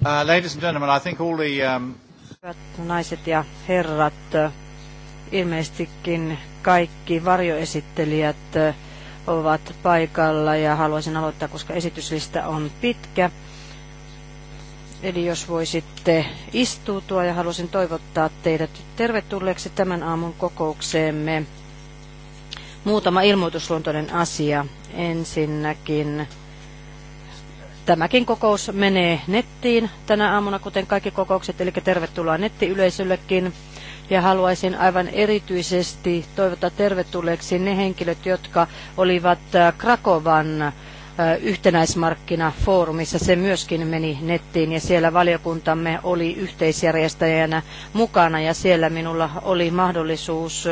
Uh, ladies and gentlemen, I think all the, um... Hyvät naiset ja herrat, ilmeisestikin kaikki varjoesittelijät ovat paikalla ja haluaisin aloittaa, koska esityslista on pitkä. Eli jos voisitte istuutua ja haluaisin toivottaa teidät tervetulleeksi tämän aamun kokoukseemme. Muutama ilmoitusluontoinen asia. Ensinnäkin Tämäkin kokous menee nettiin tänä aamuna, kuten kaikki kokoukset, eli tervetuloa nettiyleisöllekin. Ja haluaisin aivan erityisesti toivottaa tervetulleeksi ne henkilöt, jotka olivat äh, Krakovan äh, yhtenäismarkkinafoorumissa. Se myöskin meni nettiin ja siellä valiokuntamme oli yhteisjärjestäjänä mukana ja siellä minulla oli mahdollisuus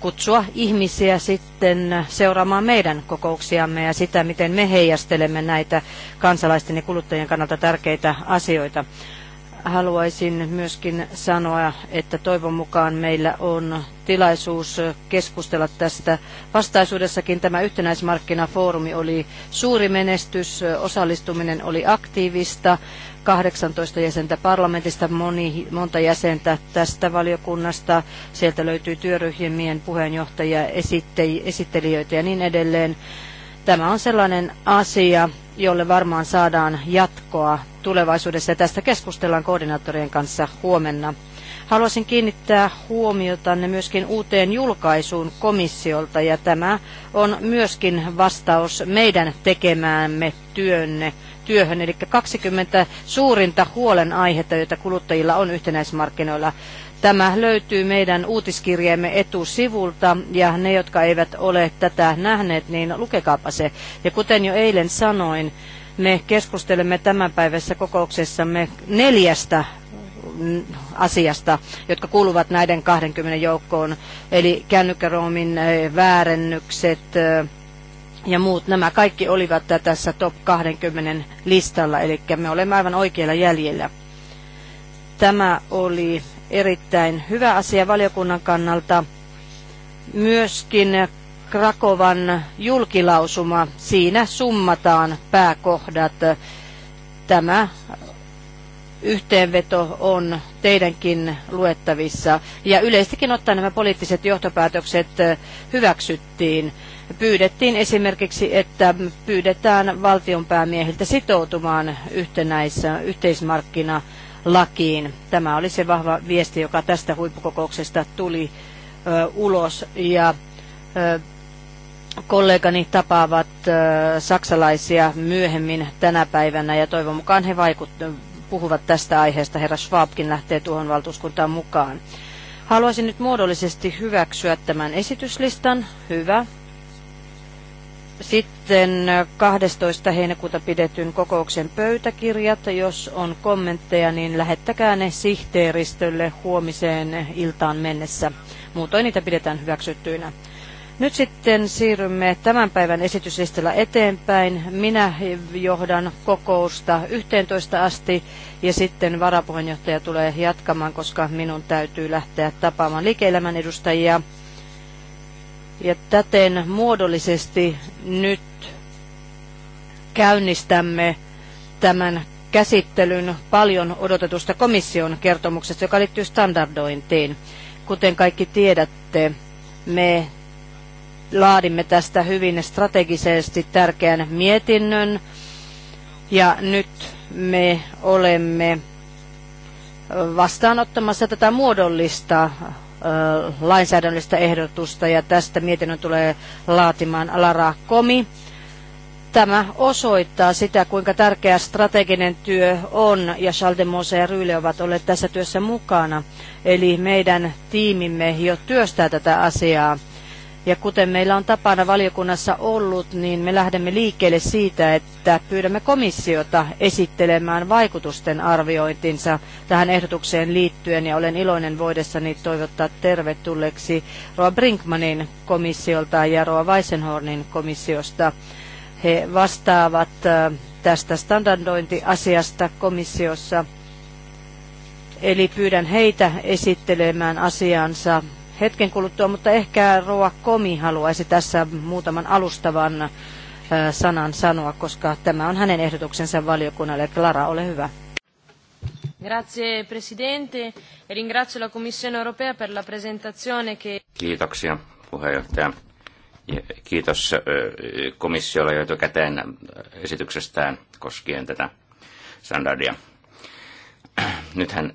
kutsua ihmisiä sitten seuraamaan meidän kokouksiamme ja sitä, miten me heijastelemme näitä kansalaisten ja kuluttajien kannalta tärkeitä asioita haluaisin myöskin sanoa, että toivon mukaan meillä on tilaisuus keskustella tästä. Vastaisuudessakin tämä yhtenäismarkkinafoorumi oli suuri menestys, osallistuminen oli aktiivista, 18 jäsentä parlamentista, moni, monta jäsentä tästä valiokunnasta, sieltä löytyy työryhmien puheenjohtajia, esittelijöitä ja niin edelleen. Tämä on sellainen asia, jolle varmaan saadaan jatkoa tulevaisuudessa ja tästä keskustellaan koordinaattorien kanssa huomenna. Haluaisin kiinnittää huomiotanne myöskin uuteen julkaisuun komissiolta ja tämä on myöskin vastaus meidän tekemäämme työnne työhön, eli 20 suurinta huolenaihetta, joita kuluttajilla on yhtenäismarkkinoilla. Tämä löytyy meidän uutiskirjeemme etusivulta ja ne, jotka eivät ole tätä nähneet, niin lukekaapa se. Ja kuten jo eilen sanoin, me keskustelemme tämänpäiväisessä kokouksessamme neljästä mm, asiasta, jotka kuuluvat näiden 20 joukkoon, eli kännykäroomin eh, väärennykset, eh, ja muut, nämä kaikki olivat tässä top 20 listalla, eli me olemme aivan oikeilla jäljellä. Tämä oli erittäin hyvä asia valiokunnan kannalta. Myöskin Krakovan julkilausuma, siinä summataan pääkohdat. Tämä yhteenveto on teidänkin luettavissa. Ja yleistäkin ottaen nämä poliittiset johtopäätökset hyväksyttiin. Pyydettiin esimerkiksi, että pyydetään valtionpäämiehiltä sitoutumaan yhtenäisä, yhteismarkkinalakiin. Tämä oli se vahva viesti, joka tästä huippukokouksesta tuli ö, ulos. Ja ö, kollegani tapaavat ö, saksalaisia myöhemmin tänä päivänä ja toivon mukaan he puhuvat tästä aiheesta. Herra Schwabkin lähtee tuohon valtuuskuntaan mukaan. Haluaisin nyt muodollisesti hyväksyä tämän esityslistan. Hyvä. Sitten 12. heinäkuuta pidetyn kokouksen pöytäkirjat. Jos on kommentteja, niin lähettäkää ne sihteeristölle huomiseen iltaan mennessä. Muutoin niitä pidetään hyväksyttyinä. Nyt sitten siirrymme tämän päivän esityslistalla eteenpäin. Minä johdan kokousta 11 asti ja sitten varapuheenjohtaja tulee jatkamaan, koska minun täytyy lähteä tapaamaan liike-elämän edustajia. Ja täten muodollisesti nyt käynnistämme tämän käsittelyn paljon odotetusta komission kertomuksesta, joka liittyy standardointiin. Kuten kaikki tiedätte, me laadimme tästä hyvin strategisesti tärkeän mietinnön. Ja nyt me olemme vastaanottamassa tätä muodollista lainsäädännöllistä ehdotusta ja tästä mietinnön tulee laatimaan Lara Komi. Tämä osoittaa sitä, kuinka tärkeä strateginen työ on, ja Charles de Mose ja Ryyle ovat olleet tässä työssä mukana. Eli meidän tiimimme jo työstää tätä asiaa. Ja kuten meillä on tapana valiokunnassa ollut, niin me lähdemme liikkeelle siitä, että pyydämme komissiota esittelemään vaikutusten arviointinsa tähän ehdotukseen liittyen. Ja olen iloinen voidessani toivottaa tervetulleeksi Roa Brinkmanin komissiolta ja Roa Weisenhornin komissiosta. He vastaavat äh, tästä standardointiasiasta komissiossa. Eli pyydän heitä esittelemään asiansa hetken kuluttua, mutta ehkä Roa Komi haluaisi tässä muutaman alustavan sanan sanoa, koska tämä on hänen ehdotuksensa valiokunnalle. Clara, ole hyvä. Grazie Presidente e ringrazio la Commissione europea per la presentazione che... Kiitoksia puheenjohtaja. Kiitos komissiolle jo etukäteen esityksestään koskien tätä standardia nythän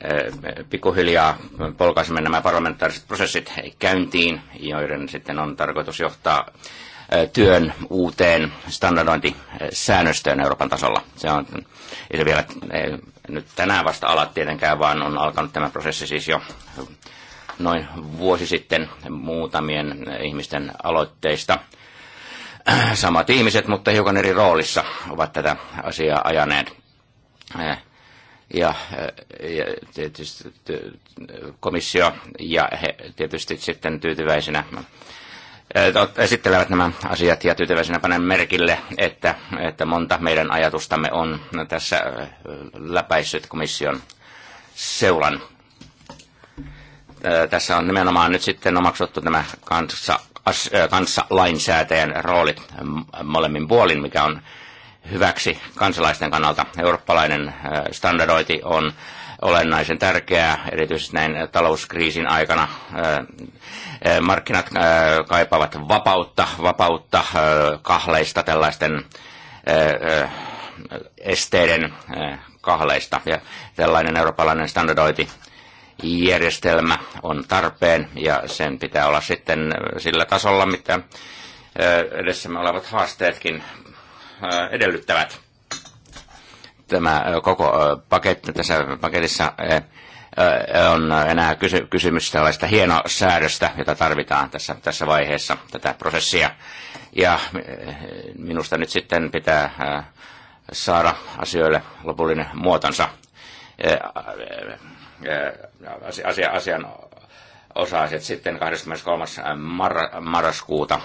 pikkuhiljaa polkaisemme nämä parlamentaariset prosessit käyntiin, joiden sitten on tarkoitus johtaa työn uuteen standardointisäännöstöön Euroopan tasolla. Se on ei se vielä ei, nyt tänään vasta alat tietenkään, vaan on alkanut tämä prosessi siis jo noin vuosi sitten muutamien ihmisten aloitteista. Samat ihmiset, mutta hiukan eri roolissa ovat tätä asiaa ajaneet ja, eh, ja tietysti komissio ja he tietysti sitten tyytyväisenä eh, esittelevät nämä asiat ja tyytyväisenä panen merkille, että, että monta meidän ajatustamme on tässä eh, läpäissyt komission seulan. Tässä on nimenomaan nyt sitten omaksuttu nämä kanssa, kanssa lainsäätäjän roolit mm, molemmin puolin, mikä on hyväksi kansalaisten kannalta. Eurooppalainen äh, standardointi on olennaisen tärkeää, erityisesti näin talouskriisin aikana. Äh, äh, markkinat kaipaavat vapautta, vapautta kahleista, tällaisten esteiden kahleista. Ja tällainen eurooppalainen standardointi järjestelmä on tarpeen ja sen pitää olla sitten sillä tasolla, mitä edessämme olevat haasteetkin edellyttävät. Tämä koko paketti tässä paketissa on enää kysy, kysymys tällaista hienosäädöstä, jota tarvitaan tässä, tässä vaiheessa tätä prosessia. Ja minusta nyt sitten pitää saada asioille lopullinen muotonsa. Asia, asian osaiset sitten 23. Mar- marraskuuta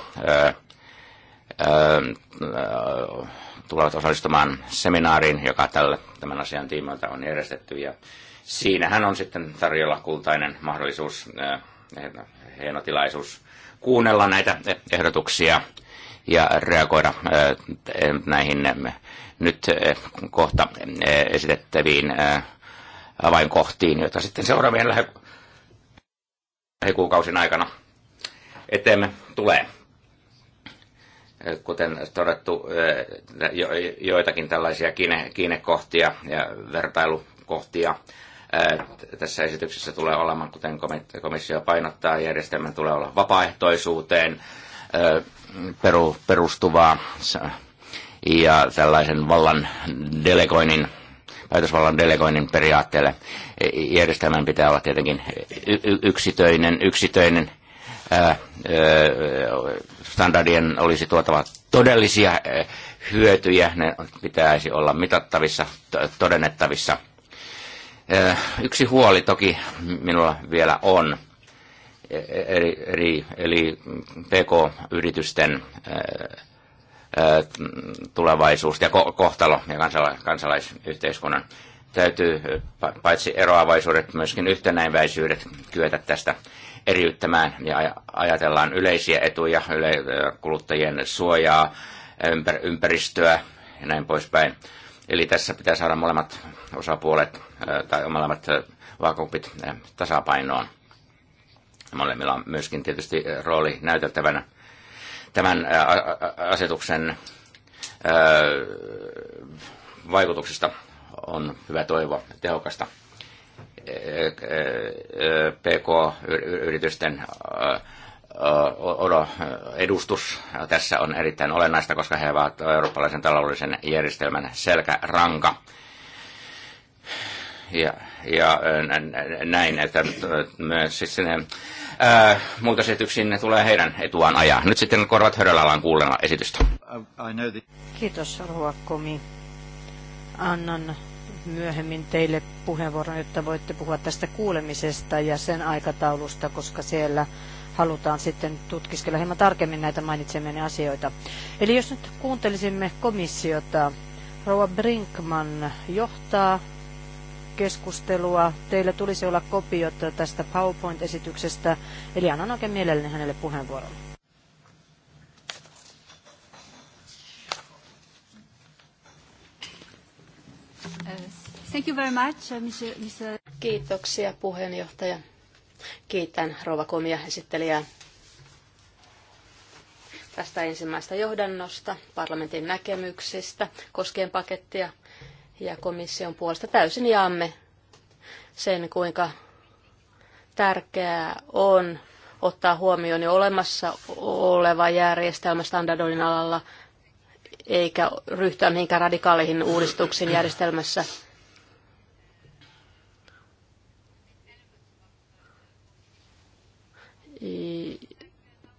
tulevat osallistumaan seminaariin, joka tällä, tämän asian tiimoilta on järjestetty. Ja siinähän on sitten tarjolla kultainen mahdollisuus, hieno tilaisuus kuunnella näitä ehdotuksia ja reagoida näihin nyt kohta esitettäviin avainkohtiin, joita sitten seuraavien lähikuukausin aikana eteemme tulee kuten todettu, eh, joitakin tällaisia kiine, kiinekohtia ja vertailukohtia eh, tässä esityksessä tulee olemaan, kuten komissio painottaa, järjestelmän tulee olla vapaaehtoisuuteen eh, perustuvaa ja tällaisen vallan delegoinnin, päätösvallan delegoinnin periaatteelle järjestelmän pitää olla tietenkin yksitöinen, yksitöinen standardien olisi tuotava todellisia hyötyjä, ne pitäisi olla mitattavissa, todennettavissa. Yksi huoli toki minulla vielä on, e-, e-, eli, PK-yritysten tulevaisuus ja kohtalo ja kansalaisyhteiskunnan täytyy paitsi eroavaisuudet, myöskin yhtenäiväisyydet kyetä tästä eriyttämään ja ajatellaan yleisiä etuja, yle, kuluttajien suojaa, ympär, ympäristöä ja näin poispäin. Eli tässä pitää saada molemmat osapuolet tai molemmat vaakupit tasapainoon. Molemmilla on myöskin tietysti rooli näyteltävänä tämän asetuksen vaikutuksista on hyvä toivoa tehokasta PK-yritysten edustus tässä on erittäin olennaista, koska he ovat eurooppalaisen taloudellisen järjestelmän selkäranka. Ja, ja näin, että myös siis sinne ää, muutosesityksiin tulee heidän etuaan ajaa. Nyt sitten korvat höröllä alan esitystä. Kiitos, Ruokkomi. Annan myöhemmin teille puheenvuoron, jotta voitte puhua tästä kuulemisesta ja sen aikataulusta, koska siellä halutaan sitten tutkiskella hieman tarkemmin näitä mainitsemiani asioita. Eli jos nyt kuuntelisimme komissiota, Rouva Brinkman johtaa keskustelua. Teillä tulisi olla kopiota tästä PowerPoint-esityksestä, eli annan oikein mielelläni hänelle puheenvuoron. Thank you very much, uh, Mr. Uh, uh, Kiitoksia puheenjohtaja. Kiitän rouva komia esittelijää tästä ensimmäistä johdannosta, parlamentin näkemyksistä koskien pakettia ja komission puolesta täysin jaamme sen, kuinka tärkeää on ottaa huomioon jo olemassa oleva järjestelmä standardoinnin alalla eikä ryhtyä mihinkään radikaaleihin uudistuksiin järjestelmässä.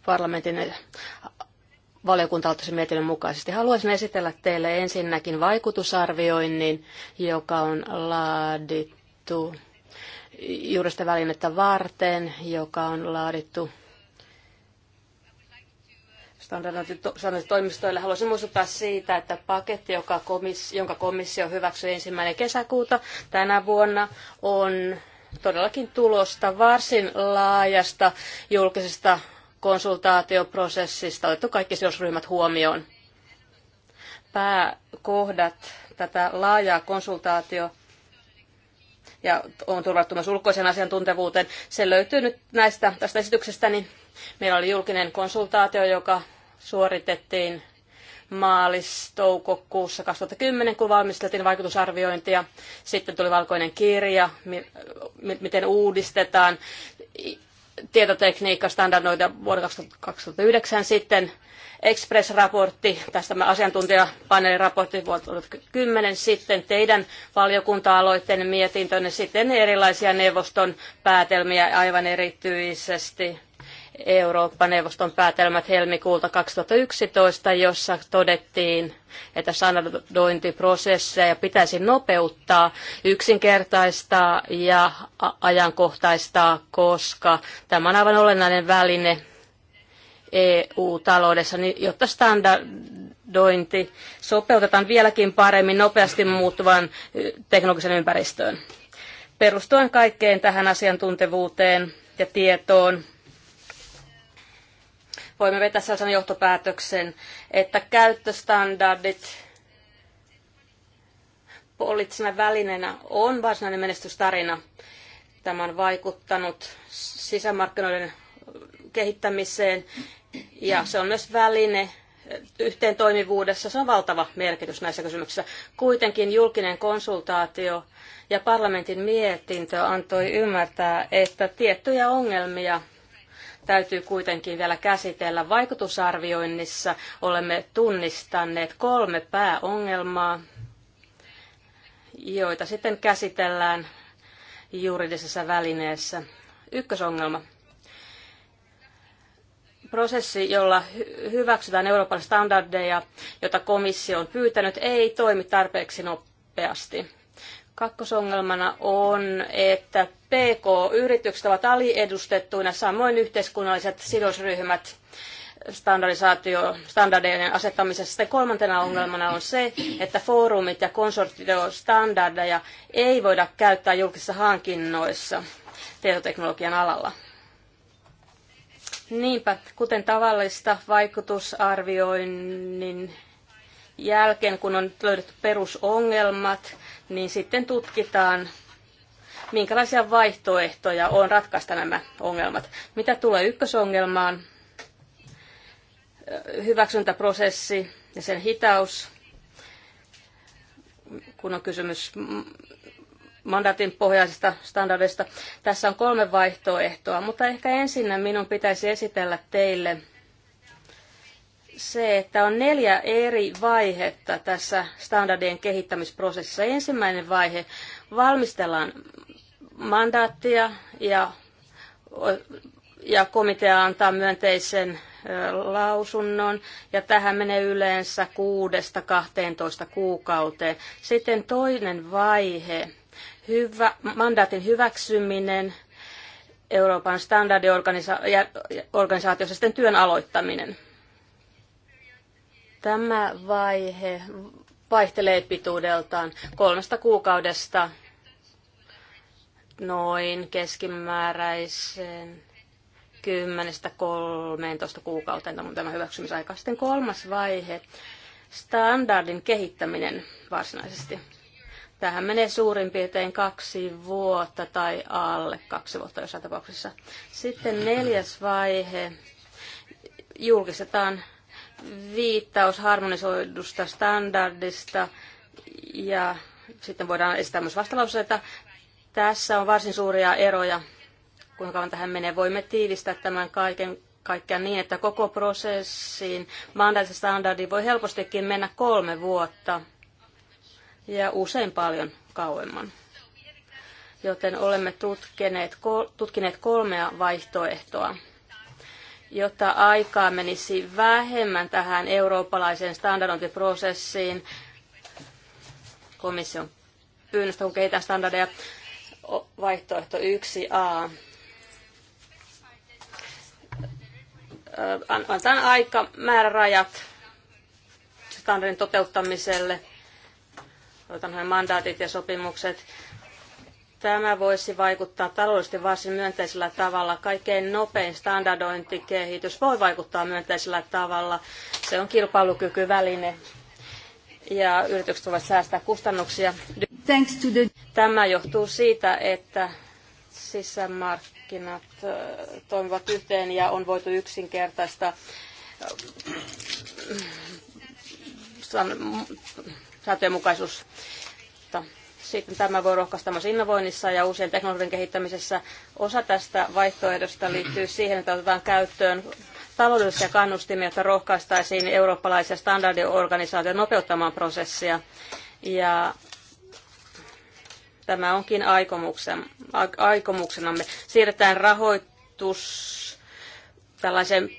Parlamentin valiokuntautisen mietinnön mukaisesti. Haluaisin esitellä teille ensinnäkin vaikutusarvioinnin, joka on laadittu juuri sitä välinettä varten, joka on laadittu standardointitoimistoille. Haluaisin muistuttaa siitä, että paketti, joka komissio, jonka komissio hyväksyi ensimmäinen kesäkuuta tänä vuonna, on todellakin tulosta varsin laajasta julkisesta konsultaatioprosessista otettu kaikki sidosryhmät huomioon. Pääkohdat tätä laajaa konsultaatio ja on turvattu myös ulkoisen asiantuntevuuteen. Se löytyy nyt näistä tästä esityksestä, niin meillä oli julkinen konsultaatio, joka suoritettiin maalis-toukokuussa 2010, kun valmisteltiin vaikutusarviointia. Sitten tuli valkoinen kirja, miten uudistetaan tietotekniikka standardoida vuonna 2009 sitten Express-raportti, tästä asiantuntijapaneelin raportti vuodelta 2010, sitten teidän valiokunta-aloitteinen mietintönne, sitten erilaisia neuvoston päätelmiä aivan erityisesti Eurooppa-neuvoston päätelmät helmikuulta 2011, jossa todettiin, että standardointiprosesseja pitäisi nopeuttaa, yksinkertaistaa ja ajankohtaistaa, koska tämä on aivan olennainen väline EU-taloudessa, niin jotta standardointi sopeutetaan vieläkin paremmin nopeasti muuttuvan teknologisen ympäristöön. Perustuen kaikkeen tähän asiantuntevuuteen ja tietoon, voimme vetää sellaisen johtopäätöksen, että käyttöstandardit poliittisena välineenä on varsinainen menestystarina. Tämä on vaikuttanut sisämarkkinoiden kehittämiseen ja se on myös väline yhteen toimivuudessa. Se on valtava merkitys näissä kysymyksissä. Kuitenkin julkinen konsultaatio ja parlamentin mietintö antoi ymmärtää, että tiettyjä ongelmia täytyy kuitenkin vielä käsitellä. Vaikutusarvioinnissa olemme tunnistaneet kolme pääongelmaa, joita sitten käsitellään juridisessa välineessä. Ykkösongelma. Prosessi, jolla hyväksytään Euroopan standardeja, jota komissio on pyytänyt, ei toimi tarpeeksi nopeasti Kakkosongelmana on, että PK-yritykset ovat aliedustettuina, samoin yhteiskunnalliset sidosryhmät standardisaatio, standardeiden asettamisessa. Sitten kolmantena ongelmana on se, että foorumit ja konsortiostandardeja ei voida käyttää julkisissa hankinnoissa tietoteknologian alalla. Niinpä, kuten tavallista vaikutusarvioinnin jälkeen, kun on löydetty perusongelmat, niin sitten tutkitaan, minkälaisia vaihtoehtoja on ratkaista nämä ongelmat. Mitä tulee ykkösongelmaan, hyväksyntäprosessi ja sen hitaus, kun on kysymys mandaatin pohjaisista standardeista. Tässä on kolme vaihtoehtoa, mutta ehkä ensinnä minun pitäisi esitellä teille se, että on neljä eri vaihetta tässä standardien kehittämisprosessissa. Ensimmäinen vaihe, valmistellaan mandaattia ja, ja komitea antaa myönteisen lausunnon ja tähän menee yleensä 6-12 kuukauteen. Sitten toinen vaihe, hyvä, mandaatin hyväksyminen Euroopan standardiorganisaatiossa, sitten työn aloittaminen Tämä vaihe vaihtelee pituudeltaan kolmesta kuukaudesta noin keskimääräisen 10-13 kuukauteen tämä on tämä hyväksymisaika. Sitten kolmas vaihe, standardin kehittäminen varsinaisesti. Tähän menee suurin piirtein kaksi vuotta tai alle kaksi vuotta jossain tapauksessa. Sitten neljäs vaihe, julkistetaan viittaus harmonisoidusta standardista ja sitten voidaan esittää myös vastalauseita. Tässä on varsin suuria eroja, kuinka kauan tähän menee. Voimme tiivistää tämän kaiken kaikkiaan niin, että koko prosessiin mandaatin standardi voi helpostikin mennä kolme vuotta ja usein paljon kauemman. Joten olemme tutkineet, tutkineet kolmea vaihtoehtoa jotta aikaa menisi vähemmän tähän eurooppalaiseen standardointiprosessiin komission pyynnöstä, kun kehitän standardeja vaihtoehto 1a. Annetaan aika määrärajat standardin toteuttamiselle. Otan mandaatit ja sopimukset Tämä voisi vaikuttaa taloudellisesti varsin myönteisellä tavalla. Kaikkein nopein standardointikehitys voi vaikuttaa myönteisellä tavalla. Se on kilpailukykyväline ja yritykset voivat säästää kustannuksia. Tämä johtuu siitä, että sisämarkkinat toimivat yhteen ja on voitu yksinkertaista sääntöjenmukaisuutta. Sitten tämä voi rohkaista myös innovoinnissa ja uusien teknologian kehittämisessä. Osa tästä vaihtoehdosta liittyy siihen, että otetaan käyttöön taloudellisia kannustimia, että rohkaistaisiin eurooppalaisia standardiorganisaatioita nopeuttamaan prosessia. Ja tämä onkin aikomuksen, aikomuksenamme. Siirretään rahoitus tällaisen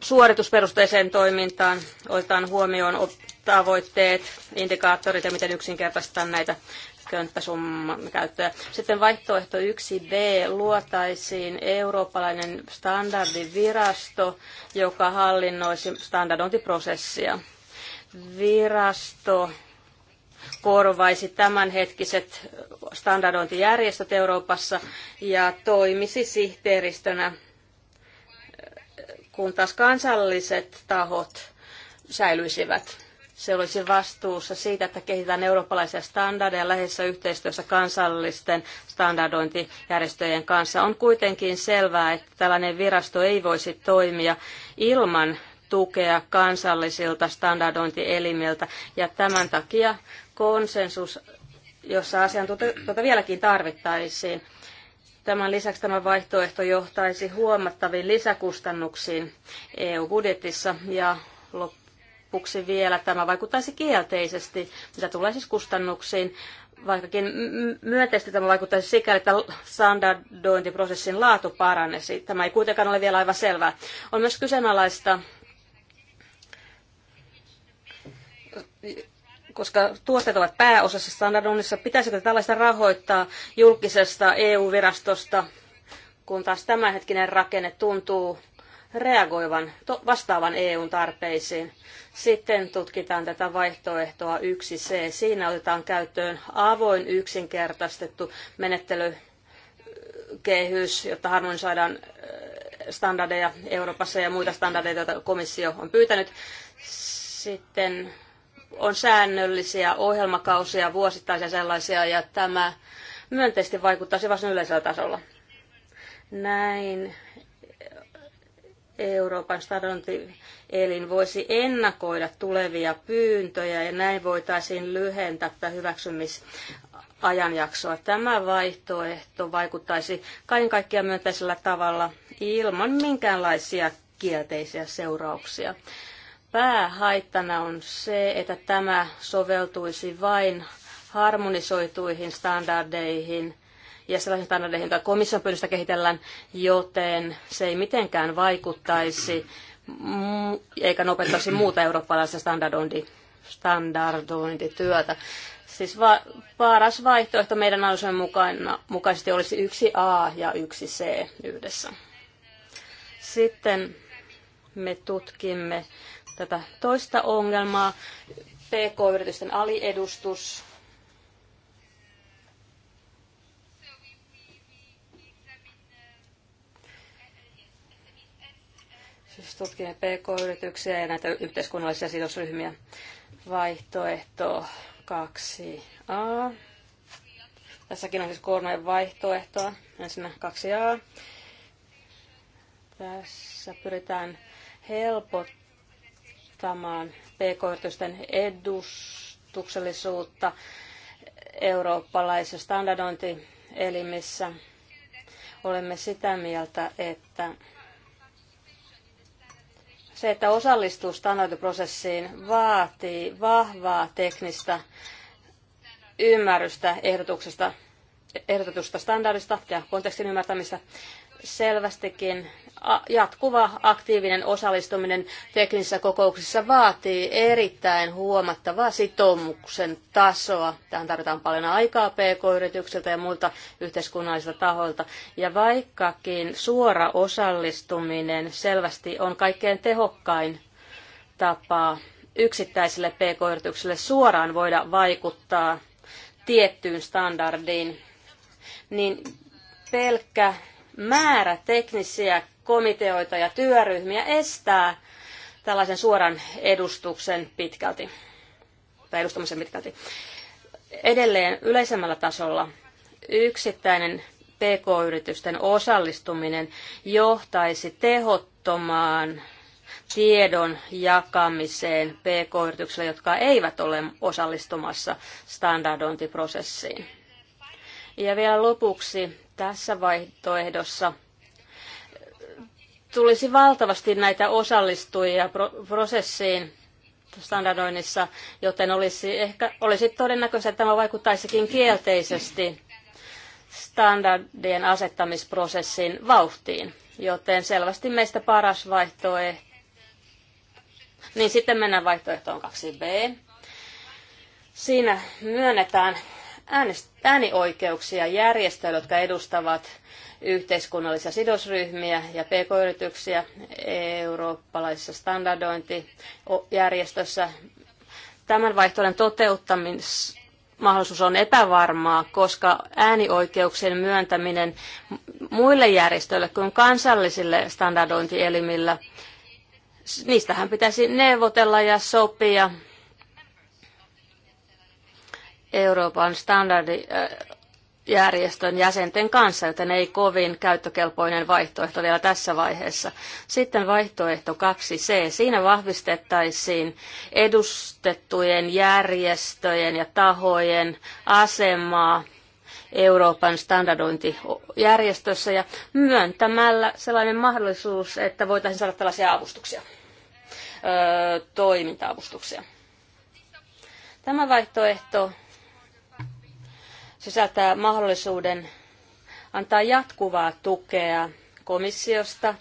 suoritusperusteiseen toimintaan, otetaan huomioon tavoitteet, indikaattorit ja miten yksinkertaistetaan näitä könttäsumman käyttöä. Sitten vaihtoehto 1b luotaisiin eurooppalainen standardivirasto, joka hallinnoisi standardointiprosessia. Virasto korvaisi tämänhetkiset standardointijärjestöt Euroopassa ja toimisi sihteeristönä, kun taas kansalliset tahot säilyisivät se olisi vastuussa siitä, että kehitetään eurooppalaisia standardeja läheisessä yhteistyössä kansallisten standardointijärjestöjen kanssa. On kuitenkin selvää, että tällainen virasto ei voisi toimia ilman tukea kansallisilta standardointielimiltä. Ja tämän takia konsensus, jossa asiantuntijoita vieläkin tarvittaisiin. Tämän lisäksi tämä vaihtoehto johtaisi huomattaviin lisäkustannuksiin EU-budjetissa ja loppuun lopuksi vielä tämä vaikuttaisi kielteisesti, mitä tulee siis kustannuksiin. Vaikkakin myönteisesti tämä vaikuttaisi sikäli, että standardointiprosessin laatu paranesi. Tämä ei kuitenkaan ole vielä aivan selvää. On myös kyseenalaista, koska tuotteet ovat pääosassa standardoinnissa, pitäisikö tällaista rahoittaa julkisesta EU-virastosta, kun taas tämänhetkinen rakenne tuntuu reagoivan, vastaavan EUn tarpeisiin. Sitten tutkitaan tätä vaihtoehtoa 1C. Siinä otetaan käyttöön avoin yksinkertaistettu menettelykehys, jotta harmonisoidaan standardeja Euroopassa ja muita standardeja, joita komissio on pyytänyt. Sitten on säännöllisiä ohjelmakausia, vuosittaisia sellaisia, ja tämä myönteisesti vaikuttaa varsin yleisellä tasolla. Näin Euroopan stadontielin voisi ennakoida tulevia pyyntöjä ja näin voitaisiin lyhentää tätä hyväksymisajanjaksoa. Tämä vaihtoehto vaikuttaisi kaiken kaikkiaan myönteisellä tavalla ilman minkäänlaisia kielteisiä seurauksia. Päähaittana on se, että tämä soveltuisi vain harmonisoituihin standardeihin – ja sellaisiin standardeihin, joita komission pyynnöstä kehitellään, joten se ei mitenkään vaikuttaisi eikä nopeuttaisi muuta eurooppalaista standardointi, standardointityötä. Siis va- paras vaihtoehto meidän analysoin mukaisesti olisi yksi A ja yksi C yhdessä. Sitten me tutkimme tätä toista ongelmaa, PK-yritysten aliedustus tutkineet PK-yrityksiä ja näitä yhteiskunnallisia sidosryhmiä. Vaihtoehto 2a. Tässäkin on siis kolme vaihtoehtoa. Ensin 2a. Tässä pyritään helpottamaan PK-yritysten edustuksellisuutta eurooppalaisessa standardointielimissä. Olemme sitä mieltä, että se, että osallistuu standardiprosessiin, vaatii vahvaa teknistä ymmärrystä ehdotuksesta, ehdotetusta standardista ja kontekstin ymmärtämistä selvästikin jatkuva aktiivinen osallistuminen teknisissä kokouksissa vaatii erittäin huomattavaa sitoumuksen tasoa. Tähän tarvitaan paljon aikaa PK-yrityksiltä ja muilta yhteiskunnallisilta tahoilta. Ja vaikkakin suora osallistuminen selvästi on kaikkein tehokkain tapa yksittäisille PK-yrityksille suoraan voida vaikuttaa tiettyyn standardiin, niin pelkkä määrä teknisiä komiteoita ja työryhmiä estää tällaisen suoran edustuksen pitkälti, tai edustamisen pitkälti. Edelleen yleisemmällä tasolla yksittäinen PK-yritysten osallistuminen johtaisi tehottomaan tiedon jakamiseen PK-yrityksille, jotka eivät ole osallistumassa standardointiprosessiin. Ja vielä lopuksi tässä vaihtoehdossa tulisi valtavasti näitä osallistujia prosessiin standardoinnissa, joten olisi, ehkä, olisi todennäköistä, että tämä vaikuttaisikin kielteisesti standardien asettamisprosessin vauhtiin. Joten selvästi meistä paras vaihtoehto. Niin sitten mennään vaihtoehtoon 2b. Siinä myönnetään äänioikeuksia järjestöille, jotka edustavat yhteiskunnallisia sidosryhmiä ja pk-yrityksiä eurooppalaisessa standardointijärjestössä. Tämän vaihtoehdon toteuttamismahdollisuus mahdollisuus on epävarmaa, koska äänioikeuksien myöntäminen muille järjestöille kuin kansallisille standardointielimillä, niistähän pitäisi neuvotella ja sopia Euroopan standardijärjestön jäsenten kanssa, joten ei kovin käyttökelpoinen vaihtoehto vielä tässä vaiheessa. Sitten vaihtoehto 2c. Siinä vahvistettaisiin edustettujen järjestöjen ja tahojen asemaa Euroopan standardointijärjestössä ja myöntämällä sellainen mahdollisuus, että voitaisiin saada tällaisia avustuksia, öö, toiminta-avustuksia. Tämä vaihtoehto sisältää mahdollisuuden antaa jatkuvaa tukea komissiosta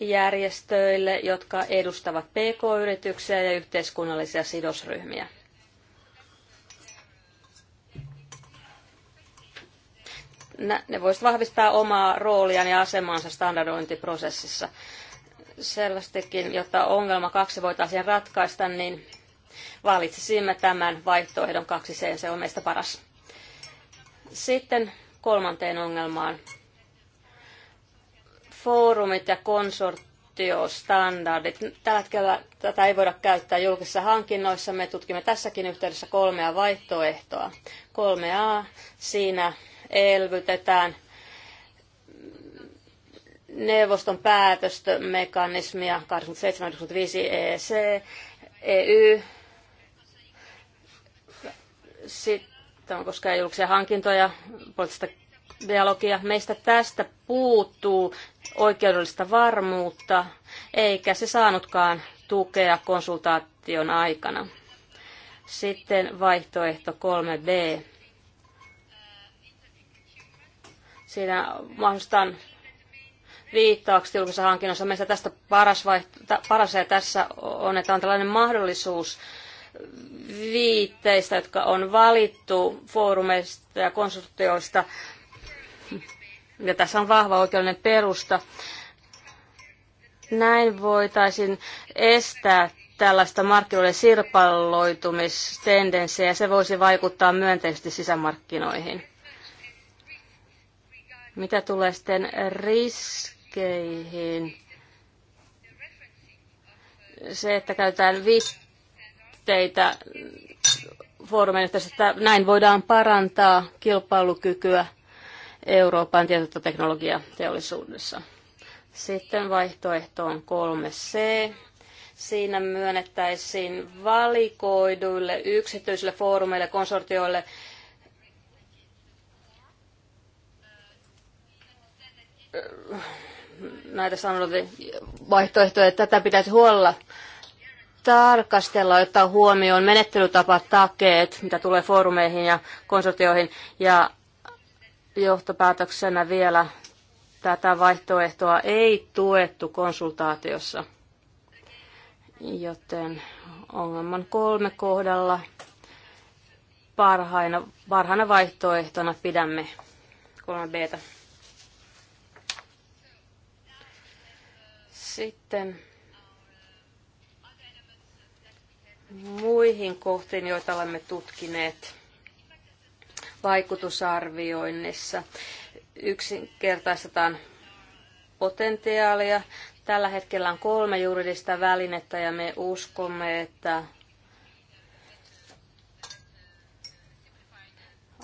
järjestöille, jotka edustavat pk-yrityksiä ja yhteiskunnallisia sidosryhmiä. Ne voisivat vahvistaa omaa rooliaan ja asemaansa standardointiprosessissa. Selvästikin, jotta ongelma kaksi voitaisiin ratkaista, niin valitsisimme tämän vaihtoehdon kaksi, se on meistä paras. Sitten kolmanteen ongelmaan. Foorumit ja konsortiostandardit. Tällä hetkellä tätä ei voida käyttää julkisissa hankinnoissa. Me tutkimme tässäkin yhteydessä kolmea vaihtoehtoa. Kolme a Siinä elvytetään neuvoston päätöstömekanismia 8795 EC, EU, sit Tämä koskee julkisia hankintoja, poliittista dialogia. Meistä tästä puuttuu oikeudellista varmuutta, eikä se saanutkaan tukea konsultaation aikana. Sitten vaihtoehto 3b. Siinä mahdollistaan viittaukset julkisessa hankinnassa. Meistä tästä paras, vaihto, paras ja tässä on, että on tällainen mahdollisuus viitteistä, jotka on valittu foorumeista ja konsultioista. Ja tässä on vahva oikeudellinen perusta. Näin voitaisiin estää tällaista markkinoiden sirpalloitumistendenssiä ja se voisi vaikuttaa myönteisesti sisämarkkinoihin. Mitä tulee sitten riskeihin? Se, että käytetään esteitä foorumeille, että näin voidaan parantaa kilpailukykyä Euroopan tietoteknologiateollisuudessa. Sitten vaihtoehto on 3C. Siinä myönnettäisiin valikoiduille yksityisille foorumeille, konsortioille näitä sanotaan vaihtoehtoja, että tätä pitäisi huolella tarkastella, ottaa huomioon menettelytapat, takeet, mitä tulee foorumeihin ja konsortioihin. Ja johtopäätöksenä vielä tätä vaihtoehtoa ei tuettu konsultaatiossa. Joten ongelman kolme kohdalla parhaina, parhaina vaihtoehtona pidämme 3 b Sitten muihin kohtiin, joita olemme tutkineet vaikutusarvioinnissa. Yksinkertaistetaan potentiaalia. Tällä hetkellä on kolme juridista välinettä ja me uskomme, että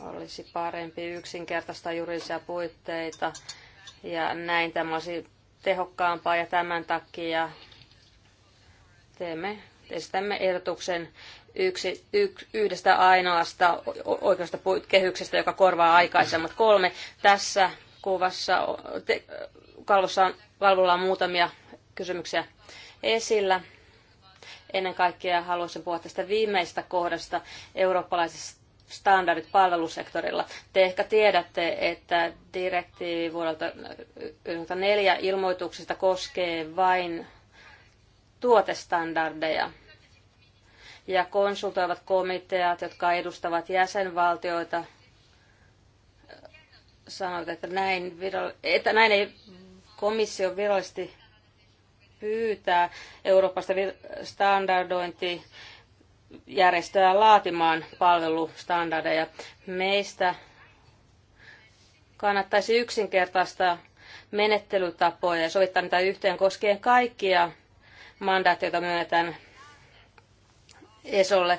olisi parempi yksinkertaista juridisia puitteita ja näin tämä olisi tehokkaampaa ja tämän takia teemme esitämme ehdotuksen yksi, yk, yhdestä ainoasta oikeasta kehyksestä, joka korvaa aikaisemmat kolme. Tässä kuvassa te, kalvossa on, valvolla muutamia kysymyksiä esillä. Ennen kaikkea haluaisin puhua tästä viimeistä kohdasta eurooppalaisesta standardit palvelusektorilla. Te ehkä tiedätte, että direktiivi vuodelta 1994 ilmoituksista koskee vain tuotestandardeja ja konsultoivat komiteat, jotka edustavat jäsenvaltioita, sanoivat, että näin, että näin ei komissio virallisesti pyytää Euroopasta standardointijärjestöä laatimaan palvelustandardeja. Meistä kannattaisi yksinkertaista menettelytapoja ja sovittaa niitä yhteen koskien kaikkia mandaatti, jota myönnetään ESOlle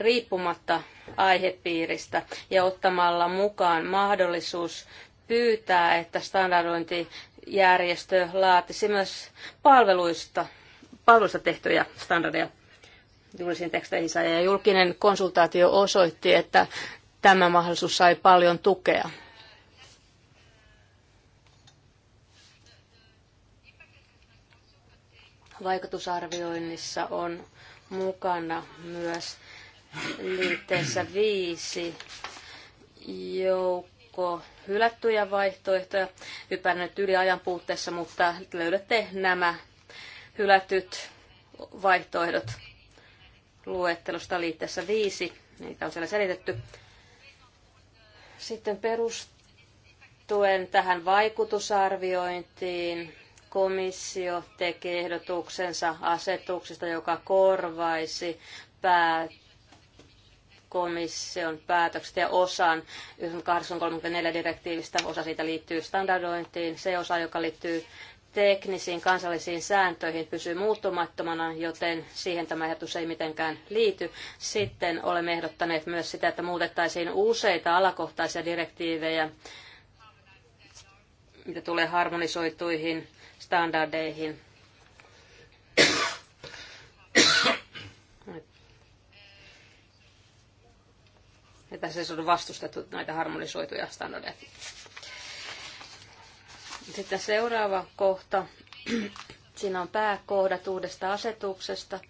riippumatta aihepiiristä ja ottamalla mukaan mahdollisuus pyytää, että standardointijärjestö laatisi myös palveluista, palveluista tehtyjä standardeja julkisiin teksteihinsä. Ja julkinen konsultaatio osoitti, että tämä mahdollisuus sai paljon tukea Vaikutusarvioinnissa on mukana myös liitteessä viisi joukko hylättyjä vaihtoehtoja. Ypärän nyt yli ajan puutteessa, mutta löydätte nämä hylätyt vaihtoehdot luettelosta liitteessä viisi. Niitä on siellä selitetty. Sitten perustuen tähän vaikutusarviointiin komissio teki ehdotuksensa asetuksesta, joka korvaisi pää komission päätökset ja osan 834 direktiivistä. Osa siitä liittyy standardointiin. Se osa, joka liittyy teknisiin kansallisiin sääntöihin pysyy muuttumattomana, joten siihen tämä ehdotus ei mitenkään liity. Sitten olemme ehdottaneet myös sitä, että muutettaisiin useita alakohtaisia direktiivejä, mitä tulee harmonisoituihin standardeihin. Ja tässä ei siis ole vastustettu näitä harmonisoituja standardeja. Sitten seuraava kohta. Siinä on pääkohdat uudesta asetuksesta,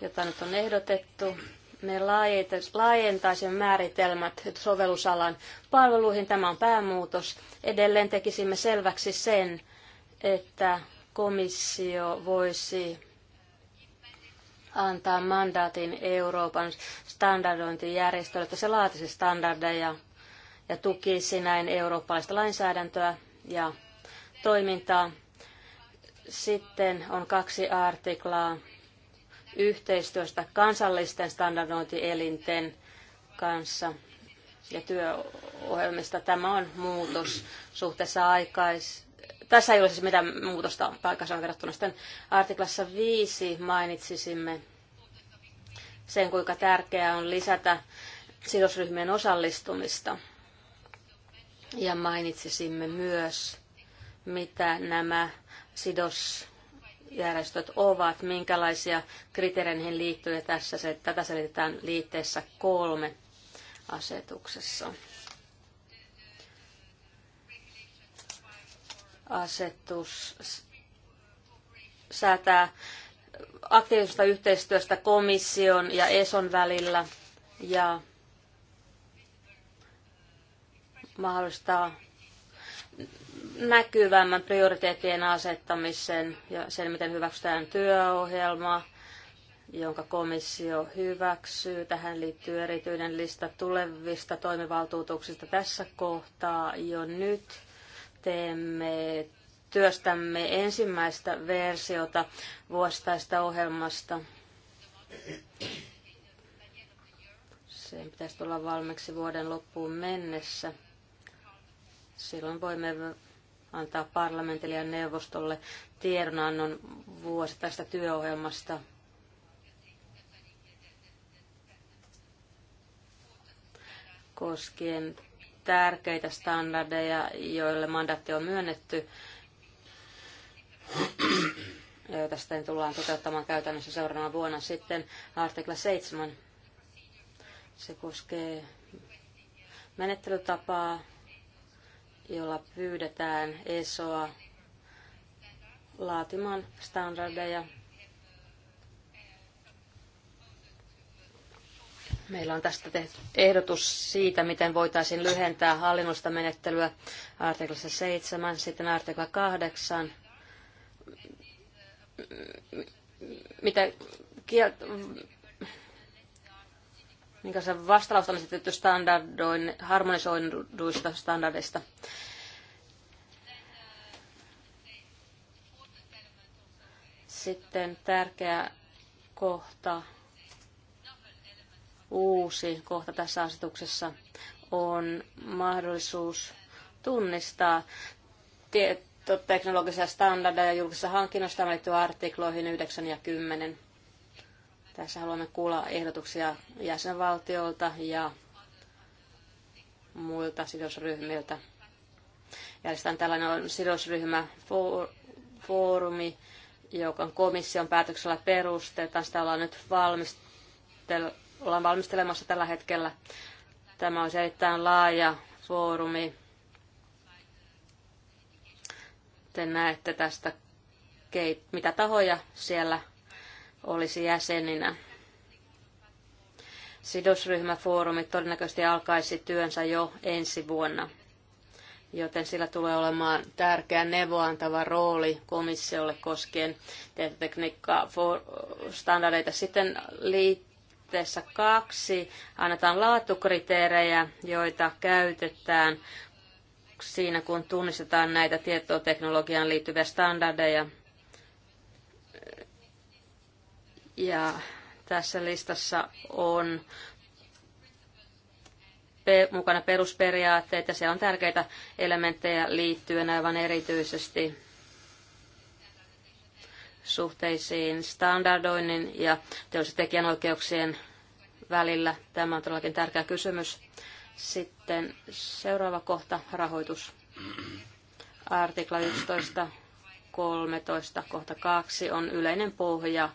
jota nyt on ehdotettu. Me laajentaisimme määritelmät sovellusalan palveluihin. Tämä on päämuutos. Edelleen tekisimme selväksi sen, että komissio voisi antaa mandaatin Euroopan standardointijärjestölle, että se laatisi standardeja ja tukisi näin eurooppalaista lainsäädäntöä ja toimintaa. Sitten on kaksi artiklaa yhteistyöstä kansallisten standardointielinten kanssa ja työohjelmista. Tämä on muutos suhteessa aikais, tässä ei ole siis mitään muutosta paikassa verrattuna. Sitten artiklassa 5 mainitsisimme sen, kuinka tärkeää on lisätä sidosryhmien osallistumista. Ja mainitsisimme myös, mitä nämä sidosjärjestöt ovat, minkälaisia kriteereihin liittyy, ja tässä se, tätä selitetään liitteessä kolme asetuksessa. asetus säätää aktiivisesta yhteistyöstä komission ja ESON välillä ja mahdollistaa näkyvämmän prioriteettien asettamisen ja sen, miten hyväksytään työohjelma, jonka komissio hyväksyy. Tähän liittyy erityinen lista tulevista toimivaltuutuksista tässä kohtaa jo nyt teemme työstämme ensimmäistä versiota vuostaista ohjelmasta. Sen pitäisi tulla valmiiksi vuoden loppuun mennessä. Silloin voimme antaa parlamentille ja neuvostolle tiedonannon vuosittaista työohjelmasta. koskien tärkeitä standardeja, joille mandaatti on myönnetty, joita sitten tullaan toteuttamaan käytännössä seuraavana vuonna. Sitten artikla 7, se koskee menettelytapaa, jolla pyydetään ESOa laatimaan standardeja Meillä on tästä tehty ehdotus siitä, miten voitaisiin lyhentää hallinnollista menettelyä artiklassa 7, sitten artikla 8, mitä kiel... Minkä se vastalausta on esitetty standardoin, harmonisoiduista standardeista. Sitten tärkeä kohta uusi kohta tässä asetuksessa on mahdollisuus tunnistaa teknologisia standardeja julkisessa hankinnossa liittyy artikloihin 9 ja 10. Tässä haluamme kuulla ehdotuksia jäsenvaltiolta ja muilta sidosryhmiltä. Järjestetään tällainen on foorumi, joka on komission päätöksellä perustetaan. Sitä ollaan nyt valmistel- ollaan valmistelemassa tällä hetkellä. Tämä on erittäin laaja foorumi. Te näette tästä, mitä tahoja siellä olisi jäseninä. Sidosryhmäfoorumi todennäköisesti alkaisi työnsä jo ensi vuonna, joten sillä tulee olemaan tärkeä neuvoantava rooli komissiolle koskien tietotekniikkaa, standardeita. Sitten liittyy liitteessä kaksi annetaan laatukriteerejä, joita käytetään siinä, kun tunnistetaan näitä tietoteknologiaan liittyviä standardeja. Ja tässä listassa on mukana perusperiaatteet ja on tärkeitä elementtejä liittyen aivan erityisesti suhteisiin standardoinnin ja teollisen tekijänoikeuksien välillä. Tämä on todellakin tärkeä kysymys. Sitten seuraava kohta, rahoitus. Artikla 11, 13, kohta 2 on yleinen pohja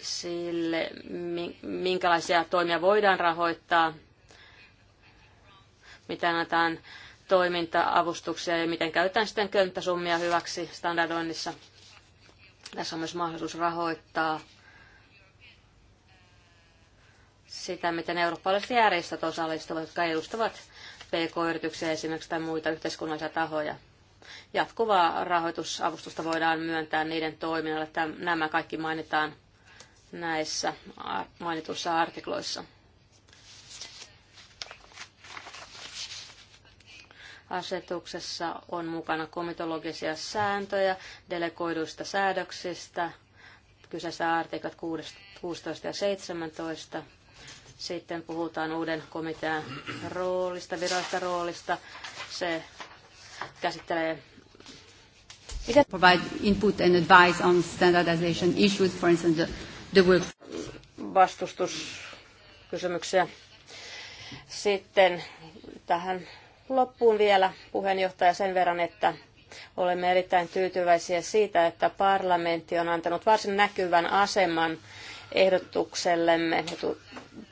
sille, minkälaisia toimia voidaan rahoittaa, mitä annetaan toiminta-avustuksia ja miten käytetään sitten könttäsummia hyväksi standardoinnissa tässä on myös mahdollisuus rahoittaa sitä, miten eurooppalaiset järjestöt osallistuvat, jotka edustavat PK-yrityksiä esimerkiksi tai muita yhteiskunnallisia tahoja. Jatkuvaa rahoitusavustusta voidaan myöntää niiden toiminnalle. Nämä kaikki mainitaan näissä mainituissa artikloissa. Asetuksessa on mukana komitologisia sääntöjä delegoiduista säädöksistä, kyseessä artiklat 16 ja 17. Sitten puhutaan uuden komitean roolista, virallista roolista. Se käsittelee It provide input and advice on standardization issues, for instance, the, the work. Vastustuskysymyksiä. Sitten tähän Loppuun vielä puheenjohtaja sen verran, että olemme erittäin tyytyväisiä siitä, että parlamentti on antanut varsin näkyvän aseman ehdotuksellemme.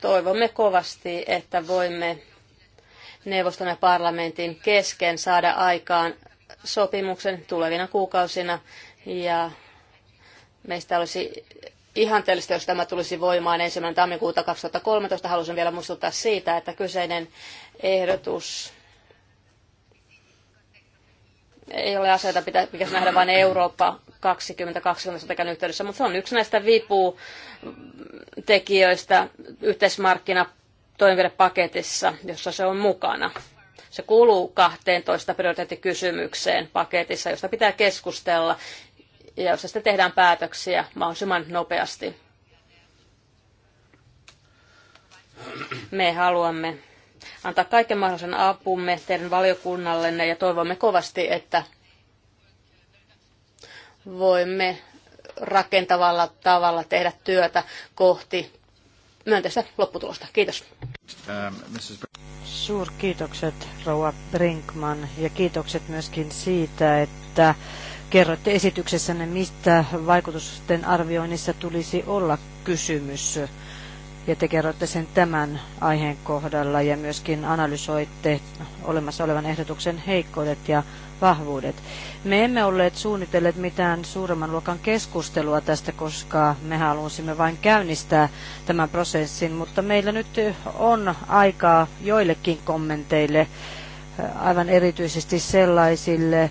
Toivomme kovasti, että voimme neuvoston ja parlamentin kesken saada aikaan sopimuksen tulevina kuukausina. Ja meistä olisi ihanteellista, jos tämä tulisi voimaan ensimmäinen tammikuuta 2013. Haluaisin vielä muistuttaa siitä, että kyseinen ehdotus ei ole asioita, mitä pitäisi nähdä vain Eurooppa 2020 tekän yhteydessä, mutta se on yksi näistä viputekijöistä toimenpidepaketissa, jossa se on mukana. Se kuuluu 12 prioriteettikysymykseen paketissa, josta pitää keskustella ja jossa sitten tehdään päätöksiä mahdollisimman nopeasti. Me haluamme antaa kaiken mahdollisen apumme teidän valiokunnallenne ja toivomme kovasti, että voimme rakentavalla tavalla tehdä työtä kohti myönteistä lopputulosta. Kiitos. Um, Suurkiitokset Rouva Brinkman ja kiitokset myöskin siitä, että kerroitte esityksessänne, mistä vaikutusten arvioinnissa tulisi olla kysymys ja te kerrotte sen tämän aiheen kohdalla ja myöskin analysoitte olemassa olevan ehdotuksen heikkoudet ja vahvuudet. Me emme olleet suunnitelleet mitään suuremman luokan keskustelua tästä, koska me halusimme vain käynnistää tämän prosessin, mutta meillä nyt on aikaa joillekin kommenteille, aivan erityisesti sellaisille,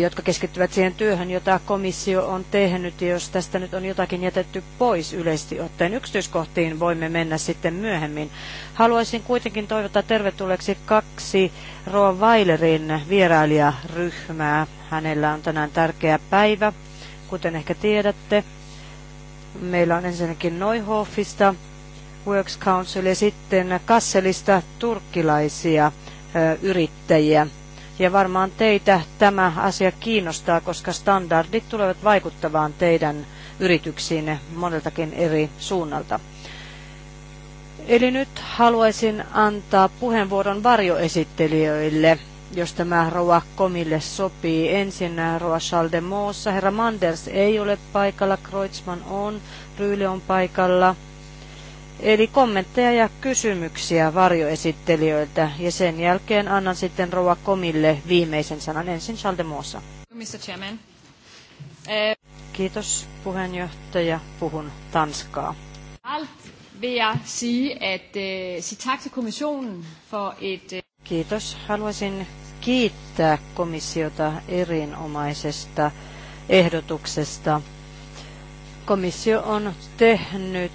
jotka keskittyvät siihen työhön, jota komissio on tehnyt. jos tästä nyt on jotakin jätetty pois yleisesti ottaen yksityiskohtiin, voimme mennä sitten myöhemmin. Haluaisin kuitenkin toivottaa tervetulleeksi kaksi Roa Weilerin vierailijaryhmää. Hänellä on tänään tärkeä päivä, kuten ehkä tiedätte. Meillä on ensinnäkin Neuhofista Works Council ja sitten Kasselista turkkilaisia yrittäjiä. Ja varmaan teitä tämä asia kiinnostaa, koska standardit tulevat vaikuttavaan teidän yrityksiinne moneltakin eri suunnalta. Eli nyt haluaisin antaa puheenvuoron varjoesittelijöille, jos tämä Roa Komille sopii. Ensin Roa Chaldemossa, Herra Manders ei ole paikalla, Kreutzmann on, Ryyle on paikalla – Eli kommentteja ja kysymyksiä varjoesittelijöiltä ja sen jälkeen annan sitten Rova Komille viimeisen sanan ensin Chaldemossa. Eh. Kiitos puheenjohtaja. Puhun tanskaa. Eh, eh, Kiitos. Haluaisin kiittää komissiota erinomaisesta ehdotuksesta. Komissio on tehnyt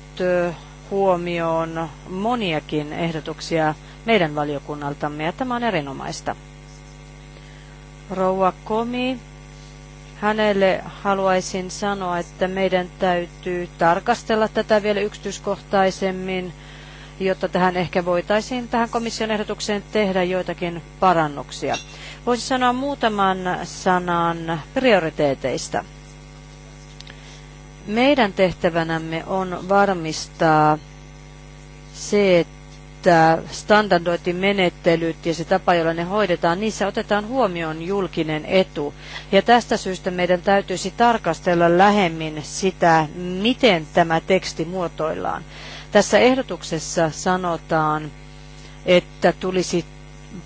huomioon moniakin ehdotuksia meidän valiokunnaltamme, ja tämä on erinomaista. Rouva Komi, hänelle haluaisin sanoa, että meidän täytyy tarkastella tätä vielä yksityiskohtaisemmin, jotta tähän ehkä voitaisiin tähän komission ehdotukseen tehdä joitakin parannuksia. Voisi sanoa muutaman sanan prioriteeteista. Meidän tehtävänämme on varmistaa se, että standardointimenettelyt ja se tapa, jolla ne hoidetaan, niissä otetaan huomioon julkinen etu. Ja tästä syystä meidän täytyisi tarkastella lähemmin sitä, miten tämä teksti muotoillaan. Tässä ehdotuksessa sanotaan, että tulisi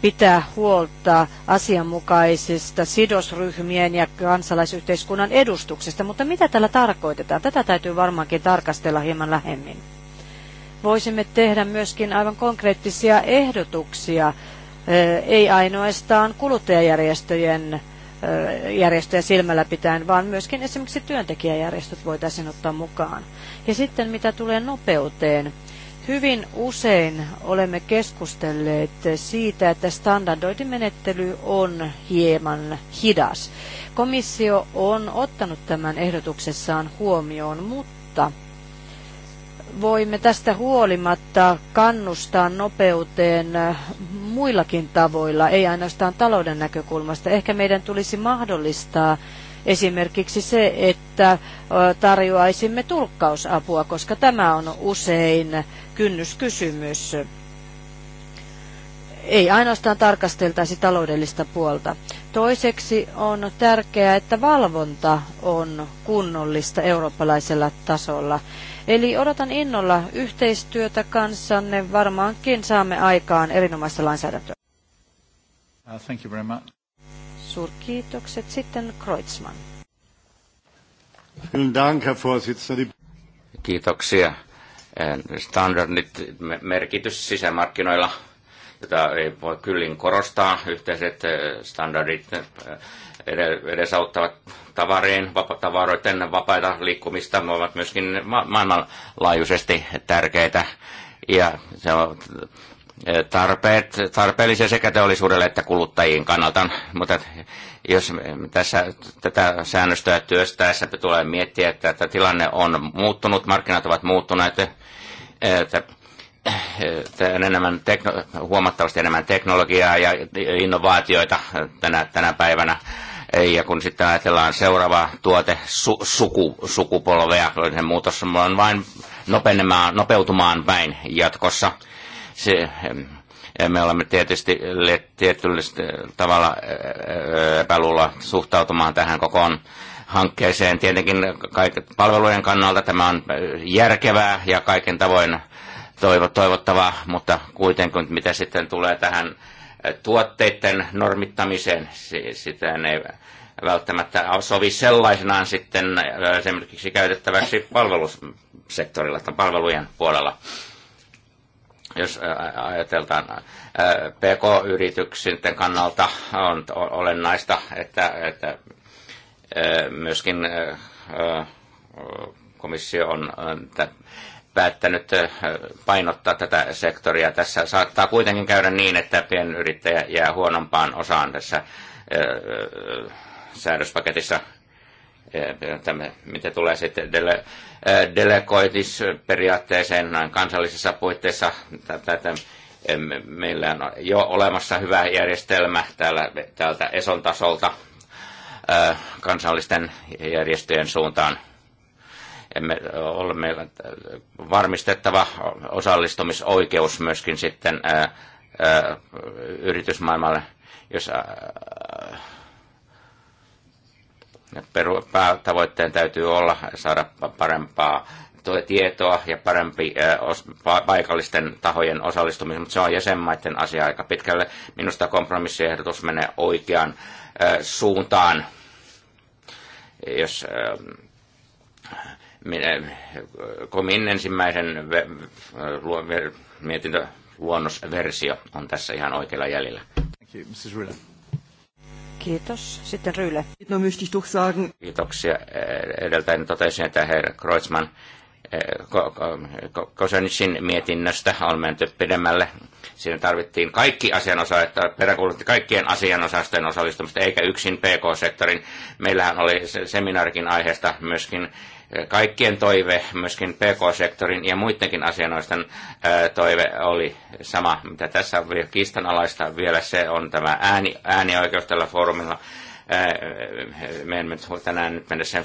pitää huolta asianmukaisista sidosryhmien ja kansalaisyhteiskunnan edustuksesta. Mutta mitä tällä tarkoitetaan? Tätä täytyy varmaankin tarkastella hieman lähemmin. Voisimme tehdä myöskin aivan konkreettisia ehdotuksia, ei ainoastaan kuluttajajärjestöjen järjestöjä silmällä pitäen, vaan myöskin esimerkiksi työntekijäjärjestöt voitaisiin ottaa mukaan. Ja sitten mitä tulee nopeuteen, Hyvin usein olemme keskustelleet siitä, että standardointimenettely on hieman hidas. Komissio on ottanut tämän ehdotuksessaan huomioon, mutta voimme tästä huolimatta kannustaa nopeuteen muillakin tavoilla, ei ainoastaan talouden näkökulmasta. Ehkä meidän tulisi mahdollistaa esimerkiksi se, että tarjoaisimme tulkkausapua, koska tämä on usein kynnyskysymys. Ei ainoastaan tarkasteltaisi taloudellista puolta. Toiseksi on tärkeää, että valvonta on kunnollista eurooppalaisella tasolla. Eli odotan innolla yhteistyötä kanssanne. Varmaankin saamme aikaan erinomaista lainsäädäntöä. Uh, thank you very much. Suurkiitokset. Sitten Kreutzmann. Kiitoksia Eh, standardit, merkitys sisämarkkinoilla, jota ei voi kyllin korostaa. Yhteiset eh, standardit eh, edesauttavat tavareen, tavaroiden vapaita liikkumista. Ne ovat myöskin maailmanlaajuisesti tärkeitä. Ja se on tarpeet, tarpeellisia sekä teollisuudelle että kuluttajien kannalta. Mutta jos tässä tätä säännöstöä työstäessä tulee miettiä, että, että tilanne on muuttunut, markkinat ovat muuttuneet, että enemmän tekno, huomattavasti enemmän teknologiaa ja innovaatioita tänä, tänä päivänä. Ja kun sitten ajatellaan seuraavaa tuote su, suku, sukupolvea, niin se muutos on vain nopeutumaan päin jatkossa. Se, me olemme tietysti tietyllä tavalla epäluulla suhtautumaan tähän kokoon hankkeeseen. Tietenkin palvelujen kannalta tämä on järkevää ja kaiken tavoin toivottavaa, mutta kuitenkin mitä sitten tulee tähän tuotteiden normittamiseen, sitä ei välttämättä sovi sellaisenaan sitten esimerkiksi käytettäväksi palvelusektorilla tai palvelujen puolella jos ajatellaan PK-yrityksien kannalta, on olennaista, että, että myöskin komissio on päättänyt painottaa tätä sektoria. Tässä saattaa kuitenkin käydä niin, että pienyrittäjä jää huonompaan osaan tässä säädöspaketissa Tämä, mitä tulee sitten dele, äh, delegoitisperiaatteeseen näin kansallisessa puitteissa, tätä, meillä on jo olemassa hyvä järjestelmä täällä, täältä ESON tasolta äh, kansallisten järjestöjen suuntaan. Me olemme äh, varmistettava osallistumisoikeus myöskin sitten yritysmaailmalle, jos päätavoitteen täytyy olla saada parempaa tietoa ja parempi paikallisten tahojen osallistuminen, mutta se on jäsenmaiden asia aika pitkälle. Minusta kompromissiehdotus menee oikeaan suuntaan, jos komin ensimmäisen mietintöluonnosversio on tässä ihan oikealla jäljellä. Thank you, Mrs. Kiitos. Sitten Ryyle. No, Kiitoksia. Edeltäen totesin, että herra Kreuzmann eh, Kosenitsin mietinnöstä on menty pidemmälle. Siinä tarvittiin kaikki asianosaajat, peräkuulutti kaikkien asianosaisten osallistumista, eikä yksin PK-sektorin. Meillähän oli seminaarikin aiheesta myöskin kaikkien toive, myöskin PK-sektorin ja muidenkin asianoisten toive oli sama, mitä tässä on vielä kiistanalaista. Vielä se on tämä ääni, äänioikeus tällä foorumilla. Me emme tänään nyt mennä sen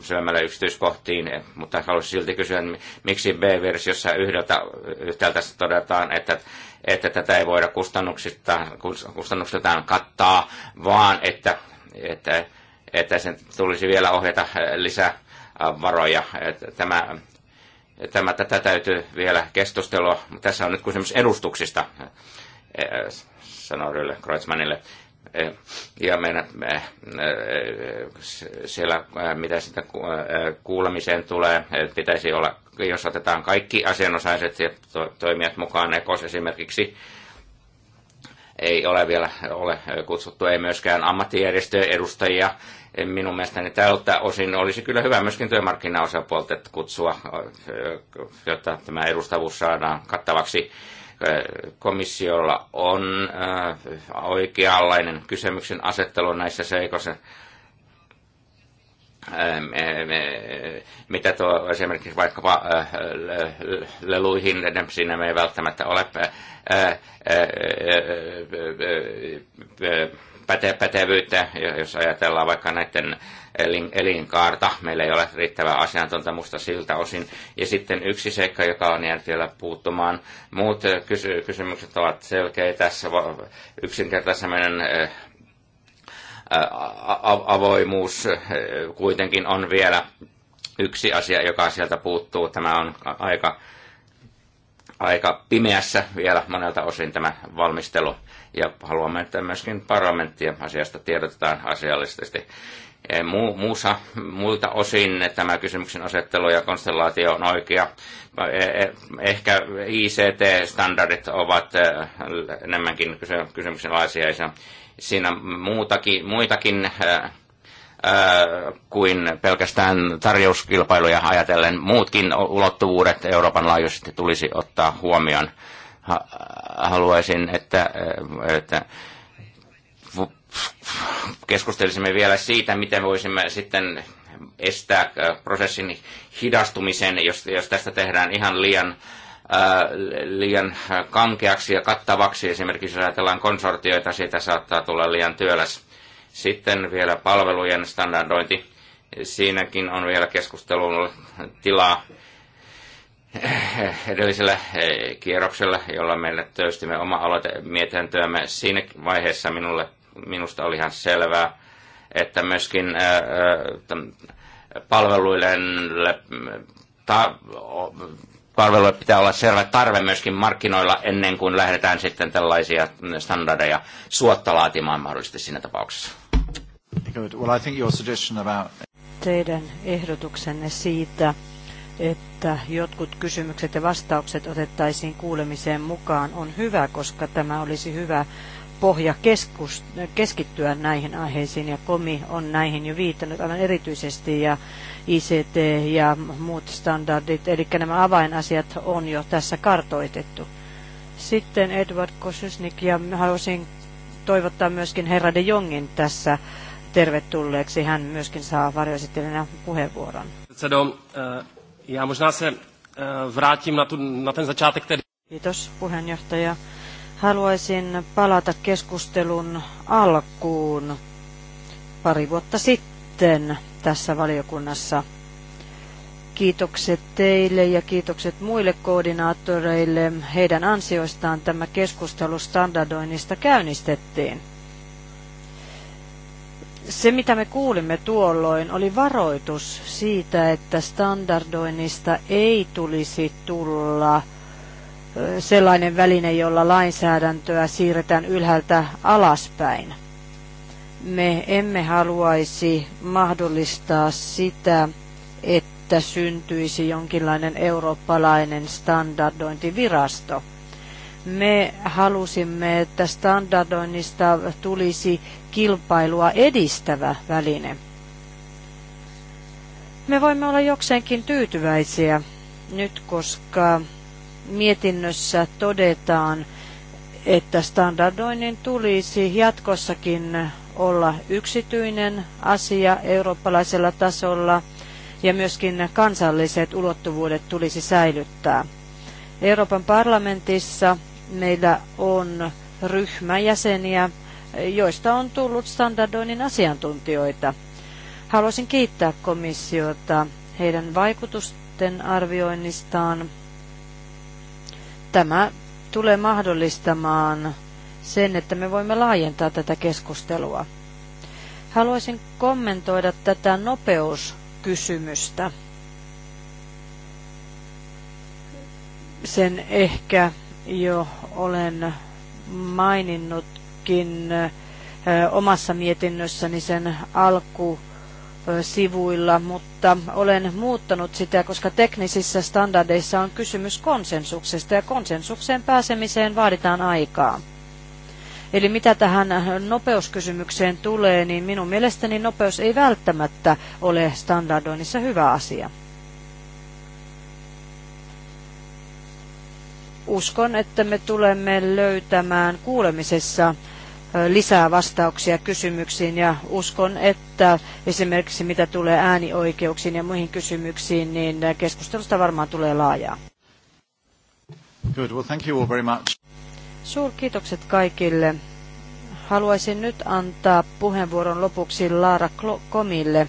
syvemmälle yksityiskohtiin, mutta haluaisin silti kysyä, miksi B-versiossa yhdeltä, yhdeltä todetaan, että että tätä ei voida kustannuksista kustannuksistaan kattaa, vaan että, että että sen tulisi vielä ohjata lisää varoja. Tämä, tämä, tätä täytyy vielä keskustella. Tässä on nyt kysymys edustuksista, eh, sanoi Rylle Kreutzmannille. Eh, ja meidän, eh, siellä, mitä sitä kuulemiseen tulee, pitäisi olla, jos otetaan kaikki asianosaiset ja toimijat mukaan, ekos esimerkiksi, ei ole vielä ole kutsuttu, ei myöskään ammattijärjestöjen edustajia, minun mielestäni tältä osin olisi kyllä hyvä myöskin työmarkkinaosapuolet kutsua, jotta tämä edustavuus saadaan kattavaksi. Komissiolla on oikeanlainen kysymyksen asettelu näissä seikoissa. E, mitä tuo esimerkiksi vaikkapa leluihin, siinä me ei välttämättä ole päte- pätevyyttä, jos ajatellaan vaikka näiden elin- elinkaarta. Meillä ei ole riittävää asiantuntemusta siltä osin. Ja sitten yksi seikka, joka on jäänyt vielä puuttumaan. Muut äh, kysy- kysymykset ovat selkeitä. Tässä yksinkertaisemmin äh, äh, avoimuus kuitenkin on vielä yksi asia, joka sieltä puuttuu. Tämä on aika, aika pimeässä vielä monelta osin tämä valmistelu ja haluamme, että myöskin parlamenttia asiasta tiedotetaan asiallisesti. E, mu, muussa, muilta osin tämä kysymyksen asettelu ja konstellaatio on oikea. E, e, ehkä ICT-standardit ovat enemmänkin kysymyksenlaisia. Siinä muutakin, muitakin kuin pelkästään tarjouskilpailuja ajatellen. Muutkin ulottuvuudet Euroopan laajuisesti tulisi ottaa huomioon haluaisin, että, että keskustelisimme vielä siitä, miten voisimme sitten estää prosessin hidastumisen, jos, jos tästä tehdään ihan liian, äh, liian kankeaksi ja kattavaksi. Esimerkiksi jos ajatellaan konsortioita, siitä saattaa tulla liian työläs. Sitten vielä palvelujen standardointi. Siinäkin on vielä keskustelun tilaa edellisellä eh, kierroksella, jolla meillä töystimme oma aloitemietintöämme. Siinä vaiheessa minulle, minusta oli ihan selvää, että myöskin eh, eh, palveluille, ta, palveluille pitää olla selvä tarve myöskin markkinoilla ennen kuin lähdetään sitten tällaisia standardeja suotta laatimaan mahdollisesti siinä tapauksessa. Good. Well, I think your suggestion about... Teidän ehdotuksenne siitä, että jotkut kysymykset ja vastaukset otettaisiin kuulemiseen mukaan, on hyvä, koska tämä olisi hyvä pohja keskus, keskittyä näihin aiheisiin, ja komi on näihin jo viitannut aivan erityisesti, ja ICT ja muut standardit, eli nämä avainasiat on jo tässä kartoitettu. Sitten Edward Kosysnik ja haluaisin toivottaa myöskin herra de Jongin tässä tervetulleeksi. Hän myöskin saa varjoesittelijänä puheenvuoron. Předsedo, eh, Já možná se eh, vrátím na, tu, na ten začátek tedy. Kiitos puheenjohtaja. Haluaisin palata keskustelun alkuun pari vuotta sitten tässä valiokunnassa. Kiitokset teille ja kiitokset muille koordinaattoreille. Heidän ansioistaan tämä keskustelu standardoinnista käynnistettiin. Se, mitä me kuulimme tuolloin, oli varoitus siitä, että standardoinnista ei tulisi tulla sellainen väline, jolla lainsäädäntöä siirretään ylhäältä alaspäin. Me emme haluaisi mahdollistaa sitä, että syntyisi jonkinlainen eurooppalainen standardointivirasto – me halusimme, että standardoinnista tulisi kilpailua edistävä väline. Me voimme olla jokseenkin tyytyväisiä nyt, koska mietinnössä todetaan, että standardoinnin tulisi jatkossakin olla yksityinen asia eurooppalaisella tasolla ja myöskin kansalliset ulottuvuudet tulisi säilyttää. Euroopan parlamentissa meillä on ryhmäjäseniä, joista on tullut standardoinnin asiantuntijoita. Haluaisin kiittää komissiota heidän vaikutusten arvioinnistaan. Tämä tulee mahdollistamaan sen, että me voimme laajentaa tätä keskustelua. Haluaisin kommentoida tätä nopeuskysymystä. Sen ehkä jo olen maininnutkin omassa mietinnössäni sen alku sivuilla, mutta olen muuttanut sitä, koska teknisissä standardeissa on kysymys konsensuksesta ja konsensukseen pääsemiseen vaaditaan aikaa. Eli mitä tähän nopeuskysymykseen tulee, niin minun mielestäni nopeus ei välttämättä ole standardoinnissa hyvä asia. uskon, että me tulemme löytämään kuulemisessa lisää vastauksia kysymyksiin ja uskon, että esimerkiksi mitä tulee äänioikeuksiin ja muihin kysymyksiin, niin keskustelusta varmaan tulee laajaa. Good. Well, thank you all very much. Suurkiitokset kaikille. Haluaisin nyt antaa puheenvuoron lopuksi Laara Komille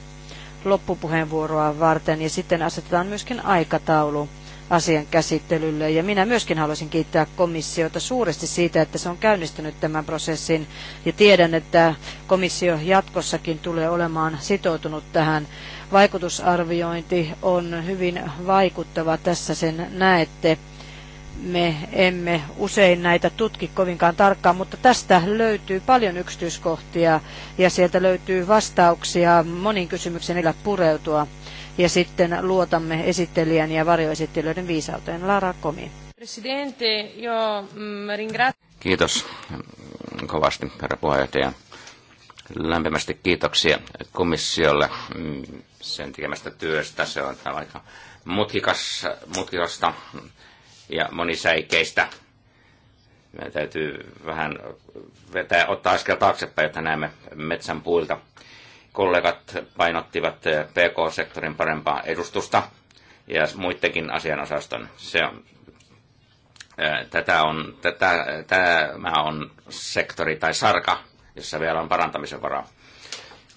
loppupuheenvuoroa varten ja sitten asetetaan myöskin aikataulu asian käsittelylle. Ja minä myöskin haluaisin kiittää komissiota suuresti siitä, että se on käynnistänyt tämän prosessin. Ja tiedän, että komissio jatkossakin tulee olemaan sitoutunut tähän. Vaikutusarviointi on hyvin vaikuttava, tässä sen näette me emme usein näitä tutki kovinkaan tarkkaan, mutta tästä löytyy paljon yksityiskohtia ja sieltä löytyy vastauksia moniin kysymyksiin, niillä pureutua ja sitten luotamme esittelijän ja varjoesittelijöiden viisauteen. Lara Komi. Mm, Kiitos kovasti, herra puheenjohtaja. Lämpimästi kiitoksia komissiolle mm, sen tekemästä työstä. Se on aika mutkikas, mutkikasta ja monisäikeistä. Meidän täytyy vähän vetää, ottaa askel taaksepäin, että näemme metsän puilta – kollegat painottivat eh, PK-sektorin parempaa edustusta ja muidenkin asianosaston. Se on, eh, tätä on, tätä, tämä on sektori tai sarka, jossa vielä on parantamisen varaa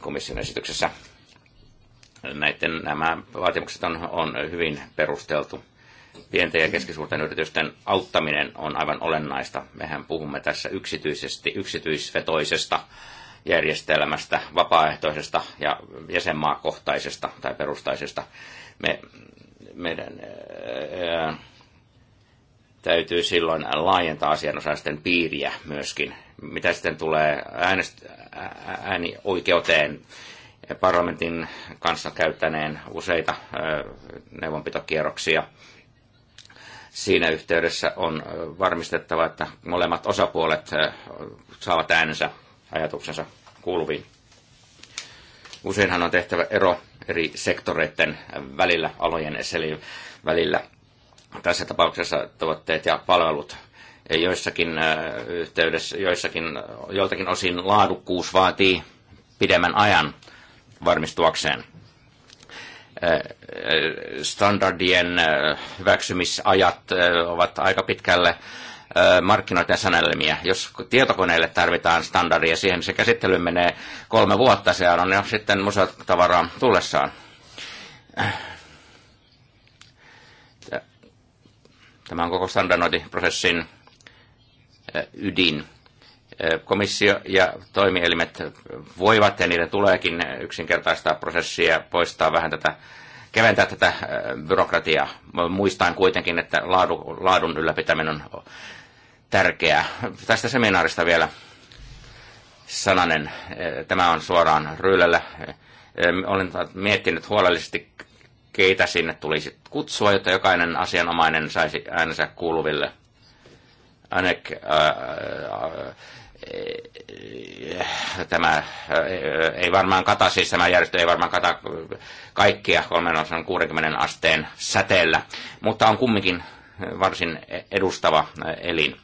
komission esityksessä. Näiden, nämä vaatimukset on, on hyvin perusteltu. Pienten ja keskisuurten yritysten auttaminen on aivan olennaista. Mehän puhumme tässä yksityisesti, yksityisvetoisesta järjestelmästä, vapaaehtoisesta ja jäsenmaakohtaisesta tai perustaisesta. Me, meidän ää, täytyy silloin laajentaa asianosaisten piiriä myöskin. Mitä sitten tulee äänest, äänioikeuteen, parlamentin kanssa käyttäneen useita ää, neuvonpitokierroksia, siinä yhteydessä on varmistettava, että molemmat osapuolet saavat äänensä ajatuksensa kuuluviin. Useinhan on tehtävä ero eri sektoreiden välillä, alojen seli välillä. Tässä tapauksessa tavoitteet ja palvelut joissakin äh, yhteydessä, joissakin, joiltakin osin laadukkuus vaatii pidemmän ajan varmistuakseen. Äh, äh, standardien hyväksymisajat ovat aika pitkälle ja sanelmia. Jos tietokoneille tarvitaan standardia, siihen se käsittely menee kolme vuotta, se on jo sitten museotavaraa tullessaan. Tämä on koko standardointiprosessin ydin. Komissio ja toimielimet voivat ja niiden tuleekin yksinkertaistaa prosessia, poistaa vähän tätä keventää tätä byrokratiaa, Muistan kuitenkin, että laadun, laadun ylläpitäminen on tärkeää. Tästä seminaarista vielä sananen. Tämä on suoraan Ryylellä. Olen miettinyt huolellisesti, keitä sinne tulisi kutsua, jotta jokainen asianomainen saisi äänensä kuuluville. Anek, äh, äh, tämä äh, ei varmaan kata, siis tämä järjestö ei varmaan kata kaikkia 360 asteen säteellä, mutta on kumminkin varsin edustava elin.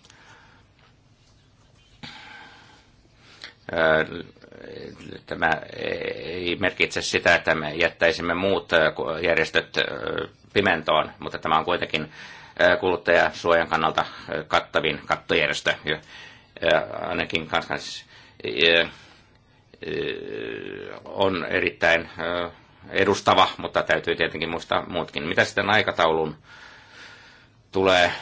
Tämä ei merkitse sitä, että me jättäisimme muut järjestöt pimentoon, mutta tämä on kuitenkin kuluttajasuojan kannalta kattavin kattojärjestö, ainakin on erittäin edustava, mutta täytyy tietenkin muistaa muutkin. Mitä sitten aikataulun tulee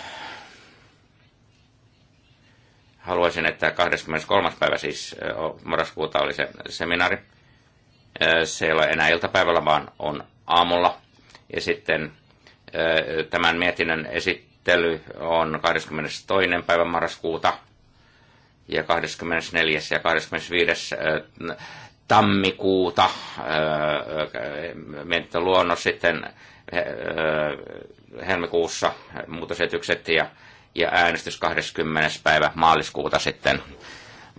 Haluaisin, että 23. päivä siis marraskuuta oli se seminaari. Se ei ole enää iltapäivällä, vaan on aamulla. Ja sitten tämän mietinnön esittely on 22. päivä marraskuuta ja 24. ja 25. tammikuuta mietintöluonnos sitten helmikuussa muutosetykset ja ja äänestys 20. päivä maaliskuuta sitten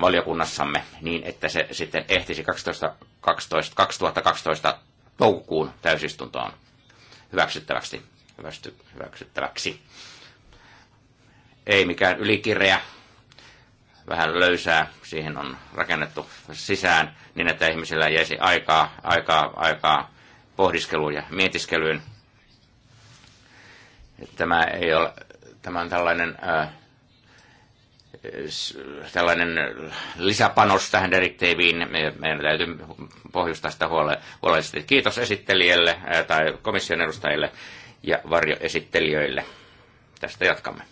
valiokunnassamme niin, että se sitten ehtisi 12, 12, 2012 toukokuun täysistuntoon hyväksyttäväksi. Hyväksy, hyväksyttäväksi. Ei mikään ylikirja vähän löysää, siihen on rakennettu sisään niin, että ihmisillä jäisi aikaa, aikaa, aikaa pohdiskeluun ja mietiskelyyn. Tämä ei ole Tämä on tällainen, äh, tällainen lisäpanos tähän direktiiviin. Meidän täytyy pohjustaa sitä huole- huolellisesti. Kiitos esittelijälle äh, tai komission edustajille ja varjoesittelijöille. Tästä jatkamme.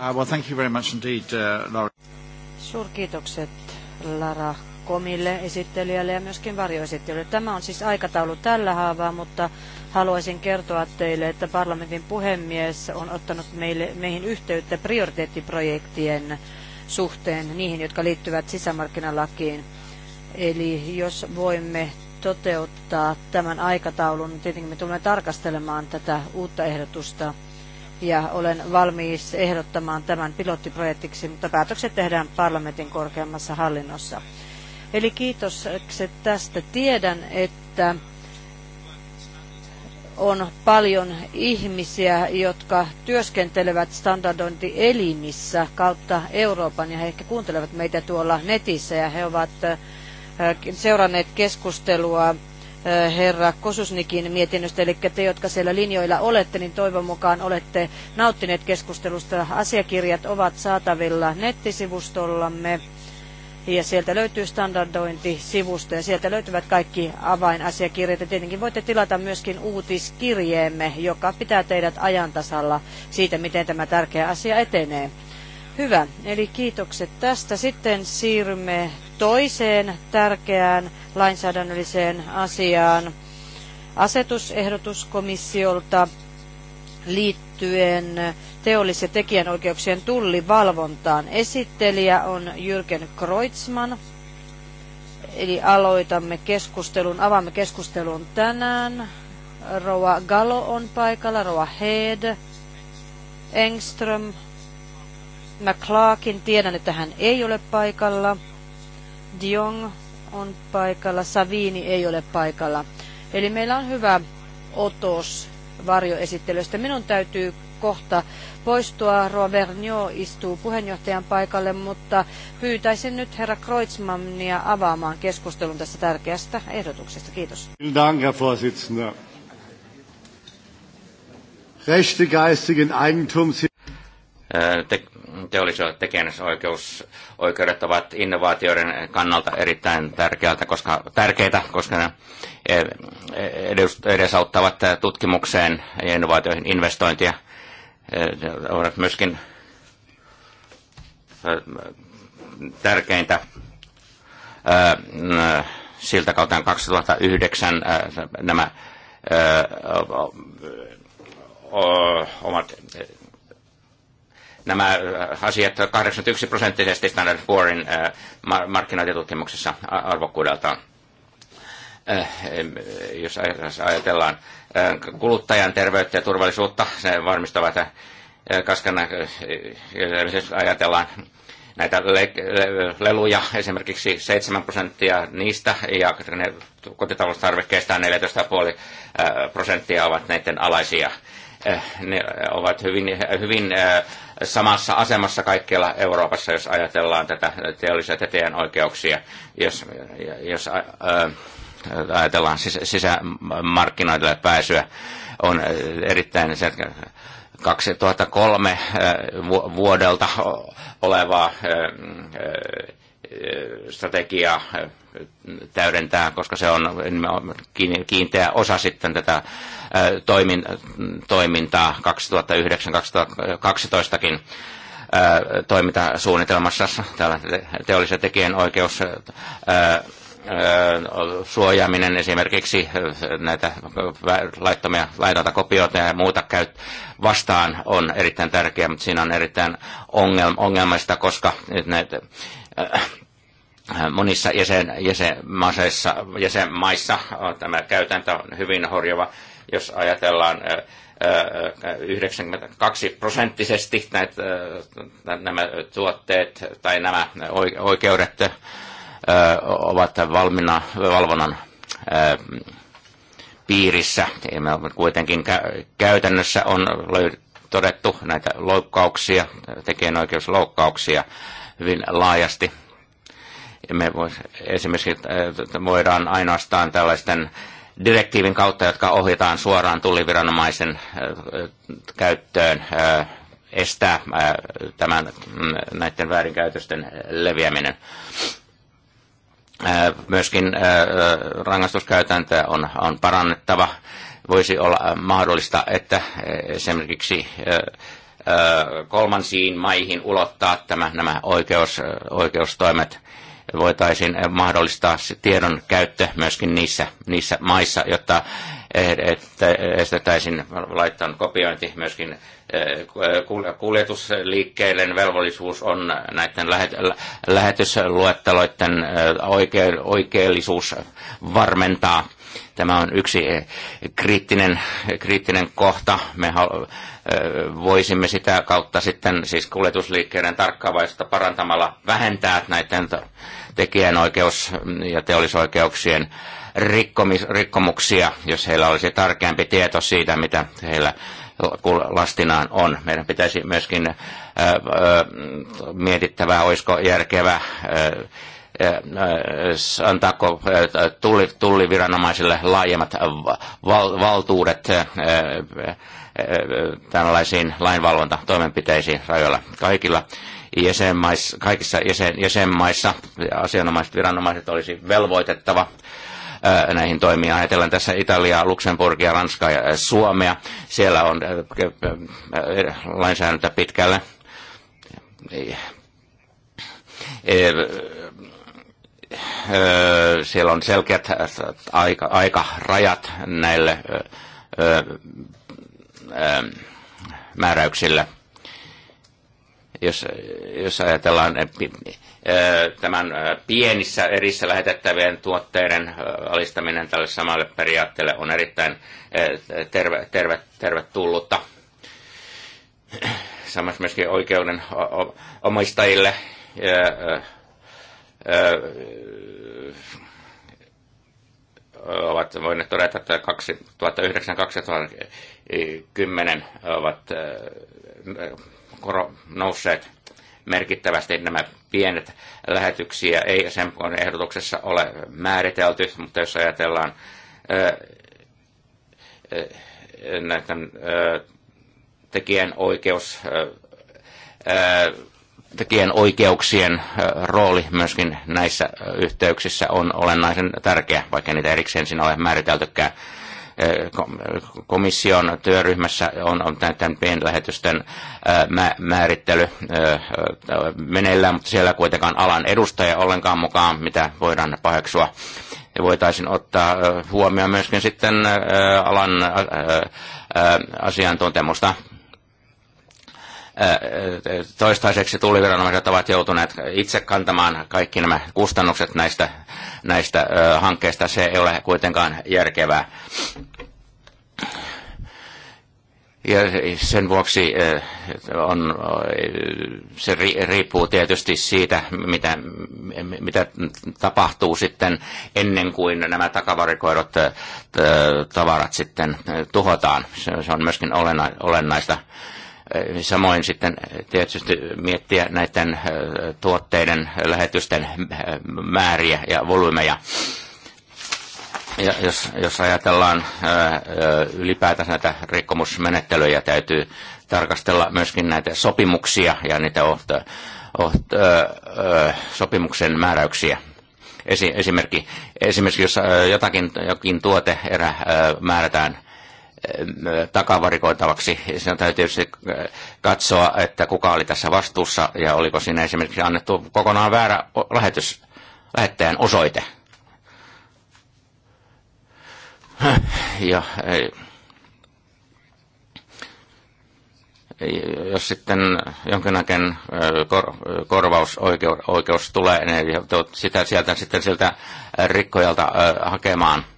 Uh, well, thank you very much indeed, uh, Laura. Suurkiitokset, Lara komille, esittelijälle ja myöskin varjoesittelijälle. Tämä on siis aikataulu tällä haavaa, mutta haluaisin kertoa teille, että parlamentin puhemies on ottanut meille, meihin yhteyttä prioriteettiprojektien suhteen, niihin, jotka liittyvät sisämarkkinalakiin. Eli jos voimme toteuttaa tämän aikataulun, niin tietenkin me tulemme tarkastelemaan tätä uutta ehdotusta ja olen valmis ehdottamaan tämän pilottiprojektiksi, mutta päätökset tehdään parlamentin korkeammassa hallinnossa. Eli kiitokset tästä. Tiedän, että on paljon ihmisiä, jotka työskentelevät standardointielimissä kautta Euroopan ja he ehkä kuuntelevat meitä tuolla netissä ja he ovat äh, seuranneet keskustelua äh, herra Kosusnikin mietinnöstä, eli te, jotka siellä linjoilla olette, niin toivon mukaan olette nauttineet keskustelusta. Asiakirjat ovat saatavilla nettisivustollamme ja sieltä löytyy standardointisivusto ja sieltä löytyvät kaikki avainasiakirjat. Ja tietenkin voitte tilata myöskin uutiskirjeemme, joka pitää teidät ajantasalla siitä, miten tämä tärkeä asia etenee. Hyvä, eli kiitokset tästä. Sitten siirrymme toiseen tärkeään lainsäädännölliseen asiaan. Asetusehdotus komissiolta liittyen liittyen teollis- ja tekijänoikeuksien tullivalvontaan. Esittelijä on Jürgen Kreutzmann. Eli aloitamme keskustelun, avaamme keskustelun tänään. Roa Galo on paikalla, Roa Heed, Engström, McClarkin, tiedän, että hän ei ole paikalla. Diong on paikalla, Savini ei ole paikalla. Eli meillä on hyvä otos varjoesittelystä. Minun täytyy kohta poistua. Rovernio istuu puheenjohtajan paikalle, mutta pyytäisin nyt herra Kreutzmannia avaamaan keskustelun tästä tärkeästä ehdotuksesta. Kiitos. Rechte geistigen Eigentums. Äh, teollisuuden oikeudet ovat innovaatioiden kannalta erittäin tärkeältä, koska, tärkeitä, koska ne e, edesauttavat tutkimukseen ja innovaatioihin investointia. E, ne ovat myöskin e, tärkeintä siltä kautta 2009 nämä omat nämä asiat 81 prosenttisesti Standard Poorin markkinointitutkimuksessa arvokkuudeltaan. Jos ajatellaan kuluttajan terveyttä ja turvallisuutta, se varmistavat kaskana, jos ajatellaan näitä leluja, esimerkiksi 7 prosenttia niistä ja ne kotitaloustarvikkeista 14,5 prosenttia ovat näiden alaisia. Ne ovat hyvin, hyvin samassa asemassa kaikkialla Euroopassa, jos ajatellaan tätä teollisia teteen oikeuksia, jos, jos ää, äh, äh, ajatellaan sis, sisämarkkinoille pääsyä, on erittäin se, 2003 äh, vuodelta olevaa strategiaa täydentää, koska se on kiinteä osa sitten tätä toimintaa 2009-2012kin toimintasuunnitelmassa täällä teollisen tekijän oikeus suojaaminen esimerkiksi näitä laittomia laitonta kopioita ja muuta käy vastaan on erittäin tärkeää, mutta siinä on erittäin ongelmaista, koska näitä Äh, monissa jäsen, jäsenmaissa, jäsenmaissa äh, tämä käytäntö on hyvin horjava, jos ajatellaan 92 äh, prosenttisesti näitä, nämä tuotteet tai nämä oikeudet ovat valmiina valvonnan piirissä. Kuitenkin käytännössä on todettu näitä loukkauksia, tekijänoikeusloukkauksia hyvin laajasti – me vois, esimerkiksi voidaan ainoastaan tällaisten direktiivin kautta, jotka ohjataan suoraan tulliviranomaisen käyttöön, estää tämän, mm, näiden väärinkäytösten leviäminen. Myöskin rangaistuskäytäntöä on, on parannettava. Voisi olla mahdollista, että esimerkiksi kolmansiin maihin ulottaa tämä, nämä oikeus, oikeustoimet – voitaisiin eh, mahdollistaa tiedon käyttö myöskin niissä, niissä maissa, jotta eh, estettäisiin laittaa kopiointi myöskin eh, kuljetusliikkeiden velvollisuus on näiden lähetysluetteloiden oikeellisuus varmentaa. Tämä on yksi kriittinen, kriittinen kohta. Me voisimme sitä kautta sitten siis kuljetusliikkeiden tarkkaavaista parantamalla vähentää näiden tekijänoikeus- ja teollisoikeuksien rikkomis, rikkomuksia, jos heillä olisi tarkempi tieto siitä, mitä heillä lastinaan on. Meidän pitäisi myöskin ö, ö, mietittävää, olisiko järkevä ö, antaako tulli, tulliviranomaisille laajemmat val, valtuudet tällaisiin lainvalvontatoimenpiteisiin rajoilla. Kaikilla jäsenmaissa, kaikissa jäsen, jäsenmaissa asianomaiset viranomaiset olisi velvoitettava näihin toimiin. Ajatellaan tässä Italiaa, Luxemburgia, Ranskaa ja Suomea. Siellä on lainsäädäntö pitkälle siellä on selkeät aika, aikarajat näille määräyksille jos, jos ajatellaan eh, eh, tämän eh, pienissä erissä lähetettävien tuotteiden alistaminen tälle samalle periaatteelle on erittäin terve, terve, tervetullutta. Samassa myöskin oikeuden omistajille ovat voineet todeta, että 2009-2010 ovat koro nousseet merkittävästi nämä pienet lähetyksiä ei sen ehdotuksessa ole määritelty, mutta jos ajatellaan näiden tekijän oikeus tekijän oikeuksien rooli myöskin näissä yhteyksissä on olennaisen tärkeä, vaikka niitä erikseen siinä ole määriteltykään komission työryhmässä on, on näiden pienlähetysten määrittely meneillään, mutta siellä kuitenkaan alan edustaja ollenkaan mukaan, mitä voidaan paheksua. Ja voitaisiin ottaa huomioon myöskin sitten alan asiantuntemusta toistaiseksi tulliviranomaiset ovat joutuneet itse kantamaan kaikki nämä kustannukset näistä, näistä hankkeista. Se ei ole kuitenkaan järkevää. Ja sen vuoksi on, se riippuu tietysti siitä, mitä, mitä tapahtuu sitten ennen kuin nämä takavarikoidut tavarat sitten tuhotaan. Se on myöskin olennaista Samoin sitten tietysti miettiä näiden tuotteiden lähetysten määriä ja volyymeja. Ja jos, jos ajatellaan ylipäätään näitä rikkomusmenettelyjä, täytyy tarkastella myöskin näitä sopimuksia ja niitä oht, oht, ö, ö, sopimuksen määräyksiä. Esi, esimerkki, esimerkiksi jos jotakin, jokin tuote erä määrätään takavarikoitavaksi. Sen täytyy tietysti äh, katsoa, että kuka oli tässä vastuussa ja oliko siinä esimerkiksi annettu kokonaan väärä lähetys, lähettäjän osoite. Äh, ja, jos sitten jonkinnäköinen äh, kor, korvausoikeus tulee, niin sitä sieltä sitten siltä rikkojalta hakemaan –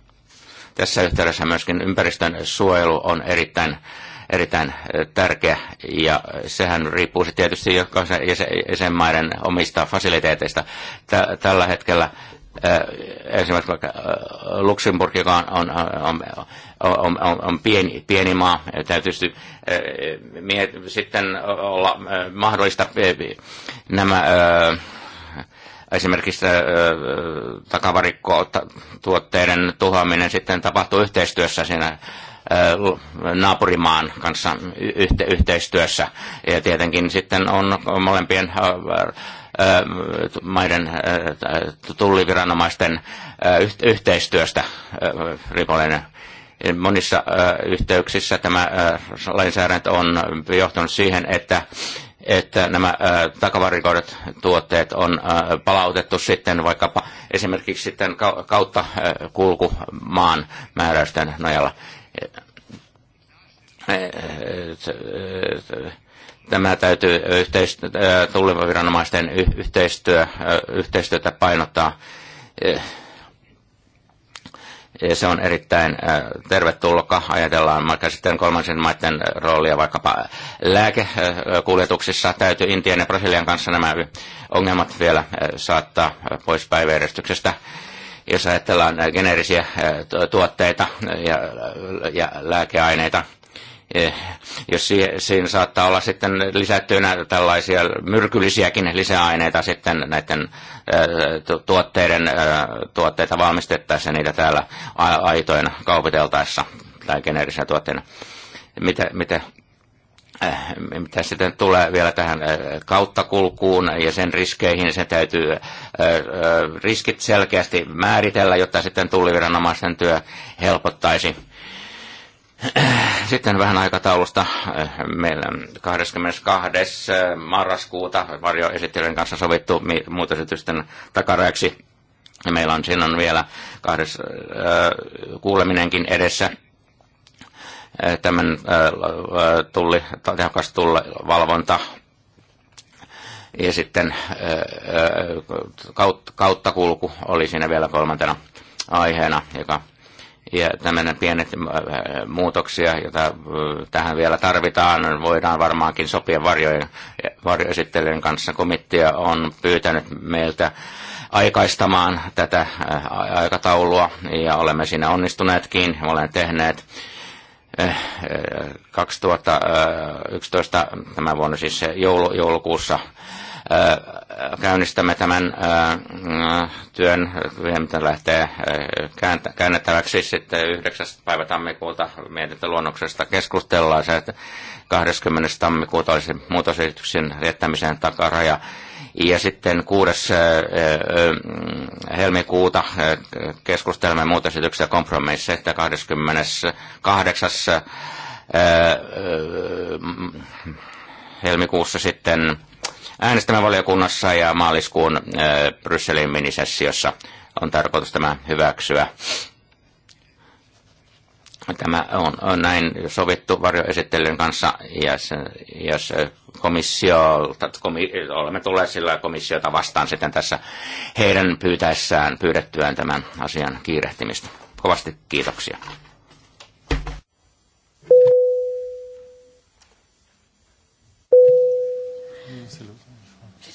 tässä yhteydessä myöskin ympäristön suojelu on erittäin erittäin eh, tärkeä, ja sehän riippuu se tietysti jokaisen jäsenmaiden omista fasiliteeteista. Tällä hetkellä eh, esimerkiksi vaikka eh, Luxemburg, joka on, on, on, on, on pieni, pieni maa, täytyy sitten olla mahdollista nämä esimerkiksi äh, äh, takavarikko tuotteiden tuhoaminen sitten tapahtuu yhteistyössä siinä äh, naapurimaan kanssa yhteistyössä. Ja tietenkin sitten on molempien maiden tulliviranomaisten yhteistyöstä rikollinen. Monissa yhteyksissä tämä lainsäädäntö on johtanut siihen, että että nämä takavarikoidut tuotteet on palautettu sitten vaikkapa esimerkiksi sitten kautta kulkumaan määräysten nojalla tämä täytyy yhteistyö, tulliviranomaisten yhteistyö, yhteistyötä painottaa se on erittäin äh, tervetullutka. Ajatellaan vaikka sitten kolmansien maiden äh, roolia vaikkapa äh, lääkekuljetuksissa. Täytyy Intian ja Brasilian kanssa nämä ongelmat vielä saattaa pois päiväjärjestyksestä. Jos ajatellaan geneerisiä tuotteita ja lääkeaineita, Eh, jos siinä saattaa olla sitten lisättynä tällaisia myrkyllisiäkin lisäaineita sitten näiden eh, tuotteiden, eh, tuotteita valmistettaessa niitä täällä aitoina kaupiteltaessa tai geneerisenä tuotteena. Mitä, mitä, mitä sitten tulee vielä tähän kauttakulkuun ja sen riskeihin, se täytyy riskit selkeästi määritellä, jotta sitten tulliviranomaisten työ helpottaisi sitten vähän aikataulusta. Meillä 22. Eh, marraskuuta varjoesittelijän kanssa sovittu muutosytysten takarajaksi. Meillä on on vielä kahdes, eh, kuuleminenkin edessä eh, tämän tulli, tehokas valvonta ja sitten kauttakulku oli siinä vielä kolmantena aiheena, joka ja tämmöinen pienet äh, muutoksia, joita äh, tähän vielä tarvitaan, voidaan varmaankin sopia varjojen, varjoesittelijän kanssa. Komittia on pyytänyt meiltä aikaistamaan tätä äh, aikataulua ja olemme siinä onnistuneetkin. Olen tehneet 2011 tämä vuonna siis joulu, joulukuussa käynnistämme tämän äh, työn, mitä lähtee äh, käännettäväksi sitten 9. päivä tammikuuta mietintöluonnoksesta keskustellaan se, että 20. tammikuuta olisi muutosesityksen jättämisen takaraja. Ja sitten 6. Äh, helmikuuta keskustelemme muutosesityksestä kompromisseista että 28. helmikuussa sitten äänestämään valiokunnassa ja maaliskuun Brysselin minisessiossa on tarkoitus tämä hyväksyä. Tämä on, on näin sovittu varjoesittelyn kanssa, jos, jos komissiolta, komi, olemme tulleet sillä komissiota vastaan sitten tässä heidän pyytäessään, pyydettyään tämän asian kiirehtimistä. Kovasti kiitoksia.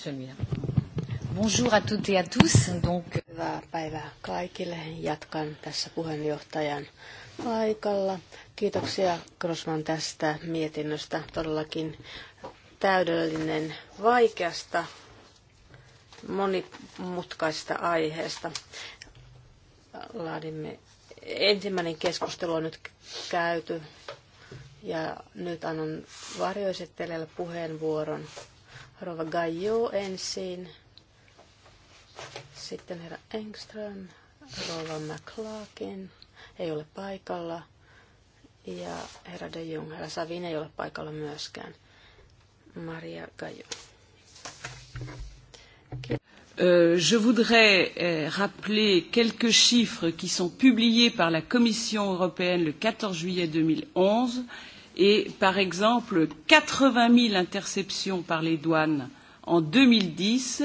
celui Bonjour à toutes et à tous. Donc... Hyvää päivää kaikille. Jatkan tässä puheenjohtajan paikalla. Kiitoksia Krosman tästä mietinnöstä. Todellakin täydellinen vaikeasta monimutkaista aiheesta. Laadimme ensimmäinen keskustelu on nyt käyty ja nyt annan varjoisettelijalle puheenvuoron. Rova Gaiju ensin, sitten herra Engström, Rova McClarkin ei ole paikalla ja herra de Jong, herra Savin ei ole paikalla myöskään. Maria Gaiju. Euh, je voudrais euh, rappeler quelques chiffres qui sont publiés par la Commission européenne le 14 juillet 2011 et par exemple 80 000 interceptions par les douanes en 2010,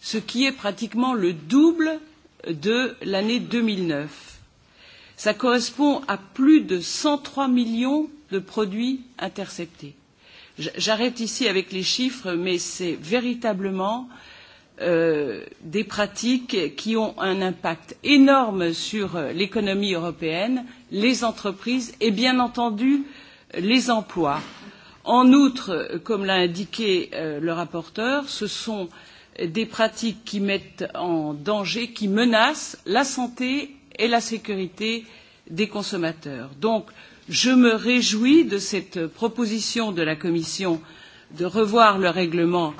ce qui est pratiquement le double de l'année 2009. Ça correspond à plus de 103 millions de produits interceptés. J'arrête ici avec les chiffres, mais c'est véritablement euh, des pratiques qui ont un impact énorme sur euh, l'économie européenne, les entreprises et bien entendu les emplois. En outre, comme l'a indiqué euh, le rapporteur, ce sont des pratiques qui mettent en danger, qui menacent la santé et la sécurité des consommateurs. Donc, je me réjouis de cette proposition de la Commission de revoir le règlement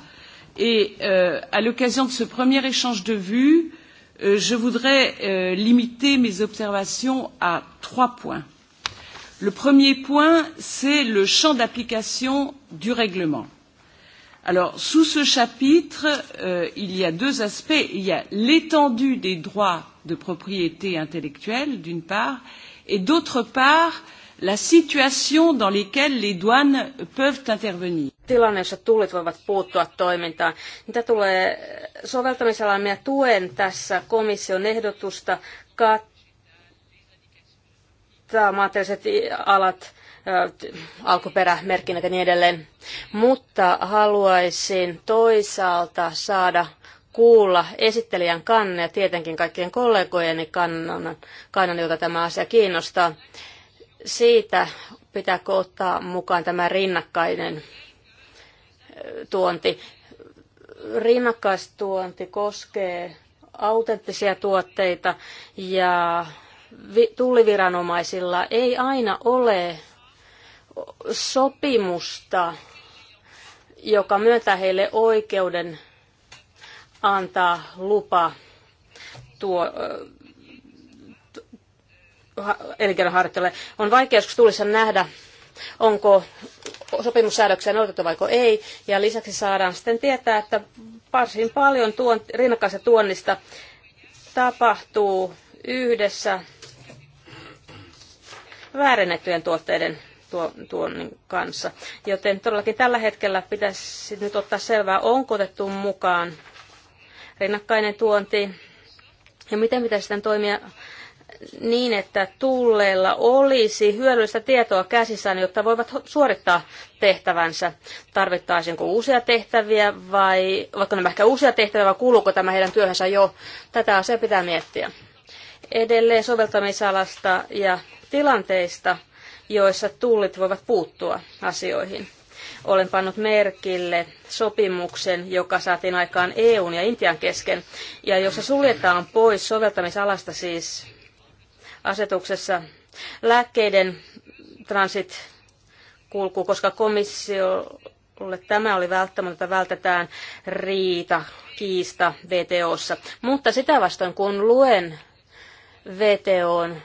et euh, à l'occasion de ce premier échange de vues, euh, je voudrais euh, limiter mes observations à trois points. Le premier point, c'est le champ d'application du règlement. Alors, sous ce chapitre, euh, il y a deux aspects. Il y a l'étendue des droits de propriété intellectuelle, d'une part, et d'autre part, la situation dans laquelle les douanes peuvent intervenir. Tilanne, tullit voivat puuttua toimintaan. Mitä tulee soveltamisalaan, minä tuen tässä komission ehdotusta kat- maantieteelliset alat, alkuperämerkinnät ja niin edelleen. Mutta haluaisin toisaalta saada kuulla esittelijän kannan ja tietenkin kaikkien kollegojeni kannan, kannan jota tämä asia kiinnostaa. Siitä pitääkö ottaa mukaan tämä rinnakkainen tuonti. Rinnakkaistuonti koskee autenttisia tuotteita ja tulliviranomaisilla ei aina ole sopimusta, joka myöntää heille oikeuden antaa lupa tuo elinkeinonharjoittajalle. On vaikea joskus tulissa nähdä, onko sopimussäädöksiä noudatettu vai ei. Ja lisäksi saadaan sitten tietää, että varsin paljon tuon, rinnakkaisesta tuonnista tapahtuu yhdessä väärennettyjen tuotteiden tuonnin kanssa. Joten todellakin tällä hetkellä pitäisi nyt ottaa selvää, onko otettu mukaan rinnakkainen tuonti ja miten pitäisi sitten toimia niin, että tulleilla olisi hyödyllistä tietoa käsissään, jotta voivat suorittaa tehtävänsä. Tarvittaisiinko uusia tehtäviä vai, vaikka nämä ehkä uusia tehtäviä, vai kuuluuko tämä heidän työhönsä jo? Tätä asiaa pitää miettiä. Edelleen soveltamisalasta ja tilanteista, joissa tullit voivat puuttua asioihin. Olen pannut merkille sopimuksen, joka saatiin aikaan EUn ja Intian kesken, ja jossa suljetaan pois soveltamisalasta siis asetuksessa lääkkeiden transit kulku, koska komissiolle tämä oli välttämätöntä vältetään riita, kiista VTOssa. Mutta sitä vastoin, kun luen VTOn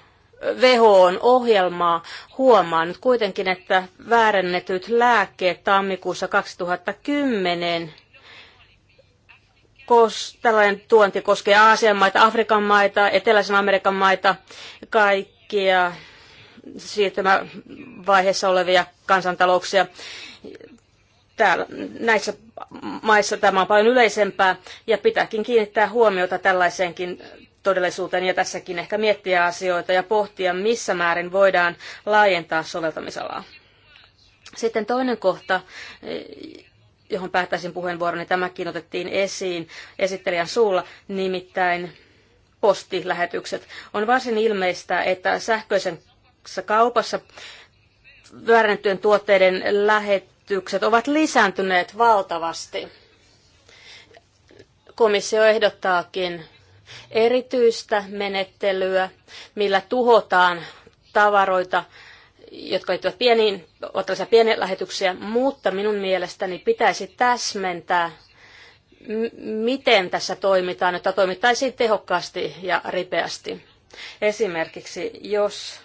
WHOn ohjelmaa, huomaa nyt kuitenkin, että väärennetyt lääkkeet tammikuussa 2010 kos, tällainen tuonti koskee Aasian maita, Afrikan maita, Eteläisen Amerikan maita, kaikkia siirtymävaiheessa olevia kansantalouksia. Täällä, näissä maissa tämä on paljon yleisempää ja pitääkin kiinnittää huomiota tällaiseenkin todellisuuteen ja tässäkin ehkä miettiä asioita ja pohtia, missä määrin voidaan laajentaa soveltamisalaa. Sitten toinen kohta, eh, johon päättäisin puheenvuoroni, niin tämäkin otettiin esiin esittelijän suulla, nimittäin postilähetykset. On varsin ilmeistä, että sähköisessä kaupassa väärennettyjen tuotteiden lähetykset ovat lisääntyneet valtavasti. Komissio ehdottaakin erityistä menettelyä, millä tuhotaan tavaroita, jotka liittyvät pieniin, pieniin lähetyksiä, mutta minun mielestäni pitäisi täsmentää, miten tässä toimitaan, että toimittaisiin tehokkaasti ja ripeästi. Esimerkiksi jos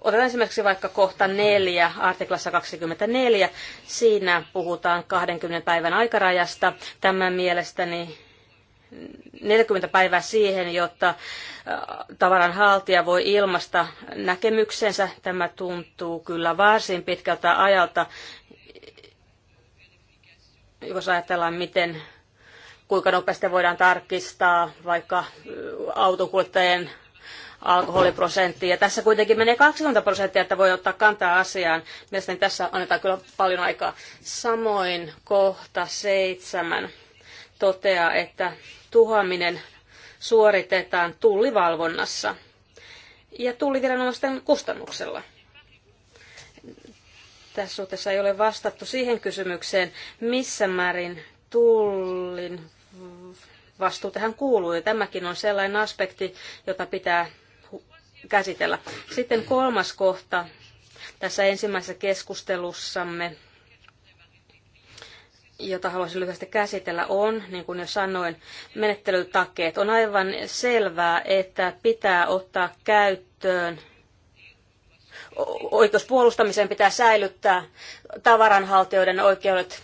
Otetaan esimerkiksi vaikka kohta 4, artiklassa 24. Siinä puhutaan 20 päivän aikarajasta. Tämä mielestäni 40 päivää siihen, jotta tavaran haltija voi ilmaista näkemyksensä. Tämä tuntuu kyllä varsin pitkältä ajalta, jos ajatellaan, miten kuinka nopeasti voidaan tarkistaa vaikka autokuljettajien alkoholiprosentti Ja tässä kuitenkin menee 20 prosenttia, että voi ottaa kantaa asiaan. Mielestäni tässä annetaan kyllä paljon aikaa. Samoin kohta seitsemän toteaa, että tuhoaminen suoritetaan tullivalvonnassa ja tulliviranomaisten kustannuksella. Tässä suhteessa ei ole vastattu siihen kysymykseen, missä määrin tullin vastuu tähän kuuluu. Ja tämäkin on sellainen aspekti, jota pitää käsitellä. Sitten kolmas kohta tässä ensimmäisessä keskustelussamme jota haluaisin lyhyesti käsitellä, on, niin kuin jo sanoin, menettelytakeet. On aivan selvää, että pitää ottaa käyttöön oikeus puolustamiseen pitää säilyttää tavaranhaltijoiden oikeudet.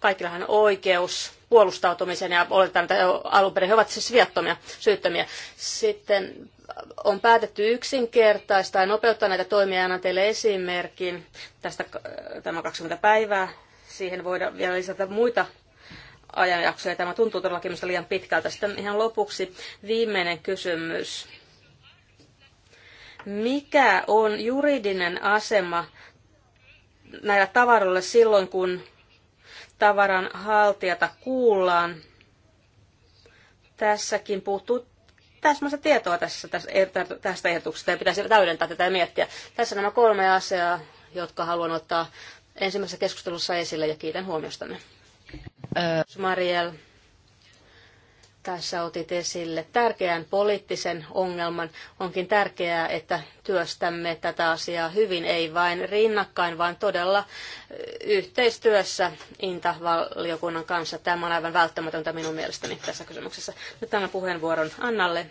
Kaikillahan oikeus puolustautumiseen ja oletetaan, että alun perin he ovat siis viattomia, syyttömiä. Sitten on päätetty yksinkertaistaa ja nopeuttaa näitä toimia. Annan teille esimerkin tästä äh, tämä 20 päivää siihen voida vielä lisätä muita ajanjaksoja. Tämä tuntuu todellakin minusta liian pitkältä. Sitten ihan lopuksi viimeinen kysymys. Mikä on juridinen asema näillä tavaroilla silloin, kun tavaran haltijata kuullaan? Tässäkin puuttuu täsmällistä tietoa tässä, tästä ehdotuksesta ja pitäisi täydentää tätä ja miettiä. Tässä nämä kolme asiaa, jotka haluan ottaa ensimmäisessä keskustelussa esille ja kiitän huomiostanne. Mariel, tässä otit esille tärkeän poliittisen ongelman. Onkin tärkeää, että työstämme tätä asiaa hyvin, ei vain rinnakkain, vaan todella yhteistyössä Inta-valiokunnan kanssa. Tämä on aivan välttämätöntä minun mielestäni tässä kysymyksessä. Nyt tämän puheenvuoron Annalle.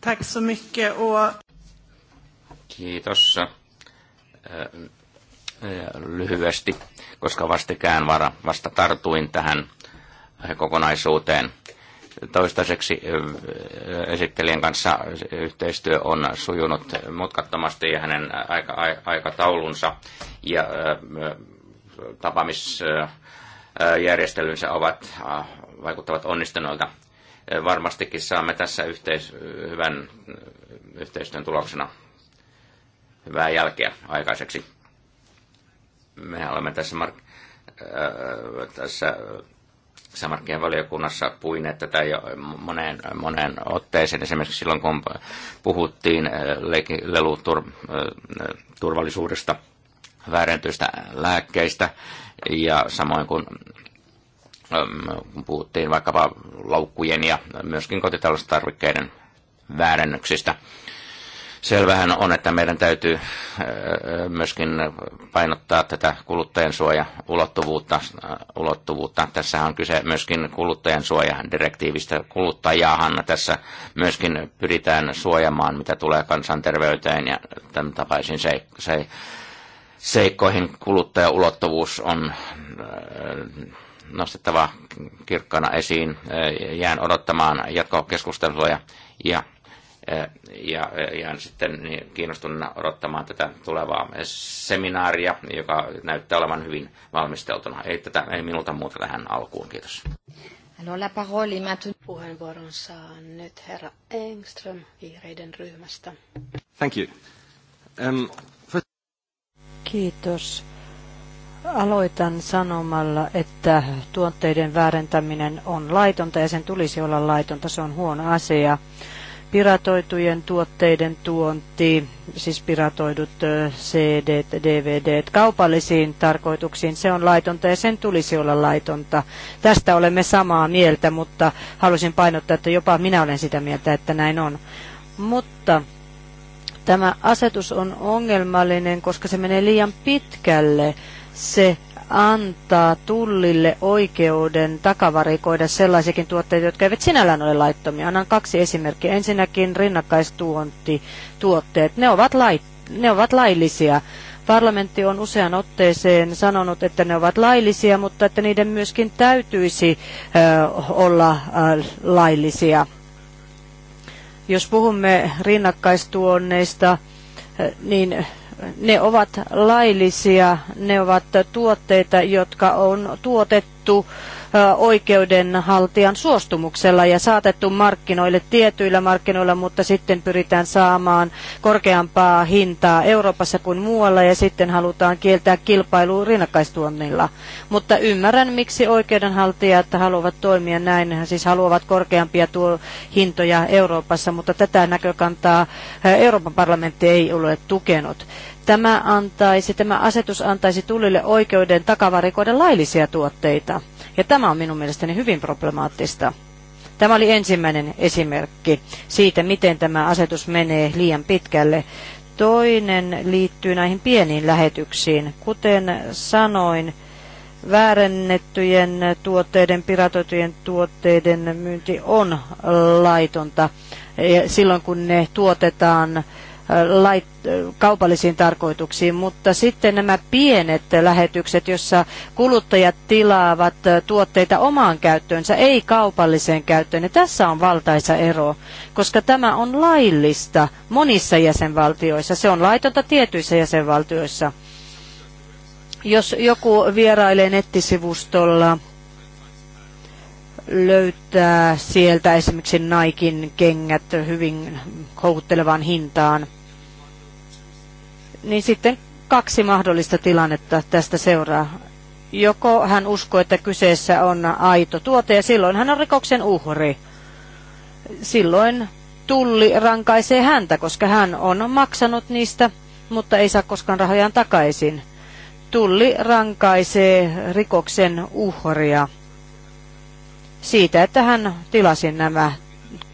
Tack så mycket. Och Kiitos. Lyhyesti, koska vastikään vara, vasta tartuin tähän kokonaisuuteen. Toistaiseksi esittelijän kanssa yhteistyö on sujunut mutkattomasti ja hänen aika, aikataulunsa ja tapaamisjärjestelynsä ovat, vaikuttavat onnistuneilta varmastikin saamme tässä yhteis- hyvän yhteistyön tuloksena hyvää jälkeä aikaiseksi. Me olemme tässä, mark- äh, tässä äh, valiokunnassa puineet tätä jo moneen, moneen otteeseen. Esimerkiksi silloin, kun puhuttiin äh, leluturvallisuudesta, äh, väärentyistä lääkkeistä ja samoin kun ähm, kun puhuttiin vaikkapa laukkujen ja myöskin kotitaloustarvikkeiden väärennöksistä. Selvähän on, että meidän täytyy äh, äh, myöskin painottaa tätä kuluttajan ulottuvuutta, äh, ulottuvuutta. Tässä on kyse myöskin kuluttajan direktiivistä. Kuluttajaahan tässä myöskin pyritään suojamaan, mitä tulee kansanterveyteen ja tämän tapaisin se, se, seikkoihin. Kuluttajaulottuvuus on nostettava kirkkana esiin. Jään odottamaan jatkokeskustelua ja ja ihan sitten niin kiinnostuneena odottamaan tätä tulevaa seminaaria, joka näyttää olevan hyvin valmisteltuna. Ei, tätä, ei minulta muuta tähän alkuun, kiitos. Alors la parole est maintenant. Puheenvuoron saa nyt herra Engström vihreiden ryhmästä. Thank you. Um, for... Kiitos. Aloitan sanomalla, että tuotteiden väärentäminen on laitonta ja sen tulisi olla laitonta. Se on huono asia piratoitujen tuotteiden tuonti, siis piratoidut CD, DVD, kaupallisiin tarkoituksiin, se on laitonta ja sen tulisi olla laitonta. Tästä olemme samaa mieltä, mutta halusin painottaa, että jopa minä olen sitä mieltä, että näin on. Mutta tämä asetus on ongelmallinen, koska se menee liian pitkälle. Se antaa tullille oikeuden takavarikoida sellaisiakin tuotteita, jotka eivät sinällään ole laittomia. Annan kaksi esimerkkiä. Ensinnäkin rinnakkaistuontituotteet. Ne ovat, lait, ne ovat laillisia. Parlamentti on usean otteeseen sanonut, että ne ovat laillisia, mutta että niiden myöskin täytyisi äh, olla äh, laillisia. Jos puhumme rinnakkaistuonneista, äh, niin ne ovat laillisia, ne ovat tuotteita, jotka on tuotettu oikeudenhaltijan suostumuksella ja saatettu markkinoille tietyillä markkinoilla, mutta sitten pyritään saamaan korkeampaa hintaa Euroopassa kuin muualla ja sitten halutaan kieltää kilpailu rinnakkaistuonnilla. Mutta ymmärrän, miksi oikeudenhaltijat haluavat toimia näin, siis haluavat korkeampia tuo hintoja Euroopassa, mutta tätä näkökantaa Euroopan parlamentti ei ole tukenut tämä, antaisi, tämä asetus antaisi tullille oikeuden takavarikoida laillisia tuotteita. Ja tämä on minun mielestäni hyvin problemaattista. Tämä oli ensimmäinen esimerkki siitä, miten tämä asetus menee liian pitkälle. Toinen liittyy näihin pieniin lähetyksiin. Kuten sanoin, väärennettyjen tuotteiden, piratoitujen tuotteiden myynti on laitonta silloin, kun ne tuotetaan lait, kaupallisiin tarkoituksiin, mutta sitten nämä pienet lähetykset, jossa kuluttajat tilaavat tuotteita omaan käyttöönsä, ei kaupalliseen käyttöön. niin tässä on valtaisa ero, koska tämä on laillista monissa jäsenvaltioissa. Se on laitonta tietyissä jäsenvaltioissa. Jos joku vierailee nettisivustolla, löytää sieltä esimerkiksi Naikin kengät hyvin houkuttelevaan hintaan, niin sitten kaksi mahdollista tilannetta tästä seuraa. Joko hän uskoo, että kyseessä on aito tuote ja silloin hän on rikoksen uhri. Silloin tulli rankaisee häntä, koska hän on maksanut niistä, mutta ei saa koskaan rahojaan takaisin. Tulli rankaisee rikoksen uhria siitä, että hän tilasi nämä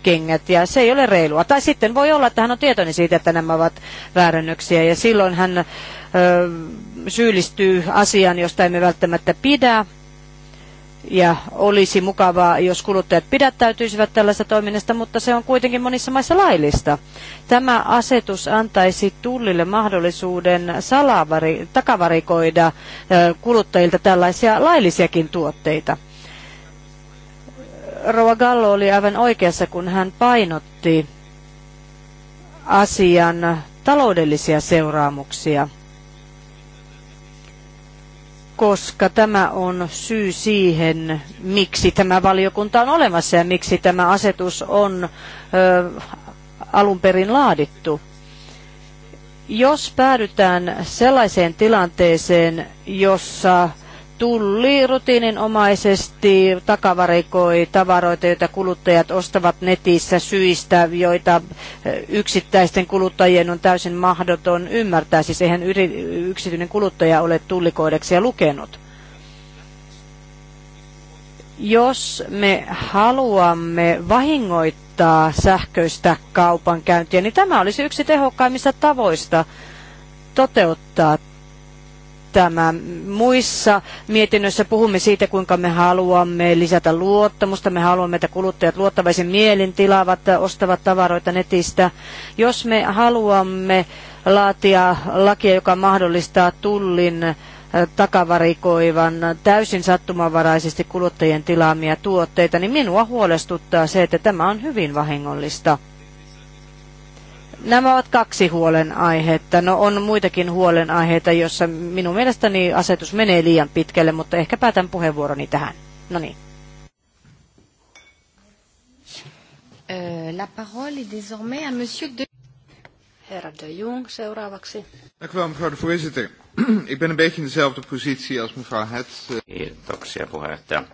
kengät ja se ei ole reilua. Tai sitten voi olla, että hän on tietoinen siitä, että nämä ovat väärännyksiä ja silloin hän ö, syyllistyy asiaan, josta emme välttämättä pidä. Ja olisi mukavaa, jos kuluttajat pidättäytyisivät tällaista toiminnasta, mutta se on kuitenkin monissa maissa laillista. Tämä asetus antaisi tullille mahdollisuuden salavari, takavarikoida kuluttajilta tällaisia laillisiakin tuotteita. Rova Gallo oli aivan oikeassa, kun hän painotti asian taloudellisia seuraamuksia, koska tämä on syy siihen, miksi tämä valiokunta on olemassa ja miksi tämä asetus on ö, alun perin laadittu. Jos päädytään sellaiseen tilanteeseen, jossa tulli rutiininomaisesti takavarikoi tavaroita, joita kuluttajat ostavat netissä syistä, joita yksittäisten kuluttajien on täysin mahdoton ymmärtää. Siis eihän yksityinen kuluttaja ole tullikoodeksia lukenut jos me haluamme vahingoittaa sähköistä kaupankäyntiä, niin tämä olisi yksi tehokkaimmista tavoista toteuttaa tämä. Muissa mietinnöissä puhumme siitä, kuinka me haluamme lisätä luottamusta, me haluamme, että kuluttajat luottavaisen mielin tilaavat, ostavat tavaroita netistä. Jos me haluamme laatia lakia, joka mahdollistaa tullin eh, takavarikoivan täysin sattumanvaraisesti kuluttajien tilaamia tuotteita, niin minua huolestuttaa se, että tämä on hyvin vahingollista Nämä ovat kaksi huolenaihetta. No on muitakin huolenaiheita, jossa minun mielestäni asetus menee liian pitkälle, mutta ehkä päätän puheenvuoroni tähän. No niin. La parole est désormais à monsieur de... Herra de Jong seuraavaksi. Dank u wel, mevrouw de voorzitter. Ik ben een beetje in dezelfde positie als mevrouw Het. Eh. Kiitoksia puheenjohtaja.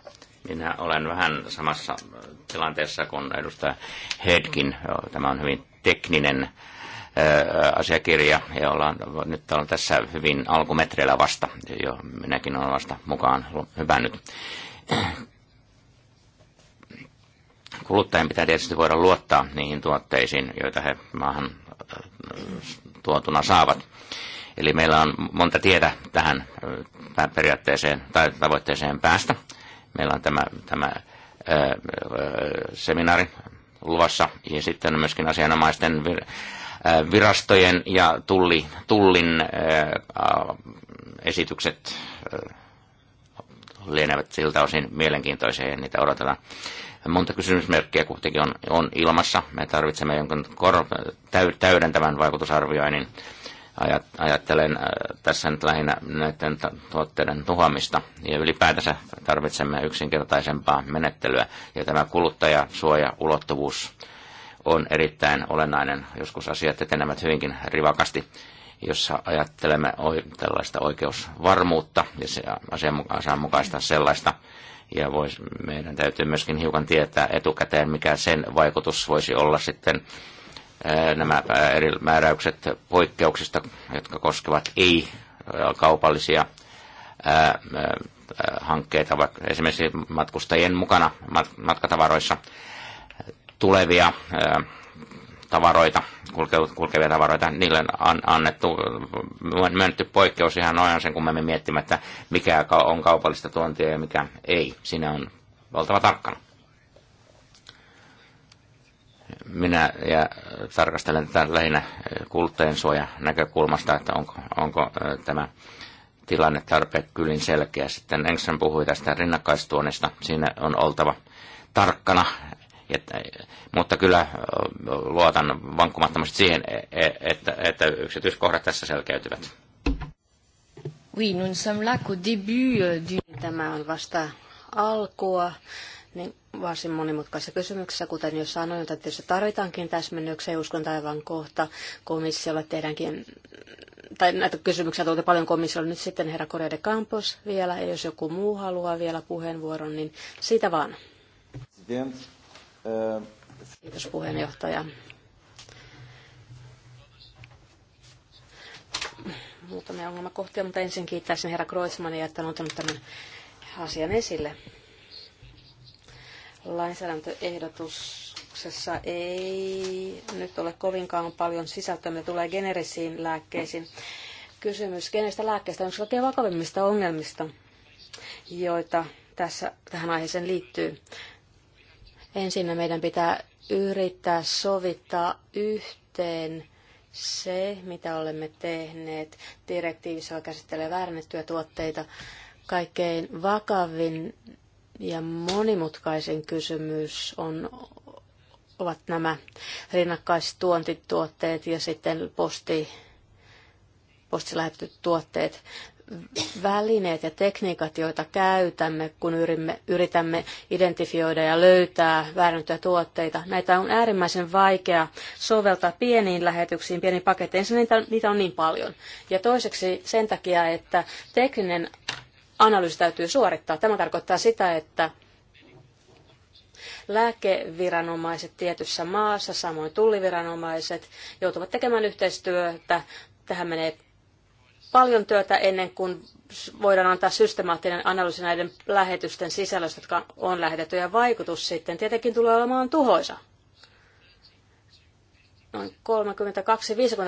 Minä olen vähän samassa eh, tilanteessa kuin edustaja Hedkin. Tämä on hyvin tekninen asiakirja, ja ollaan, nyt ollaan tässä hyvin alkumetreillä vasta, jo minäkin olen vasta mukaan hyvännyt. Kuluttajien pitää tietysti voida luottaa niihin tuotteisiin, joita he maahan tuotuna saavat. Eli meillä on monta tietä tähän periaatteeseen tai tavoitteeseen päästä. Meillä on tämä, tämä seminaari luvassa ja sitten myöskin asianomaisten äh, virastojen ja tulli, tullin äh, äh, esitykset lienevät siltä osin mielenkiintoisia ja niitä odotetaan. Monta kysymysmerkkiä kuitenkin on, on ilmassa. Me tarvitsemme jonkun kor- täydentävän vaikutusarvioinnin ajattelen äh, tässä nyt lähinnä näiden tuotteiden tuhoamista. Ja ylipäätänsä tarvitsemme yksinkertaisempaa menettelyä. Ja tämä kuluttajasuojaulottuvuus on erittäin olennainen. Joskus asiat etenevät hyvinkin rivakasti, jossa ajattelemme tällaista oikeusvarmuutta ja se asianmukaista sellaista. Ja vois, meidän täytyy myöskin hiukan tietää etukäteen, mikä sen vaikutus voisi olla sitten nämä eri määräykset poikkeuksista, jotka koskevat ei-kaupallisia hankkeita, vaikka esimerkiksi matkustajien mukana matkatavaroissa tulevia tavaroita, kulkevia tavaroita, niille on annettu, myönnetty poikkeus ihan noin sen kummemmin miettimättä, mikä on kaupallista tuontia ja mikä ei. Siinä on valtava tarkkana minä ja tarkastelen tätä lähinnä eh, kuluttajansuojan näkökulmasta, että onko, onko eh, tämä tilanne kyllin selkeä. Sitten Engström puhui tästä rinnakkaistuonnista. Siinä on oltava tarkkana, että, eh, mutta kyllä luotan vankkumattomasti siihen, e, e, että, että yksityiskohdat tässä selkeytyvät. Oui, nous sommes là qu'au début du... Tämä on vasta alkua varsin monimutkaisessa kysymyksessä, kuten jo sanoin, että tietysti tarvitaankin täsmennyksiä ja uskon taivaan kohta komissiolla tehdäänkin tai näitä kysymyksiä tulee paljon komissiolle nyt sitten herra Korea de Campos vielä, ja jos joku muu haluaa vielä puheenvuoron, niin siitä vaan. Eh, Kiitos puheenjohtaja. Muutamia ongelmakohtia, mutta ensin kiittäisin herra Kreuzmania, että on ottanut tämän asian esille lainsäädäntöehdotuksessa ei nyt ole kovinkaan paljon sisältöä, mitä tulee generisiin lääkkeisiin. Kysymys kenestä lääkkeistä on yksi kaikkein vakavimmista ongelmista, joita tässä, tähän aiheeseen liittyy. Ensinnä meidän pitää yrittää sovittaa yhteen se, mitä olemme tehneet direktiivissä, joka käsittelee väärennettyjä tuotteita. Kaikkein vakavin ja monimutkaisin kysymys on, ovat nämä rinnakkaistuontituotteet ja sitten posti, postilähetetyt tuotteet välineet ja tekniikat, joita käytämme, kun yrimme, yritämme identifioida ja löytää väärennettyjä tuotteita. Näitä on äärimmäisen vaikea soveltaa pieniin lähetyksiin, pieniin paketteihin, niitä, niitä on niin paljon. Ja toiseksi sen takia, että tekninen analyysi täytyy suorittaa. Tämä tarkoittaa sitä, että lääkeviranomaiset tietyssä maassa, samoin tulliviranomaiset, joutuvat tekemään yhteistyötä. Tähän menee paljon työtä ennen kuin voidaan antaa systemaattinen analyysi näiden lähetysten sisällöstä, jotka on lähetetty, ja vaikutus sitten tietenkin tulee olemaan tuhoisa noin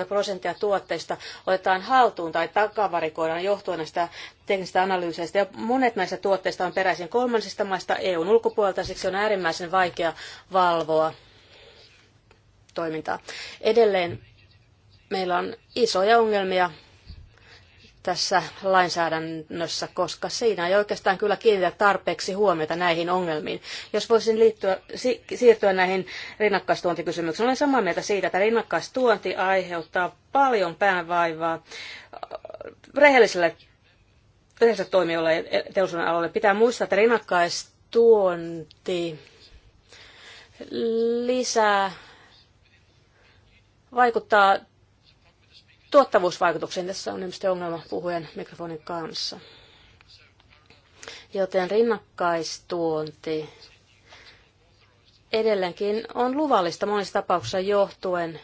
32-50 prosenttia tuotteista otetaan haltuun tai takavarikoidaan johtuen näistä teknisistä analyyseistä. Ja monet näistä tuotteista on peräisin kolmansista maista EUn ulkopuolelta, siksi on äärimmäisen vaikea valvoa toimintaa. Edelleen meillä on isoja ongelmia tässä lainsäädännössä, koska siinä ei oikeastaan kyllä kiinnitä tarpeeksi huomiota näihin ongelmiin. Jos voisin liittyä, si- siirtyä näihin rinnakkaistuontikysymyksiin, olen samaa mieltä siitä, että rinnakkaistuonti aiheuttaa paljon päänvaivaa äh, rehelliselle, rehelliselle toimijoille ja teollisuuden alalle. Pitää muistaa, että rinnakkaistuonti lisää vaikuttaa tuottavuusvaikutuksiin. Tässä on ilmeisesti ongelma puhujan mikrofonin kanssa. Joten rinnakkaistuonti edelleenkin on luvallista monissa tapauksissa johtuen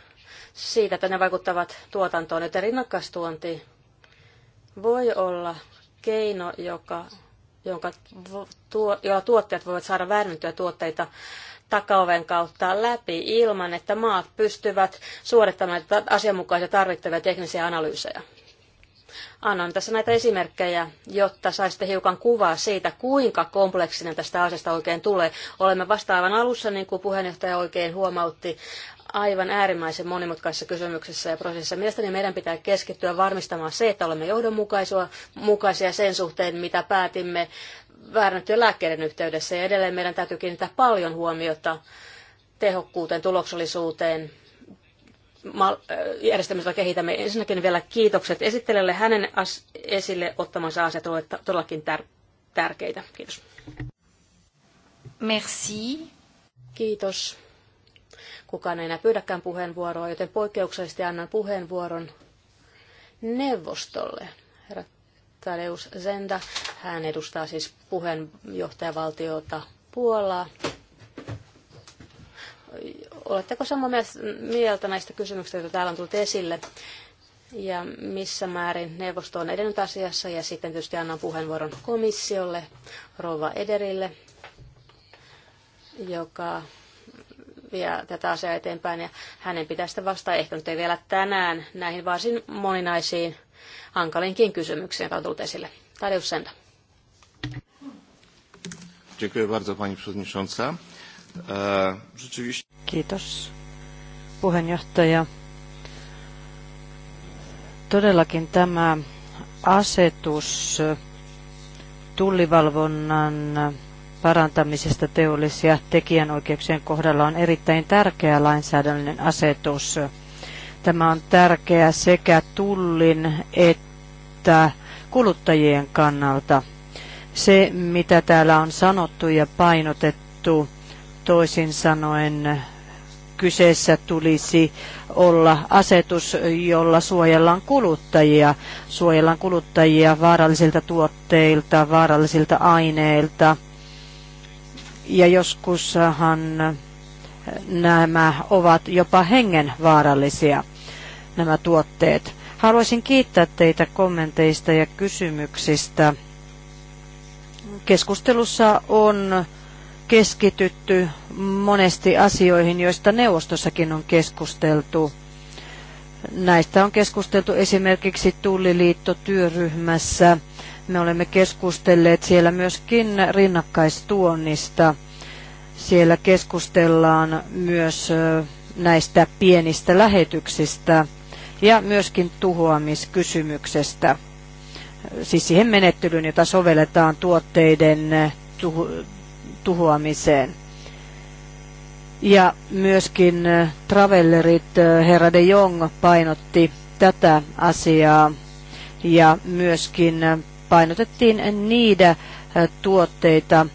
siitä, että ne vaikuttavat tuotantoon. Joten rinnakkaistuonti voi olla keino, joka, jonka tuo, jolla tuottajat voivat saada väärennettyjä tuotteita takaoven kautta läpi ilman, että maat pystyvät suorittamaan asianmukaisia tarvittavia teknisiä analyysejä. Annan tässä näitä esimerkkejä, jotta saisitte hiukan kuvaa siitä, kuinka kompleksinen tästä asiasta oikein tulee. Olemme vasta aivan alussa, niin kuin puheenjohtaja oikein huomautti aivan äärimmäisen monimutkaisessa kysymyksessä ja prosessissa. Mielestäni meidän pitää keskittyä varmistamaan se, että olemme johdonmukaisia sen suhteen, mitä päätimme väärännettyjen lääkkeiden yhteydessä. Ja edelleen meidän täytyy kiinnittää paljon huomiota tehokkuuteen, tuloksellisuuteen, järjestelmästä kehitämme. Ensinnäkin vielä kiitokset esittelijälle. Hänen esille ottamansa asiat ovat todellakin tärkeitä. Kiitos. Merci. Kiitos. Kukaan ei enää pyydäkään puheenvuoroa, joten poikkeuksellisesti annan puheenvuoron neuvostolle. Herra Tadeus Zenda, hän edustaa siis puheenjohtajavaltiota Puolaa. Oletteko samaa mieltä näistä kysymyksistä, joita täällä on tullut esille? ja missä määrin neuvosto on edennyt asiassa. Ja sitten tietysti annan puheenvuoron komissiolle, Rova Ederille, joka vie tätä asiaa eteenpäin ja hänen pitää sitten vastata ehkä nyt ei vielä tänään näihin varsin moninaisiin hankalinkin kysymyksiin, jotka on tullut esille. Tadeusz Senda. E, Kiitos puheenjohtaja. Todellakin tämä asetus tullivalvonnan parantamisesta teollis- ja tekijänoikeuksien kohdalla on erittäin tärkeä lainsäädännöllinen asetus. Tämä on tärkeä sekä tullin että kuluttajien kannalta. Se, mitä täällä on sanottu ja painotettu, toisin sanoen kyseessä tulisi olla asetus, jolla suojellaan kuluttajia. Suojellaan kuluttajia vaarallisilta tuotteilta, vaarallisilta aineilta – ja joskushan nämä ovat jopa hengenvaarallisia, nämä tuotteet. Haluaisin kiittää teitä kommenteista ja kysymyksistä. Keskustelussa on keskitytty monesti asioihin, joista neuvostossakin on keskusteltu. Näistä on keskusteltu esimerkiksi Tulliliittotyöryhmässä työryhmässä me olemme keskustelleet siellä myöskin rinnakkaistuonnista. Siellä keskustellaan myös näistä pienistä lähetyksistä ja myöskin tuhoamiskysymyksestä. Siis siihen menettelyyn, jota sovelletaan tuotteiden tuho tuhoamiseen. Ja myöskin Travellerit Herra de Jong painotti tätä asiaa ja myöskin painotettiin niitä äh, tuotteita,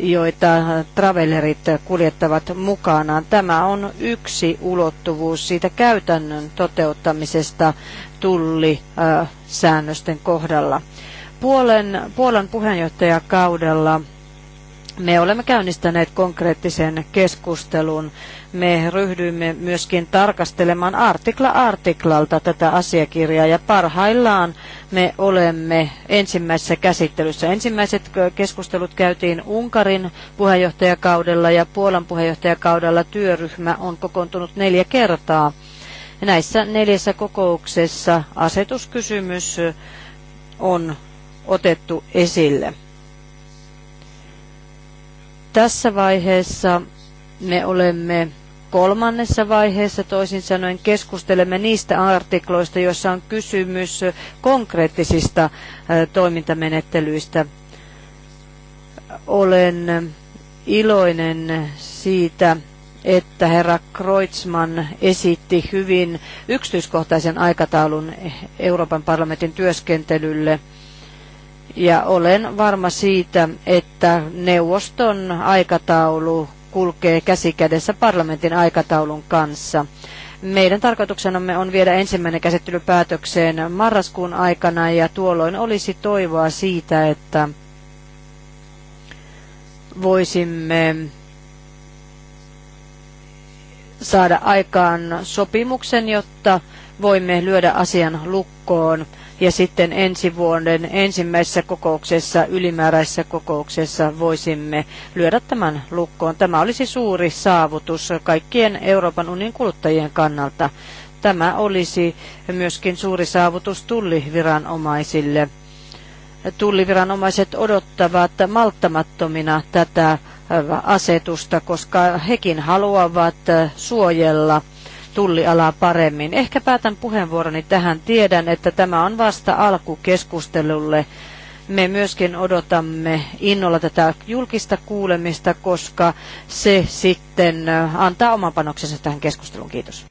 joita äh, travelerit kuljettavat mukanaan. Tämä on yksi ulottuvuus siitä käytännön toteuttamisesta tullisäännösten äh, kohdalla. Puolen, Puolan puheenjohtajakaudella me olemme käynnistäneet konkreettisen keskustelun me ryhdyimme myöskin tarkastelemaan artikla artiklalta tätä asiakirjaa ja parhaillaan me olemme ensimmäisessä käsittelyssä. Ensimmäiset keskustelut käytiin Unkarin puheenjohtajakaudella ja Puolan puheenjohtajakaudella työryhmä on kokoontunut neljä kertaa. Näissä neljässä kokouksessa asetuskysymys on otettu esille. Tässä vaiheessa me olemme kolmannessa vaiheessa, toisin sanoen keskustelemme niistä artikloista, joissa on kysymys konkreettisista toimintamenettelyistä. Olen iloinen siitä, että herra Kreutzmann esitti hyvin yksityiskohtaisen aikataulun Euroopan parlamentin työskentelylle. Ja olen varma siitä, että neuvoston aikataulu kulkee käsi kädessä parlamentin aikataulun kanssa. Meidän tarkoituksenamme on viedä ensimmäinen käsittely päätökseen marraskuun aikana ja tuolloin olisi toivoa siitä, että voisimme saada aikaan sopimuksen, jotta voimme lyödä asian lukkoon ja sitten ensi vuoden ensimmäisessä kokouksessa, ylimääräisessä kokouksessa voisimme lyödä tämän lukkoon. Tämä olisi suuri saavutus kaikkien Euroopan unionin kuluttajien kannalta. Tämä olisi myöskin suuri saavutus tulliviranomaisille. Tulliviranomaiset odottavat malttamattomina tätä asetusta, koska hekin haluavat suojella – tullialaa paremmin. Ehkä päätän puheenvuoroni tähän. Tiedän, että tämä on vasta alkukeskustelulle. Me myöskin odotamme innolla tätä julkista kuulemista, koska se sitten äh, antaa oman panoksensa tähän keskusteluun. Kiitos.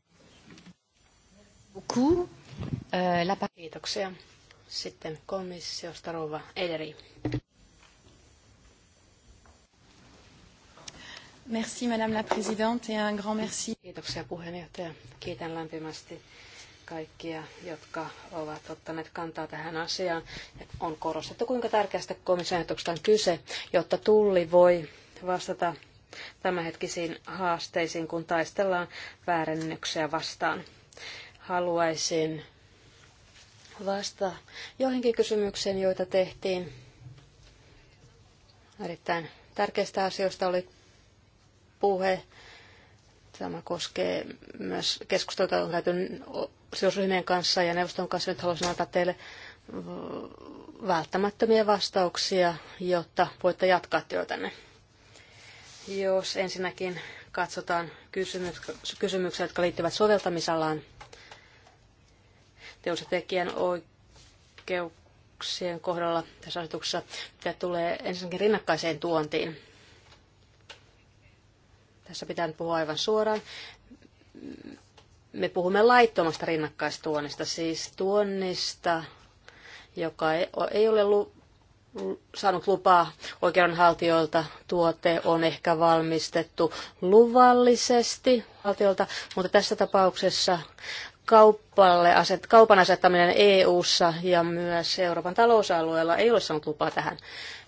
Äh, äh, Kiitoksia. Sitten komissiosta rouva Ederi. Merci, Madame la Présidente, et un grand merci. Kiitoksia puheenjohtaja. Kiitän lämpimästi kaikkia, jotka ovat ottaneet kantaa tähän asiaan. On korostettu, kuinka tärkeästä komission on kyse, jotta tulli voi vastata tämänhetkisiin haasteisiin, kun taistellaan väärennyksiä vastaan. Haluaisin vastata joihinkin kysymyksiin, joita tehtiin. Erittäin tärkeistä asioista oli puhe. Tämä koskee myös keskustelua, jota on käyty sidosryhmien kanssa ja neuvoston kanssa. Nyt haluaisin antaa teille välttämättömiä vastauksia, jotta voitte jatkaa työtänne. Jos ensinnäkin katsotaan kysymyksiä, jotka liittyvät soveltamisalaan, teos- ja tekijänoikeuksien kohdalla tässä asetuksessa, mitä tulee ensinnäkin rinnakkaiseen tuontiin. Tässä pitää nyt puhua aivan suoraan. Me puhumme laittomasta rinnakkaistuonnista, siis tuonnista, joka ei ole lu- saanut lupaa oikeudenhaltijoilta. Tuote on ehkä valmistettu luvallisesti valtiolta, mutta tässä tapauksessa kaupalle aset, kaupan asettaminen EU-ssa ja myös Euroopan talousalueella ei ole saanut lupaa tähän.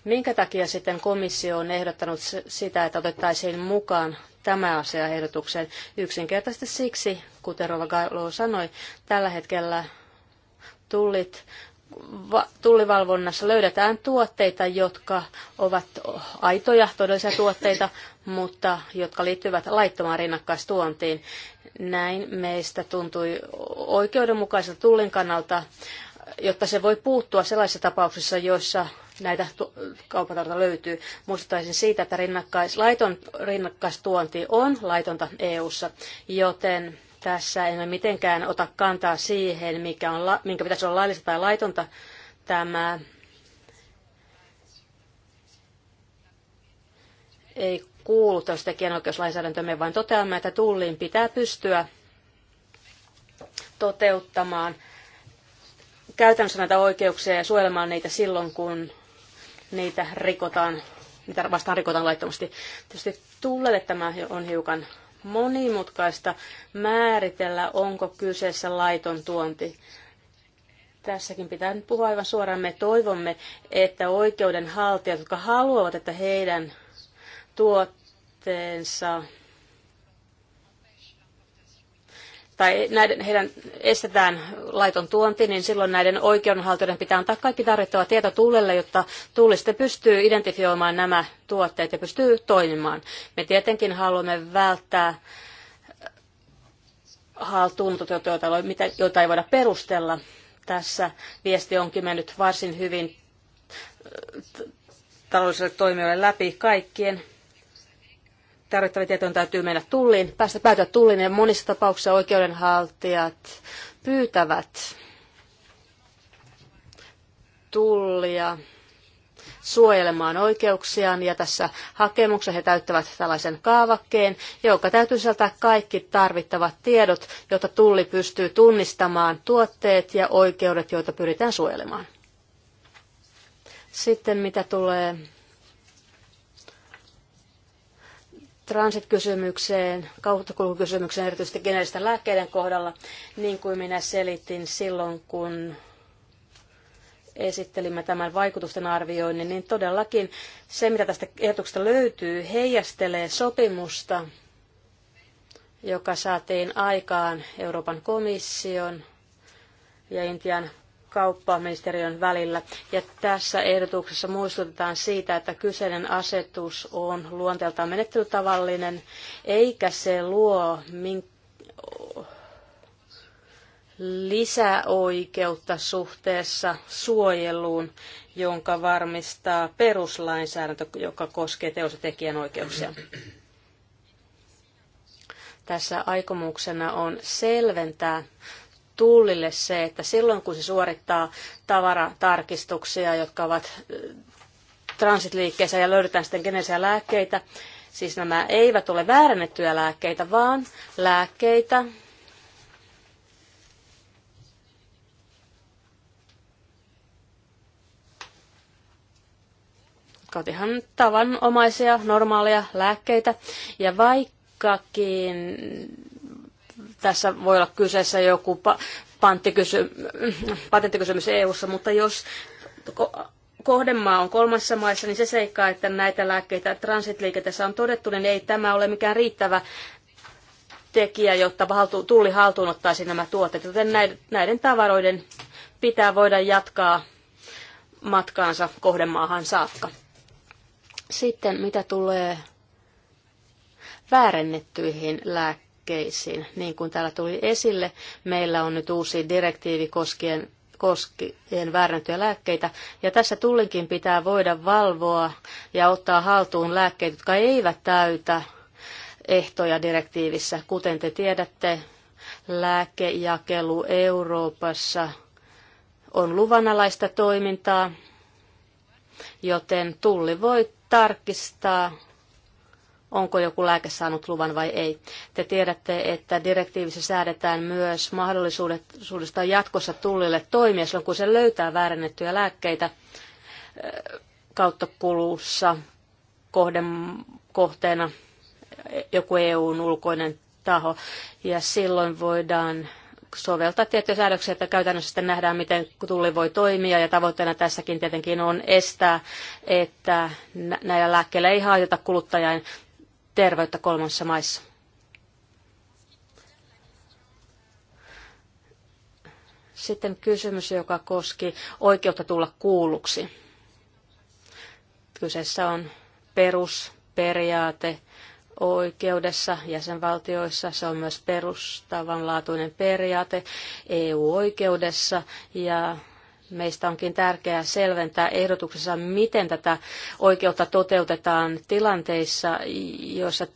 Minkä takia sitten komissio on ehdottanut sitä, että otettaisiin mukaan tämä asia ehdotukseen? Yksinkertaisesti siksi, kuten Rova Gallo sanoi, tällä hetkellä tullit tullivalvonnassa löydetään tuotteita, jotka ovat aitoja, todellisia tuotteita, mutta jotka liittyvät laittomaan rinnakkaistuontiin. Näin meistä tuntui oikeudenmukaiselta tullin kannalta, jotta se voi puuttua sellaisissa tapauksissa, joissa näitä kaupatarta löytyy. Muistuttaisin siitä, että rinnakkais, laiton rinnakkaistuonti on laitonta EU-ssa, joten tässä emme mitenkään ota kantaa siihen, mikä on, minkä pitäisi olla laillista tai laitonta. Tämä ei kuulu tästä tekijänoikeuslainsäädäntömme, vaan toteamme, että tulliin pitää pystyä toteuttamaan käytännössä näitä oikeuksia ja suojelemaan niitä silloin, kun niitä rikotaan, niitä vastaan rikotaan laittomasti. Tietysti tullelle tämä on hiukan monimutkaista määritellä, onko kyseessä laiton tuonti. Tässäkin pitää nyt puhua aivan suoraan. Me toivomme, että oikeudenhaltijat, jotka haluavat, että heidän tuotteensa tai näiden, heidän estetään laiton tuonti, niin silloin näiden oikeudenhaltijoiden pitää antaa kaikki tarvittava tieto tuulelle, jotta tuuli sitten pystyy identifioimaan nämä tuotteet ja pystyy toimimaan. Me tietenkin haluamme välttää äh, haltuunotut, joita ei voida perustella. Tässä viesti onkin mennyt varsin hyvin äh, taloudelliselle toimijoille läpi kaikkien tarvittava tietoon täytyy mennä tulliin, päästä päätyä tulliin ja monissa tapauksissa oikeudenhaltijat pyytävät tullia suojelemaan oikeuksiaan ja tässä hakemuksessa he täyttävät tällaisen kaavakkeen, joka täytyy sisältää kaikki tarvittavat tiedot, jotta tulli pystyy tunnistamaan tuotteet ja oikeudet, joita pyritään suojelemaan. Sitten mitä tulee transit-kysymykseen, kauttakulkukysymykseen, erityisesti geneeristen lääkkeiden kohdalla, niin kuin minä selitin silloin, kun esittelimme tämän vaikutusten arvioinnin, niin todellakin se, mitä tästä ehdotuksesta löytyy, heijastelee sopimusta, joka saatiin aikaan Euroopan komission ja Intian kauppaministeriön välillä. Ja tässä ehdotuksessa muistutetaan siitä, että kyseinen asetus on luonteeltaan menettelytavallinen, eikä se luo mink- lisäoikeutta suhteessa suojeluun, jonka varmistaa peruslainsäädäntö, joka koskee teos- ja tekijänoikeuksia. Tässä aikomuksena on selventää tullille se, että silloin kun se suorittaa tavaratarkistuksia, jotka ovat transitliikkeessä ja löydetään sitten geneisiä lääkkeitä, siis nämä eivät ole väärennettyjä lääkkeitä, vaan lääkkeitä, jotka ovat ihan tavanomaisia, normaaleja lääkkeitä. Ja vaikkakin tässä voi olla kyseessä joku patenttikysymys EU-ssa, mutta jos kohdemaa on kolmansissa maissa, niin se seikkaa, että näitä lääkkeitä transitliikenteessä on todettu, niin ei tämä ole mikään riittävä tekijä, jotta tulli haltuun ottaisi nämä tuotteet. Joten näiden tavaroiden pitää voida jatkaa matkaansa kohdemaahan saakka. Sitten mitä tulee väärennettyihin lääkkeisiin lääkkeisiin. Niin kuin täällä tuli esille, meillä on nyt uusi direktiivi koskien koskien väärentyjä lääkkeitä. Ja tässä tullinkin pitää voida valvoa ja ottaa haltuun lääkkeet, jotka eivät täytä ehtoja direktiivissä. Kuten te tiedätte, lääkejakelu Euroopassa on luvanalaista toimintaa, joten tulli voi tarkistaa onko joku lääke saanut luvan vai ei. Te tiedätte, että direktiivissä säädetään myös mahdollisuudesta jatkossa tullille toimia silloin, kun se löytää väärennettyjä lääkkeitä kautta kulussa kohden, kohteena joku EUn ulkoinen taho. Ja silloin voidaan soveltaa tiettyjä säädöksiä, että käytännössä sitten nähdään, miten tulli voi toimia. Ja tavoitteena tässäkin tietenkin on estää, että näillä lääkkeillä ei haiteta kuluttajan terveyttä kolmansissa maissa. Sitten kysymys, joka koski oikeutta tulla kuulluksi. Kyseessä on perusperiaate oikeudessa jäsenvaltioissa. Se on myös perustavanlaatuinen periaate EU-oikeudessa ja Meistä onkin tärkeää selventää ehdotuksessa, miten tätä oikeutta toteutetaan tilanteissa, joissa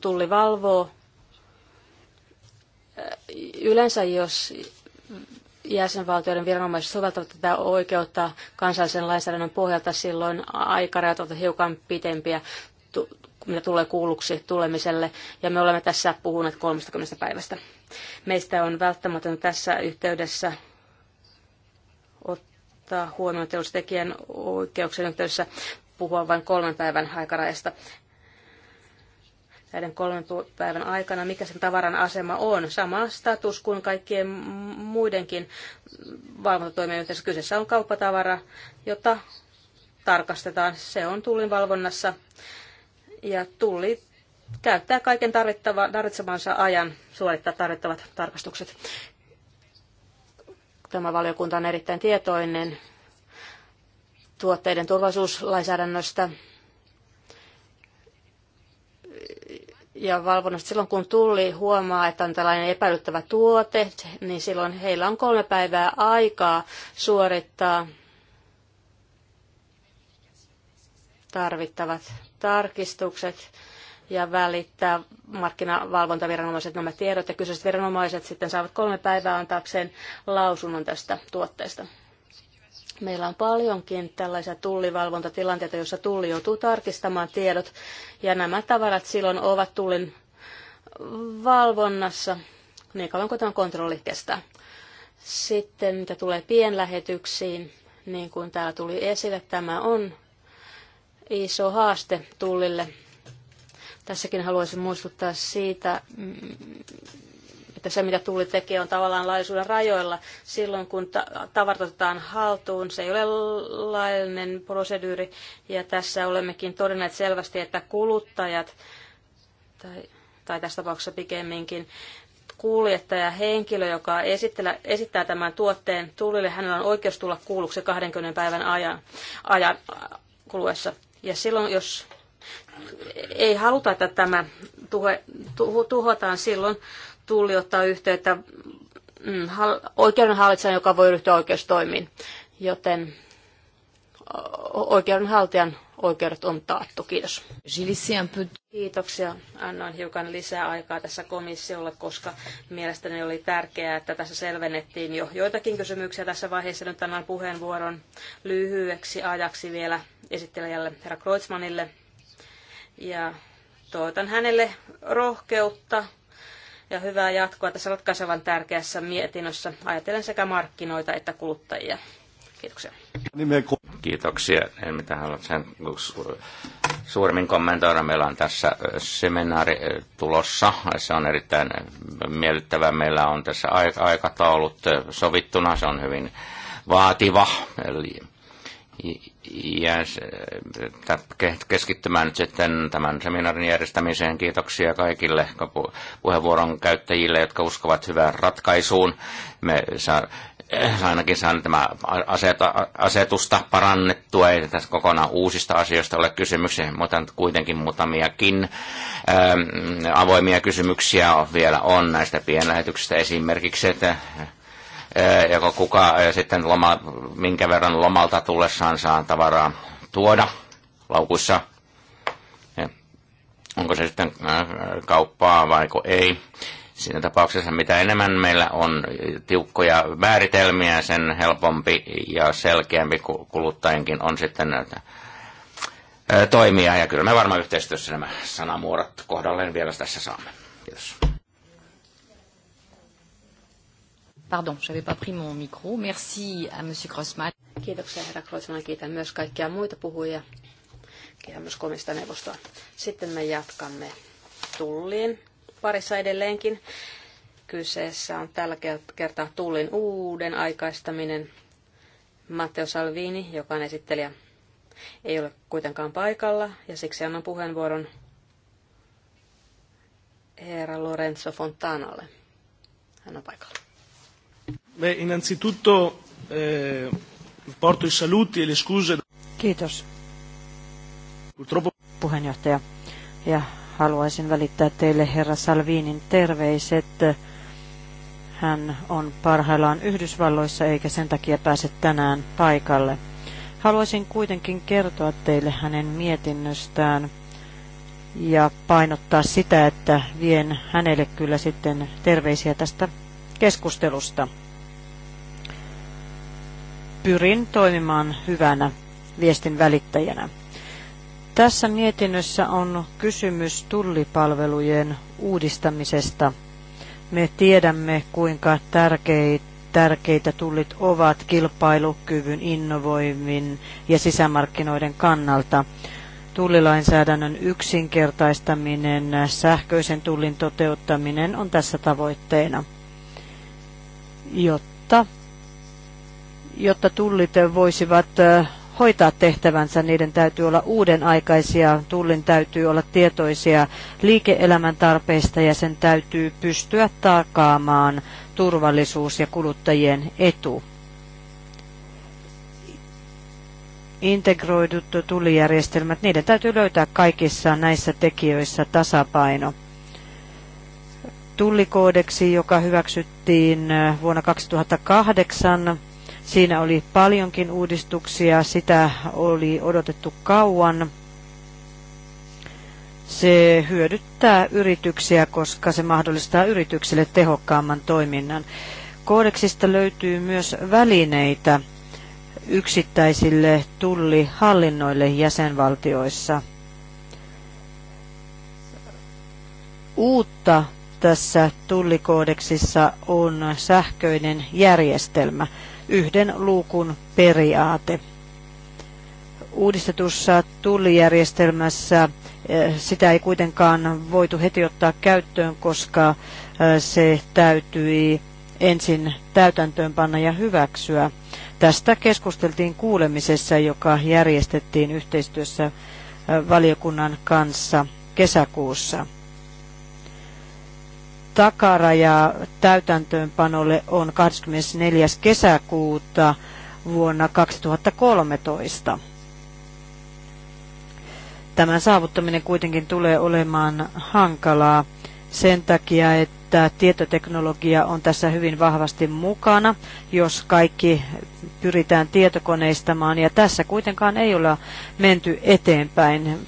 tulli valvoo. Yleensä jos jäsenvaltioiden viranomaiset soveltavat tätä oikeutta kansallisen lainsäädännön pohjalta, silloin aikarajat ovat hiukan pitempiä, mitä tulee kuulluksi tulemiselle, ja me olemme tässä puhuneet 30 päivästä. Meistä on välttämätöntä tässä yhteydessä ottaa huomioon teollistekijän oikeuksien yhteydessä puhua vain kolmen päivän aikarajasta. Näiden kolmen päivän aikana, mikä sen tavaran asema on, sama status kuin kaikkien muidenkin valvontatoimien Kyseessä on kauppatavara, jota tarkastetaan. Se on tullin valvonnassa ja tulli käyttää kaiken tarvitsemansa ajan suorittaa tarvittavat tarkastukset. Tämä valiokunta on erittäin tietoinen tuotteiden turvallisuuslainsäädännöstä ja valvonnasta. Silloin kun tulli huomaa, että on tällainen epäilyttävä tuote, niin silloin heillä on kolme päivää aikaa suorittaa tarvittavat tarkistukset ja välittää markkinavalvontaviranomaiset nämä tiedot ja kyseiset viranomaiset sitten saavat kolme päivää antaakseen lausunnon tästä tuotteesta. Meillä on paljonkin tällaisia tullivalvontatilanteita, joissa tulli joutuu tarkistamaan tiedot ja nämä tavarat silloin ovat tullin valvonnassa niin kauan kuin tämä kontrolli kestää. Sitten mitä tulee pienlähetyksiin, niin kuin täällä tuli esille, tämä on iso haaste tullille Tässäkin haluaisin muistuttaa siitä, mm, että se mitä tulli tekee on tavallaan laillisuuden rajoilla. Silloin kun ta- tavarat otetaan haltuun, se ei ole laillinen proseduuri. Ja tässä olemmekin todenneet selvästi, että kuluttajat, tai, tai tässä tapauksessa pikemminkin, kuljettaja, henkilö, joka esittää, esittää tämän tuotteen tullille, hänellä on oikeus tulla kuulluksi 20 päivän ajan, ajan kuluessa. Ja silloin, jos ei haluta, että tämä tuhotaan silloin, tulli ottaa yhteyttä mm, oikeudenhallitsijan, joka voi ryhtyä oikeustoimiin. Joten oikeudenhaltijan oikeudet on taattu. Kiitos. Kiitoksia. Annoin hiukan lisää aikaa tässä komissiolle, koska mielestäni oli tärkeää, että tässä selvennettiin jo joitakin kysymyksiä tässä vaiheessa. Nyt annan puheenvuoron lyhyeksi ajaksi vielä esittelijälle herra Kreutzmannille ja toivotan hänelle rohkeutta ja hyvää jatkoa tässä ratkaisevan tärkeässä mietinnössä. Ajatellen sekä markkinoita että kuluttajia. Kiitoksia. Kiitoksia. En mitään halua sen suurimmin kommentoida. Meillä on tässä seminaari tulossa. Se on erittäin miellyttävää. Meillä on tässä aikataulut sovittuna. Se on hyvin vaativa. Eli ja keskittymään nyt sitten tämän seminaarin järjestämiseen. Kiitoksia kaikille puheenvuoron käyttäjille, jotka uskovat hyvään ratkaisuun. Me saa, eh, ainakin saan tämä asetusta parannettua, ei tässä kokonaan uusista asioista ole kysymyksiä, mutta kuitenkin muutamiakin ähm, avoimia kysymyksiä vielä on näistä pienlähetyksistä esimerkiksi, että joko kuka sitten loma, minkä verran lomalta tullessaan saa tavaraa tuoda laukuissa. Onko se sitten kauppaa vai ei. Siinä tapauksessa mitä enemmän meillä on tiukkoja määritelmiä, sen helpompi ja selkeämpi kuluttajienkin on sitten näitä toimia. Ja kyllä me varmaan yhteistyössä nämä sanamuodot kohdalleen vielä tässä saamme. Kiitos. Pardon, n'avais pas pris mon micro. Merci à M. Crossman. Kiitoksia herra Crossman. Kiitän myös kaikkia muita puhujia. Kiitän myös komista neuvostoa. Sitten me jatkamme tulliin parissa edelleenkin. Kyseessä on tällä kertaa tullin uuden aikaistaminen. Matteo Salvini, joka on esittelijä, ei ole kuitenkaan paikalla ja siksi annan puheenvuoron herra Lorenzo Fontanalle. Hän on paikalla. Beh, innanzitutto eh, porto i saluti e le scuse. Kiitos. Purtroppo... Puheenjohtaja. Ja haluaisin välittää teille herra Salvinin terveiset. Hän on parhaillaan Yhdysvalloissa eikä sen takia pääse tänään paikalle. Haluaisin kuitenkin kertoa teille hänen mietinnöstään ja painottaa sitä, että vien hänelle kyllä sitten terveisiä tästä keskustelusta pyrin toimimaan hyvänä viestin välittäjänä. Tässä mietinnössä on kysymys tullipalvelujen uudistamisesta. Me tiedämme, kuinka tärkeitä tärkeitä tullit ovat kilpailukyvyn, innovoimin ja sisämarkkinoiden kannalta. Tullilainsäädännön yksinkertaistaminen, sähköisen tullin toteuttaminen on tässä tavoitteena, jotta jotta tullit voisivat hoitaa tehtävänsä, niiden täytyy olla uuden aikaisia, tullin täytyy olla tietoisia liike-elämän tarpeista ja sen täytyy pystyä takaamaan turvallisuus ja kuluttajien etu. Integroidut tullijärjestelmät, niiden täytyy löytää kaikissa näissä tekijöissä tasapaino tullikoodeksi, joka hyväksyttiin vuonna 2008. Siinä oli paljonkin uudistuksia, sitä oli odotettu kauan. Se hyödyttää yrityksiä, koska se mahdollistaa yrityksille tehokkaamman toiminnan. Koodeksista löytyy myös välineitä yksittäisille tullihallinnoille jäsenvaltioissa. Uutta tässä tullikoodeksissa on sähköinen järjestelmä yhden luukun periaate. Uudistetussa tullijärjestelmässä eh, sitä ei kuitenkaan voitu heti ottaa käyttöön, koska eh, se täytyi ensin täytäntöönpanna ja hyväksyä. Tästä keskusteltiin kuulemisessa, joka järjestettiin yhteistyössä eh, valiokunnan kanssa kesäkuussa takaraja täytäntöönpanolle on 24. kesäkuuta vuonna 2013. Tämän saavuttaminen kuitenkin tulee olemaan hankalaa sen takia, että tietoteknologia on tässä hyvin vahvasti mukana, jos kaikki pyritään tietokoneistamaan. Ja tässä kuitenkaan ei olla menty eteenpäin.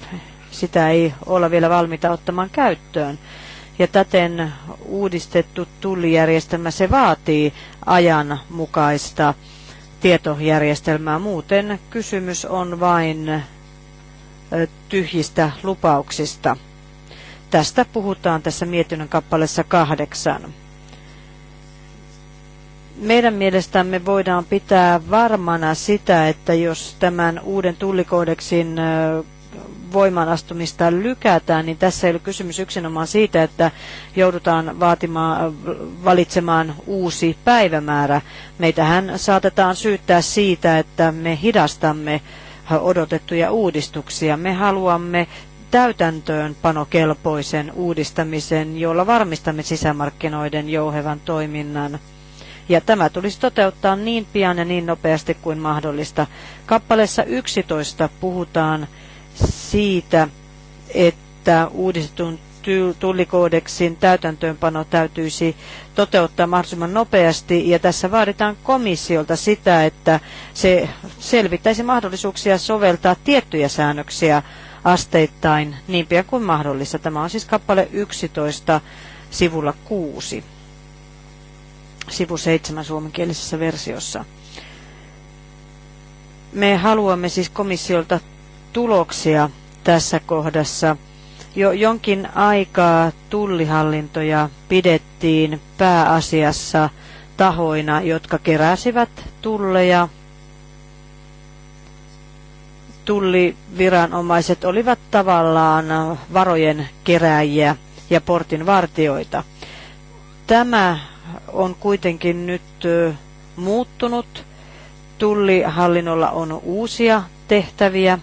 Sitä ei olla vielä valmiita ottamaan käyttöön. Ja täten uudistettu tullijärjestelmä, se vaatii ajanmukaista tietojärjestelmää. Muuten kysymys on vain tyhjistä lupauksista. Tästä puhutaan tässä mietinnön kappaleessa kahdeksan. Meidän mielestämme voidaan pitää varmana sitä, että jos tämän uuden tullikoodeksin voimaanastumista lykätään, niin tässä ei ole kysymys yksinomaan siitä, että joudutaan vaatimaan, valitsemaan uusi päivämäärä. Meitähän saatetaan syyttää siitä, että me hidastamme odotettuja uudistuksia. Me haluamme panokelpoisen uudistamisen, jolla varmistamme sisämarkkinoiden jouhevan toiminnan ja tämä tulisi toteuttaa niin pian ja niin nopeasti kuin mahdollista. Kappaleessa 11 puhutaan siitä, että uudistetun tullikoodeksin täytäntöönpano täytyisi toteuttaa mahdollisimman nopeasti, ja tässä vaaditaan komissiolta sitä, että se selvittäisi mahdollisuuksia soveltaa tiettyjä säännöksiä asteittain niin pian kuin mahdollista. Tämä on siis kappale 11 sivulla 6, sivu 7 suomenkielisessä versiossa. Me haluamme siis komissiolta tuloksia tässä kohdassa. Jo jonkin aikaa tullihallintoja pidettiin pääasiassa tahoina, jotka keräsivät tulleja. Tulliviranomaiset olivat tavallaan varojen keräjiä ja portin vartioita. Tämä on kuitenkin nyt muuttunut. Tullihallinnolla on uusia tehtäviä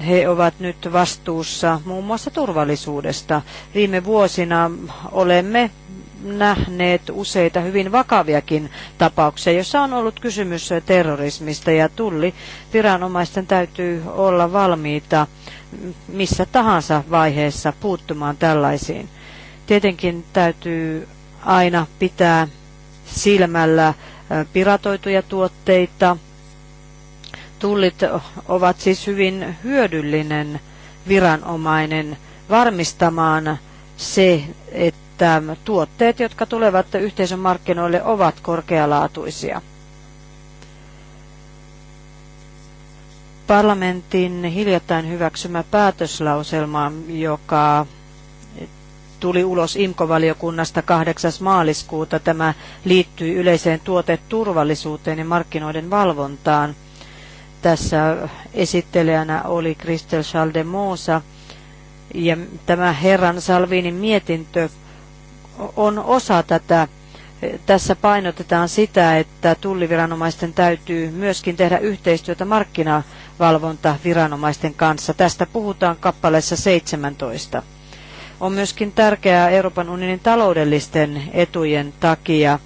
he ovat nyt vastuussa muun muassa turvallisuudesta. Viime vuosina olemme nähneet useita hyvin vakaviakin tapauksia, joissa on ollut kysymys terrorismista ja tulli. Viranomaisten täytyy olla valmiita missä tahansa vaiheessa puuttumaan tällaisiin. Tietenkin täytyy aina pitää silmällä piratoituja tuotteita, Tullit ovat siis hyvin hyödyllinen viranomainen varmistamaan se, että tuotteet, jotka tulevat yhteisön markkinoille, ovat korkealaatuisia. Parlamentin hiljattain hyväksymä päätöslauselma, joka tuli ulos IMKO-valiokunnasta 8. maaliskuuta. Tämä liittyy yleiseen tuoteturvallisuuteen ja markkinoiden valvontaan. Tässä esittelijänä oli Kristel Schaldemosa. Ja tämä herran Salvinin mietintö on osa tätä. Tässä painotetaan sitä, että tulliviranomaisten täytyy myöskin tehdä yhteistyötä markkinavalvontaviranomaisten kanssa. Tästä puhutaan kappaleessa 17. On myöskin tärkeää Euroopan unionin taloudellisten etujen takia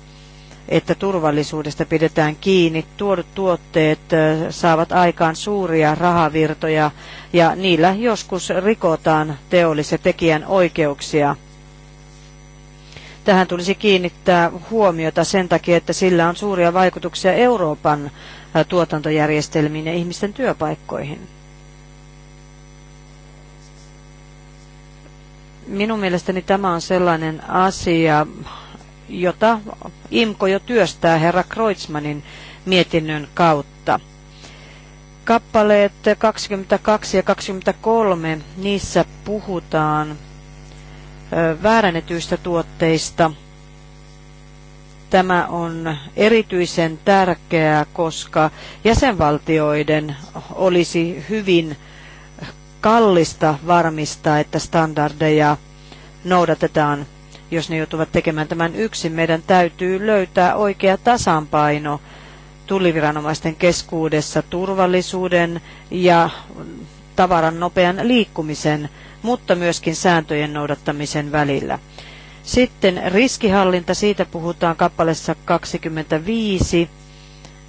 että turvallisuudesta pidetään kiinni. Tuodut tuotteet saavat aikaan suuria rahavirtoja ja niillä joskus rikotaan teollisen tekijän oikeuksia. Tähän tulisi kiinnittää huomiota sen takia, että sillä on suuria vaikutuksia Euroopan tuotantojärjestelmiin ja ihmisten työpaikkoihin. Minun mielestäni tämä on sellainen asia, jota IMKO jo työstää herra Kreutzmannin mietinnön kautta. Kappaleet 22 ja 23, niissä puhutaan väärännetyistä tuotteista. Tämä on erityisen tärkeää, koska jäsenvaltioiden olisi hyvin kallista varmistaa, että standardeja noudatetaan jos ne joutuvat tekemään tämän yksin. Meidän täytyy löytää oikea tasapaino tulliviranomaisten keskuudessa turvallisuuden ja tavaran nopean liikkumisen, mutta myöskin sääntöjen noudattamisen välillä. Sitten riskihallinta, siitä puhutaan kappalessa 25.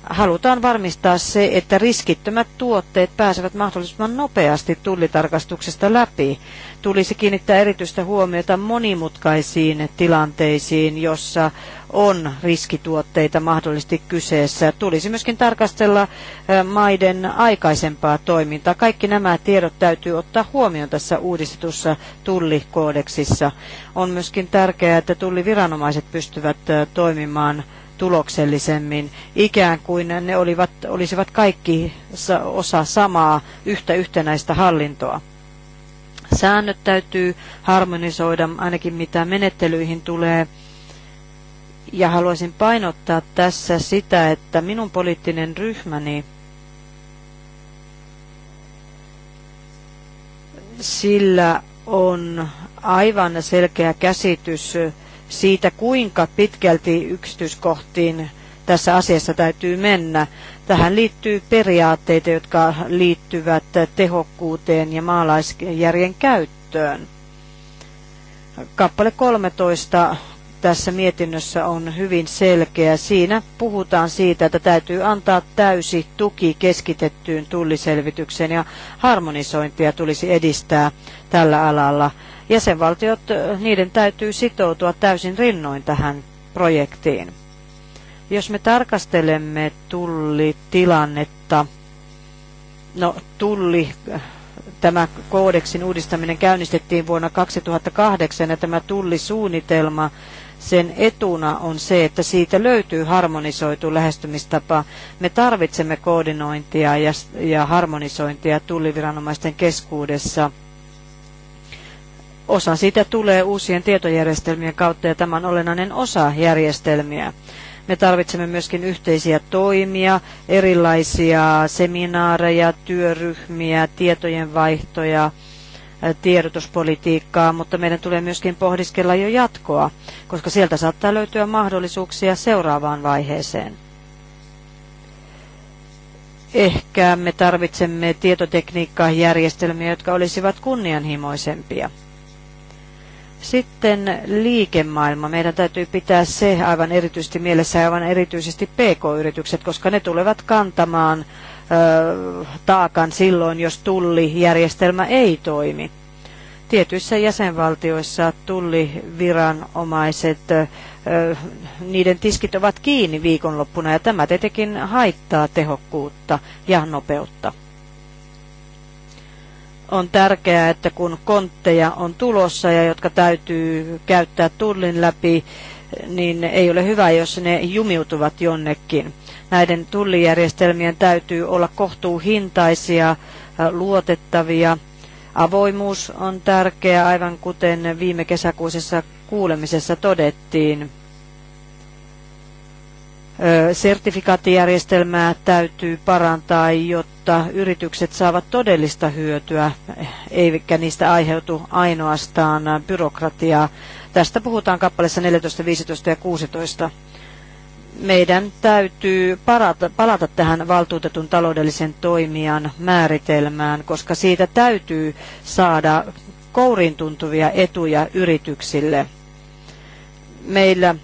Halutaan varmistaa se, että riskittömät tuotteet pääsevät mahdollisimman nopeasti tullitarkastuksesta läpi tulisi kiinnittää erityistä huomiota monimutkaisiin tilanteisiin, jossa on riskituotteita mahdollisesti kyseessä. Tulisi myöskin tarkastella maiden aikaisempaa toimintaa. Kaikki nämä tiedot täytyy ottaa huomioon tässä uudistetussa tullikoodeksissa. On myöskin tärkeää, että tulliviranomaiset pystyvät toimimaan tuloksellisemmin, ikään kuin ne olivat, olisivat kaikki osa samaa yhtä yhtenäistä hallintoa säännöt täytyy harmonisoida, ainakin mitä menettelyihin tulee. Ja haluaisin painottaa tässä sitä, että minun poliittinen ryhmäni sillä on aivan selkeä käsitys siitä, kuinka pitkälti yksityiskohtiin tässä asiassa täytyy mennä. Tähän liittyy periaatteita, jotka liittyvät tehokkuuteen ja maalaisjärjen käyttöön. Kappale 13 tässä mietinnössä on hyvin selkeä. Siinä puhutaan siitä, että täytyy antaa täysi tuki keskitettyyn tulliselvitykseen ja harmonisointia tulisi edistää tällä alalla. Jäsenvaltiot, niiden täytyy sitoutua täysin rinnoin tähän projektiin. Jos me tarkastelemme tullitilannetta, no tulli, tämä koodeksin uudistaminen käynnistettiin vuonna 2008 ja tämä tullisuunnitelma, sen etuna on se, että siitä löytyy harmonisoitu lähestymistapa. Me tarvitsemme koordinointia ja, ja harmonisointia tulliviranomaisten keskuudessa. Osa siitä tulee uusien tietojärjestelmien kautta ja tämä on olennainen osa järjestelmiä. Me tarvitsemme myöskin yhteisiä toimia, erilaisia seminaareja, työryhmiä, tietojen vaihtoja, tiedotuspolitiikkaa, mutta meidän tulee myöskin pohdiskella jo jatkoa, koska sieltä saattaa löytyä mahdollisuuksia seuraavaan vaiheeseen. Ehkä me tarvitsemme tietotekniikkajärjestelmiä, jotka olisivat kunnianhimoisempia. Sitten liikemaailma. Meidän täytyy pitää se aivan erityisesti mielessä, aivan erityisesti PK-yritykset, koska ne tulevat kantamaan ö, taakan silloin, jos tullijärjestelmä ei toimi. Tietyissä jäsenvaltioissa tulliviranomaiset, ö, niiden tiskit ovat kiinni viikonloppuna ja tämä tietenkin haittaa tehokkuutta ja nopeutta on tärkeää, että kun kontteja on tulossa ja jotka täytyy käyttää tullin läpi, niin ei ole hyvä, jos ne jumiutuvat jonnekin. Näiden tullijärjestelmien täytyy olla kohtuuhintaisia, äh, luotettavia. Avoimuus on tärkeä, aivan kuten viime kesäkuisessa kuulemisessa todettiin sertifikaattijärjestelmää täytyy parantaa, jotta yritykset saavat todellista hyötyä, eikä niistä aiheutu ainoastaan byrokratiaa. Tästä puhutaan kappaleissa 14, 15 ja 16. Meidän täytyy parata, palata tähän valtuutetun taloudellisen toimijan määritelmään, koska siitä täytyy saada kouriin tuntuvia etuja yrityksille. Meillä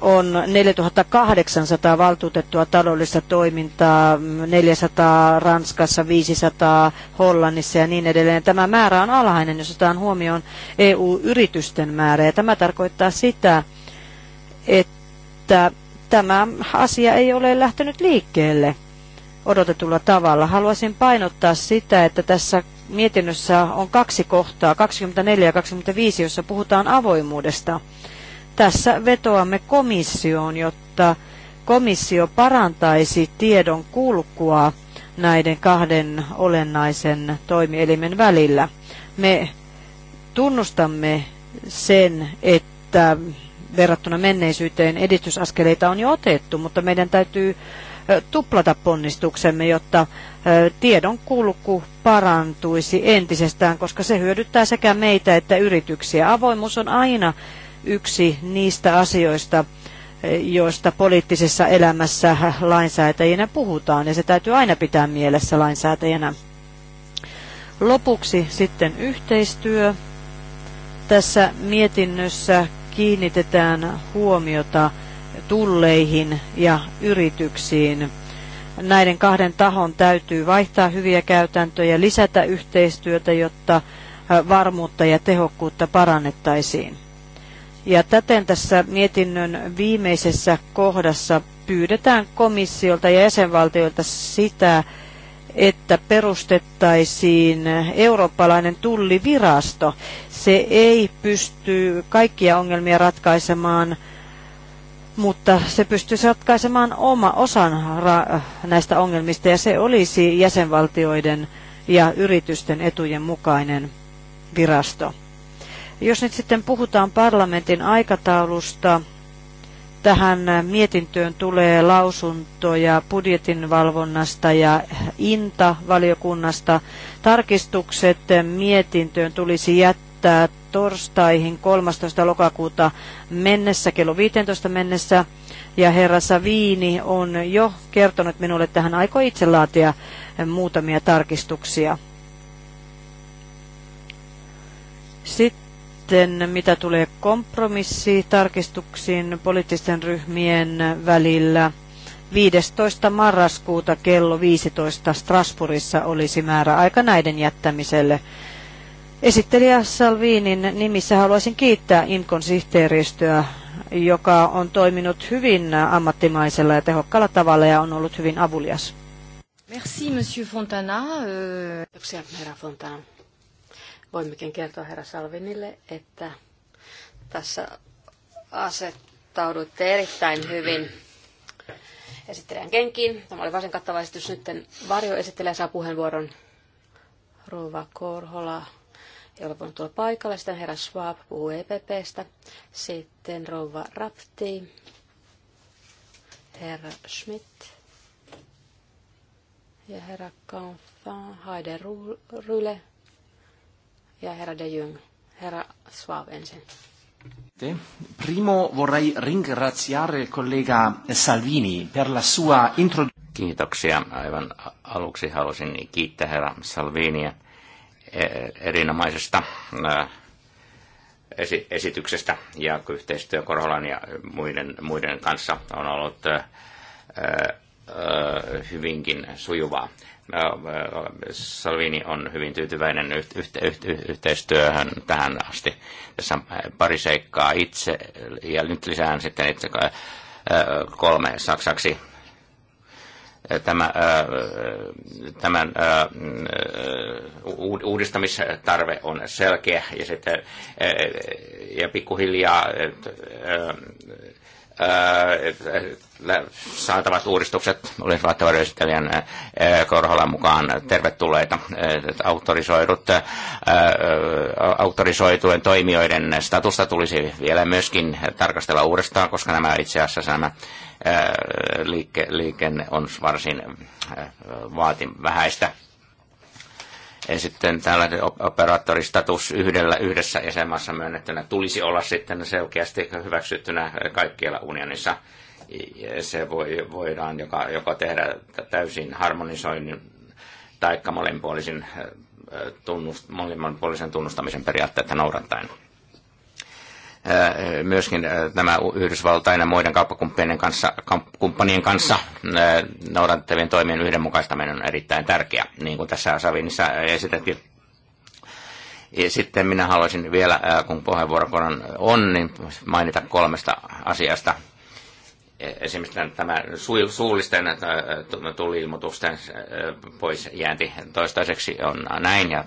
on 4800 valtuutettua taloudellista toimintaa, 400 Ranskassa, 500 Hollannissa ja niin edelleen. Tämä määrä on alhainen, jos otetaan huomioon EU-yritysten määrä. Ja tämä tarkoittaa sitä, että tämä asia ei ole lähtenyt liikkeelle odotetulla tavalla. Haluaisin painottaa sitä, että tässä mietinnössä on kaksi kohtaa, 24 ja 25, jossa puhutaan avoimuudesta. Tässä vetoamme komissioon, jotta komissio parantaisi tiedon kulkua näiden kahden olennaisen toimielimen välillä. Me tunnustamme sen, että verrattuna menneisyyteen edistysaskeleita on jo otettu, mutta meidän täytyy tuplata ponnistuksemme, jotta tiedon kulku parantuisi entisestään, koska se hyödyttää sekä meitä että yrityksiä. Avoimuus on aina yksi niistä asioista, joista poliittisessa elämässä lainsäätäjinä puhutaan, ja se täytyy aina pitää mielessä lainsäätäjänä. Lopuksi sitten yhteistyö. Tässä mietinnössä kiinnitetään huomiota tulleihin ja yrityksiin. Näiden kahden tahon täytyy vaihtaa hyviä käytäntöjä, lisätä yhteistyötä, jotta varmuutta ja tehokkuutta parannettaisiin. Ja täten tässä mietinnön viimeisessä kohdassa pyydetään komissiolta ja jäsenvaltioilta sitä, että perustettaisiin eurooppalainen tullivirasto. Se ei pysty kaikkia ongelmia ratkaisemaan, mutta se pystyisi ratkaisemaan oma osan näistä ongelmista ja se olisi jäsenvaltioiden ja yritysten etujen mukainen virasto. Jos nyt sitten puhutaan parlamentin aikataulusta, tähän mietintöön tulee lausuntoja valvonnasta ja INTA-valiokunnasta. Tarkistukset mietintöön tulisi jättää torstaihin 13. lokakuuta mennessä, kello 15 mennessä. Ja herra Saviini on jo kertonut minulle, että hän aikoo itse laatia muutamia tarkistuksia. Sitten sitten mitä tulee kompromissitarkistuksiin poliittisten ryhmien välillä, 15. marraskuuta kello 15 Strasbourgissa olisi määrä aika näiden jättämiselle. Esittelijä Salviinin nimissä haluaisin kiittää Inkon sihteeristöä, joka on toiminut hyvin ammattimaisella ja tehokkaalla tavalla ja on ollut hyvin avulias. Merci, Monsieur Fontana. herra Fontana. Voimmekin kertoa herra Salvinille, että tässä asettauduitte erittäin hyvin esittelijän kenkiin. Tämä oli varsin kattava esitys. Nyt Varjo esittelee saa puheenvuoron Rova Korhola, ei ole voinut tulla paikalle. Sitten herra Schwab puhuu EPPstä. Sitten Rova Rapti, herra Schmidt ja herra Kanfan, Haide Ryle ja herra De Jung. Herra Schwab ensin. Primo vorrei ringraziare il collega Salvini per la sua introduzione. Kiitoksia. Aivan aluksi halusin kiittää herra Salviniä e, erinomaisesta esityksestä ja yhteistyö Korholan ja muiden, muiden kanssa on ollut hyvinkin sujuvaa. Äh, äh, Salvini on hyvin tyytyväinen yhte, yhte, yhteistyöhön tähän asti. Tässä on äh, pari seikkaa itse, ja nyt lisään sitten itse kolme saksaksi. Tämä, tämän mm, uudistamistarve on selkeä ja, sitten, ja pikkuhiljaa saatavat uudistukset olisivat varjoesittelijän Korholan mukaan tervetulleita. Autorisoidut, autorisoitujen toimijoiden statusta tulisi vielä myöskin tarkastella uudestaan, koska nämä itse asiassa nämä liike, liikenne on varsin vaatin vähäistä ei sitten tällainen operaattoristatus yhdellä, yhdessä jäsenmaassa myönnettynä tulisi olla sitten selkeästi hyväksyttynä kaikkialla unionissa. Se voi, voidaan joka, joka tehdä täysin harmonisoinnin tai molemminpuolisen, äh, tunnust, tunnustamisen periaatteita noudattaen. Äh, myöskin äh, nämä Yhdysvaltain ja muiden kauppakumppanien kanssa, kumppanien kanssa äh, noudattavien toimien yhdenmukaistaminen on erittäin tärkeä, niin kuin tässä Savinissa esitettiin. Ja sitten minä haluaisin vielä, kun puheenvuoron on, niin mainita kolmesta asiasta – esimerkiksi tämä suullisten äh, tuli-ilmoitusten äh, pois jäänti toistaiseksi on näin, ja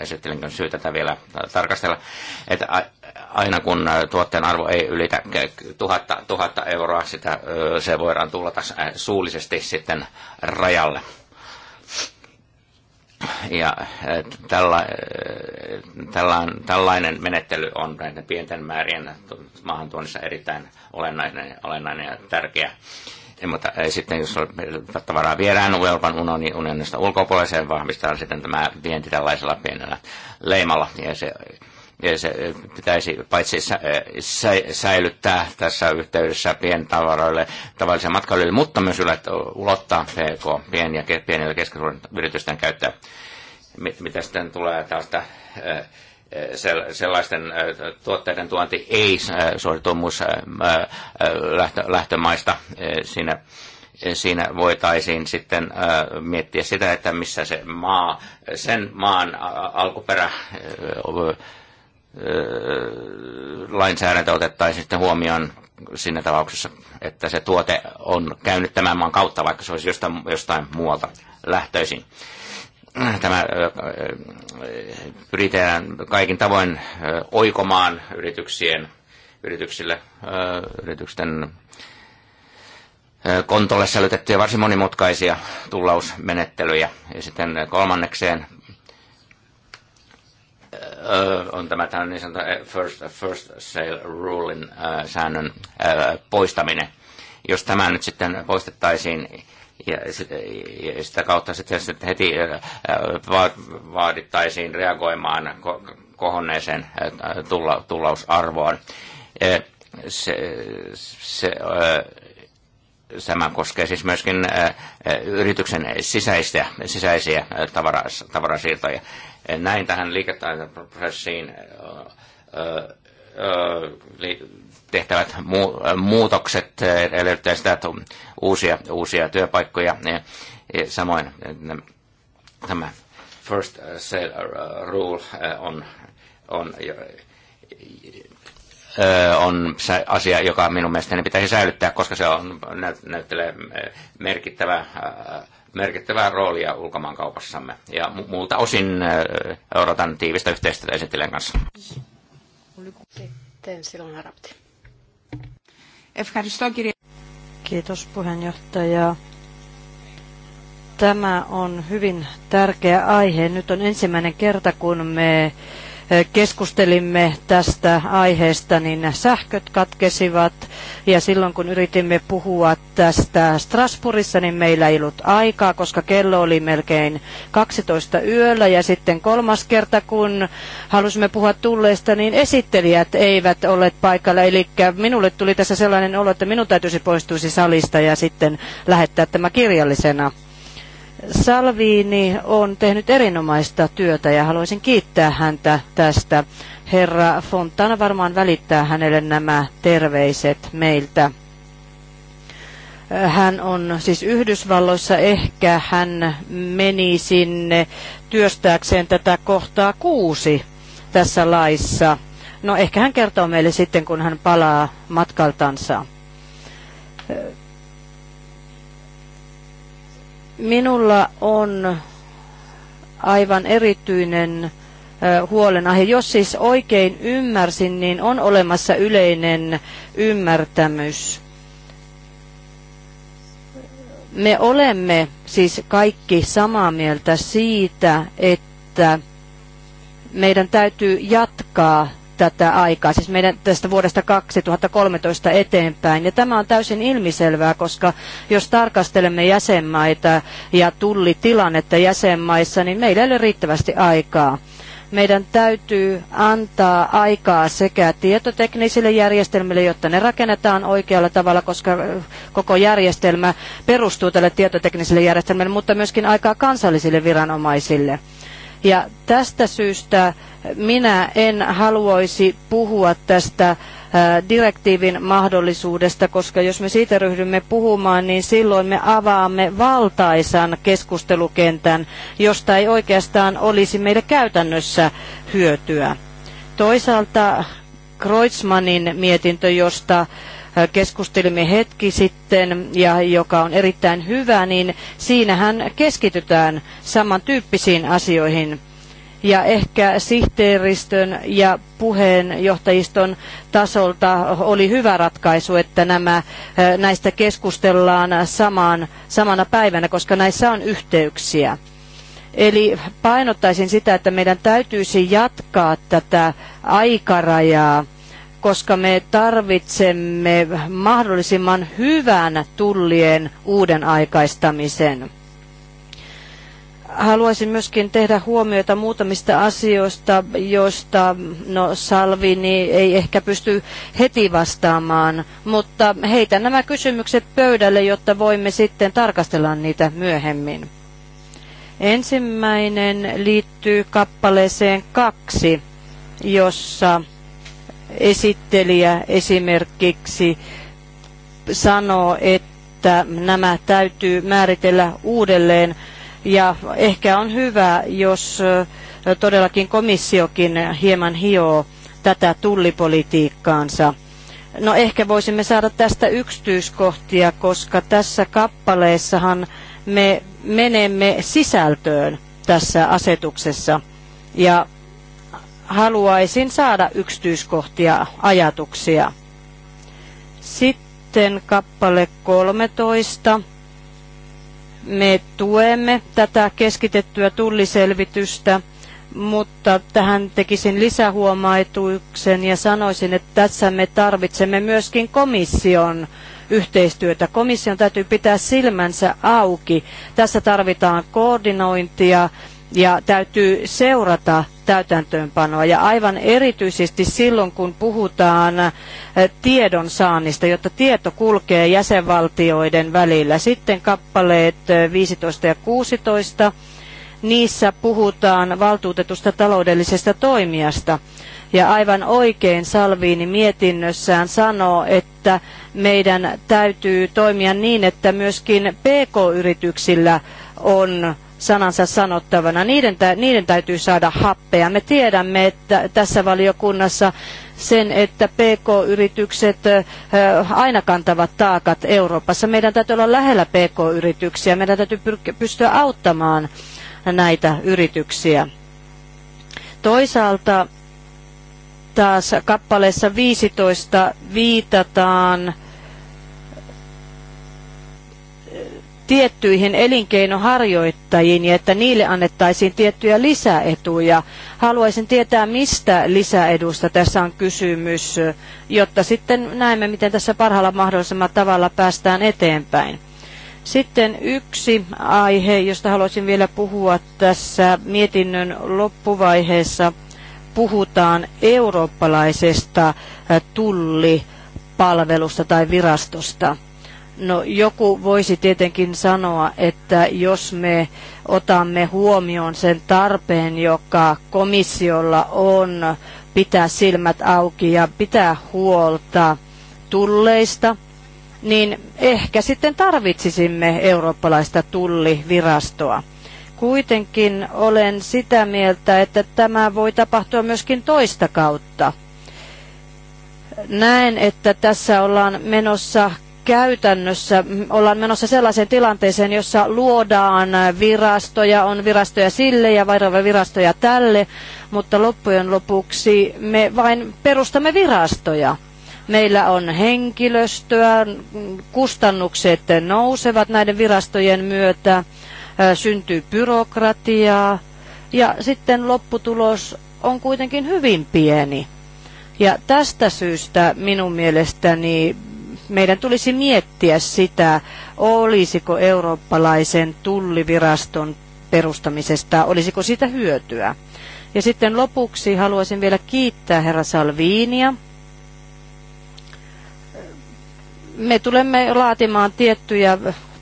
esittelinkö syytä tätä vielä tarkastella, että aina kun äh, tuotteen arvo ei ylitä tuhatta, tuhatta euroa, sitä se voidaan tulla taas suullisesti sitten rajalle ja tälla, äh, tälla, äh, tällainen menettely on näiden pienten määrien maahantuonnissa erittäin olennainen, olennainen ja tärkeä. Ja, mutta ei äh, sitten, jos tavaraa viedään Euroopan unionin, unionista ulkopuoliseen, vahvistaa sitten tämä vienti tällaisella pienellä leimalla. Ja se se eh, pitäisi paitsi eh, säilyttää tässä yhteydessä pientavaroille, tavallisille matkailijoille, mutta myös ulottaa PK, pien ja pienille keskisuuden yritysten käyttöön. Mitä sitten tulee tästä eh, sellaisten tuotteiden tuonti ei suoritu muissa lähtömaista. Siinä, siinä voitaisiin sitten miettiä sitä, että missä se maa, sen maan alkuperä lainsäädäntö otettaisiin sitten huomioon siinä tapauksessa, että se tuote on käynyt tämän maan kautta, vaikka se olisi jostain, jostain muualta lähtöisin. Tämä pyritään kaikin tavoin oikomaan yrityksien, yrityksille, yritysten kontolle sälytettyjä varsin monimutkaisia tullausmenettelyjä. Ja sitten kolmannekseen on tämä tällainen niin sanottu eh, first, first sale rulein säännön poistaminen. Jos tämä nyt sitten poistettaisiin ja sitä kautta sitten heti vaadittaisiin reagoimaan kohonneeseen tullausarvoon, se, se Tämä koskee siis myöskin yrityksen sisäisiä, sisäisiä tavaras, tavarasiirtoja. Näin tähän liiketaitoprosessiin tehtävät muutokset edellyttävät sitä, että uusia, uusia työpaikkoja. Samoin tämä first sale rule on, on on se asia, joka minun mielestäni pitäisi säilyttää, koska se on, näyttelee merkittävää merkittävää roolia ulkomaankaupassamme. Ja muulta osin odotan tiivistä yhteistyötä esittelijän kanssa. Sitten silloin Arabti. Kiitos puheenjohtaja. Tämä on hyvin tärkeä aihe. Nyt on ensimmäinen kerta, kun me keskustelimme tästä aiheesta, niin sähköt katkesivat. Ja silloin kun yritimme puhua tästä Strasbourgissa, niin meillä ei ollut aikaa, koska kello oli melkein 12 yöllä. Ja sitten kolmas kerta, kun halusimme puhua tulleista, niin esittelijät eivät olleet paikalla. Eli minulle tuli tässä sellainen olo, että minun täytyisi poistuisi salista ja sitten lähettää tämä kirjallisena. Salvini on tehnyt erinomaista työtä ja haluaisin kiittää häntä tästä. Herra Fontana varmaan välittää hänelle nämä terveiset meiltä. Hän on siis Yhdysvalloissa, ehkä hän meni sinne työstääkseen tätä kohtaa kuusi tässä laissa. No ehkä hän kertoo meille sitten, kun hän palaa matkaltansa. Minulla on aivan erityinen huolenaihe. Jos siis oikein ymmärsin, niin on olemassa yleinen ymmärtämys. Me olemme siis kaikki samaa mieltä siitä, että meidän täytyy jatkaa tätä aikaa, siis meidän tästä vuodesta 2013 eteenpäin. Ja tämä on täysin ilmiselvää, koska jos tarkastelemme jäsenmaita ja tullitilannetta jäsenmaissa, niin meillä ei ole riittävästi aikaa meidän täytyy antaa aikaa sekä tietoteknisille järjestelmille, jotta ne rakennetaan oikealla tavalla, koska koko järjestelmä perustuu tälle tietotekniselle järjestelmälle, mutta myöskin aikaa kansallisille viranomaisille. Ja tästä syystä minä en haluaisi puhua tästä äh, direktiivin mahdollisuudesta, koska jos me siitä ryhdymme puhumaan, niin silloin me avaamme valtaisan keskustelukentän, josta ei oikeastaan olisi meille käytännössä hyötyä. Toisaalta Kreutzmannin mietintö, josta keskustelimme hetki sitten ja joka on erittäin hyvä, niin siinähän keskitytään samantyyppisiin asioihin ja ehkä sihteeristön ja puheenjohtajiston tasolta oli hyvä ratkaisu, että nämä, eh, näistä keskustellaan samaan, samana päivänä, koska näissä on yhteyksiä. Eli painottaisin sitä, että meidän täytyisi jatkaa tätä aikarajaa koska me tarvitsemme mahdollisimman hyvän tullien uuden aikaistamisen. Haluaisin myöskin tehdä huomioita muutamista asioista, joista no, Salvini ei ehkä pysty heti vastaamaan, mutta heitä nämä kysymykset pöydälle, jotta voimme sitten tarkastella niitä myöhemmin. Ensimmäinen liittyy kappaleeseen kaksi, jossa esittelijä esimerkiksi sanoo, että nämä täytyy määritellä uudelleen. Ja ehkä on hyvä, jos todellakin komissiokin hieman hioo tätä tullipolitiikkaansa. No ehkä voisimme saada tästä yksityiskohtia, koska tässä kappaleessahan me menemme sisältöön tässä asetuksessa. Ja haluaisin saada yksityiskohtia ajatuksia. Sitten kappale 13. Me tuemme tätä keskitettyä tulliselvitystä, mutta tähän tekisin lisähuomaituksen ja sanoisin, että tässä me tarvitsemme myöskin komission yhteistyötä. Komission täytyy pitää silmänsä auki. Tässä tarvitaan koordinointia ja täytyy seurata täytäntöönpanoa ja aivan erityisesti silloin, kun puhutaan eh, tiedon saannista, jotta tieto kulkee jäsenvaltioiden välillä. Sitten kappaleet 15 eh, ja 16, niissä puhutaan valtuutetusta taloudellisesta toimijasta. Ja aivan oikein Salviini mietinnössään sanoo, että meidän täytyy toimia niin, että myöskin PK-yrityksillä on sanansa sanottavana. Niiden, niiden täytyy saada happea. Me tiedämme, että tässä valiokunnassa sen, että PK-yritykset aina kantavat taakat Euroopassa. Meidän täytyy olla lähellä PK-yrityksiä. Meidän täytyy pystyä auttamaan näitä yrityksiä. Toisaalta taas kappaleessa 15 viitataan tiettyihin elinkeinoharjoittajiin ja että niille annettaisiin tiettyjä lisäetuja. Haluaisin tietää, mistä lisäedusta tässä on kysymys, jotta sitten näemme, miten tässä parhaalla mahdollisella tavalla päästään eteenpäin. Sitten yksi aihe, josta haluaisin vielä puhua tässä mietinnön loppuvaiheessa, puhutaan eurooppalaisesta äh, tullipalvelusta tai virastosta. No joku voisi tietenkin sanoa, että jos me otamme huomioon sen tarpeen, joka komissiolla on pitää silmät auki ja pitää huolta tulleista, niin ehkä sitten tarvitsisimme eurooppalaista tullivirastoa. Kuitenkin olen sitä mieltä, että tämä voi tapahtua myöskin toista kautta. Näen, että tässä ollaan menossa käytännössä ollaan menossa sellaiseen tilanteeseen, jossa luodaan virastoja, on virastoja sille ja vaihdolla virastoja tälle, mutta loppujen lopuksi me vain perustamme virastoja. Meillä on henkilöstöä, kustannukset nousevat näiden virastojen myötä, syntyy byrokratiaa ja sitten lopputulos on kuitenkin hyvin pieni. Ja tästä syystä minun mielestäni meidän tulisi miettiä sitä, olisiko eurooppalaisen tulliviraston perustamisesta, olisiko siitä hyötyä. Ja sitten lopuksi haluaisin vielä kiittää herra Salviinia. Me tulemme laatimaan tiettyjä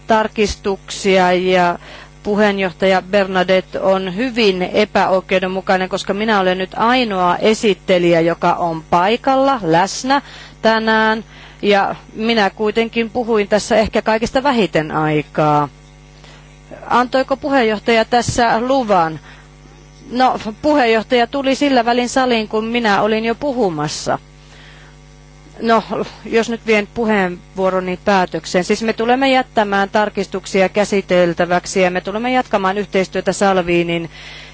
tarkistuksia ja puheenjohtaja Bernadette on hyvin epäoikeudenmukainen, koska minä olen nyt ainoa esittelijä, joka on paikalla, läsnä tänään. Ja minä kuitenkin puhuin tässä ehkä kaikista vähiten aikaa. Antoiko puheenjohtaja tässä luvan? No, puheenjohtaja tuli sillä välin saliin, kun minä olin jo puhumassa. No, jos nyt vien puheenvuoroni päätökseen. Siis me tulemme jättämään tarkistuksia käsiteltäväksi ja me tulemme jatkamaan yhteistyötä Salviinin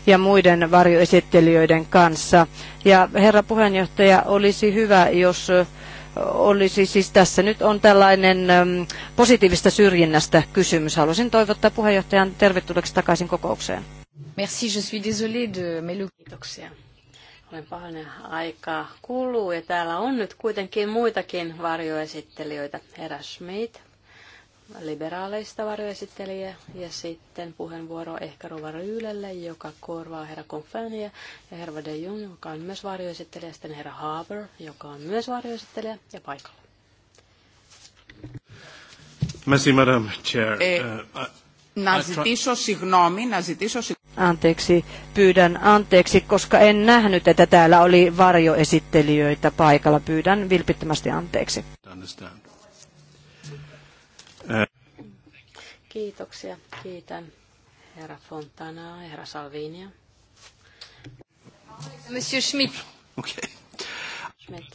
ja muiden varjoesittelijöiden kanssa. Ja herra puheenjohtaja, olisi hyvä, jos olisi siis tässä nyt on tällainen positiivista syrjinnästä kysymys. Haluaisin toivottaa puheenjohtajan tervetulleeksi takaisin kokoukseen. Merci, je suis désolée de mes Kiitoksia. Olen pahoinen aikaa kuluu ja täällä on nyt kuitenkin muitakin varjoesittelijöitä. Herra Schmidt, liberaaleista varjoesittelijä ja sitten puheenvuoro ehkä Rova Ryylelle, joka korvaa herra Confania ja herra de Jung, joka on myös varjoesittelijä, sitten herra Haber, joka on myös varjoesittelijä ja paikalla. Merci, Madam Chair. Eh, uh, Anteeksi, pyydän anteeksi, koska en nähnyt, että täällä oli varjoesittelijöitä paikalla. Pyydän vilpittömästi anteeksi. Understand. Kiitoksia. Kiitän herra Fontanaa herra Salvinia. Monsieur Schmidt. Okay. Schmidt.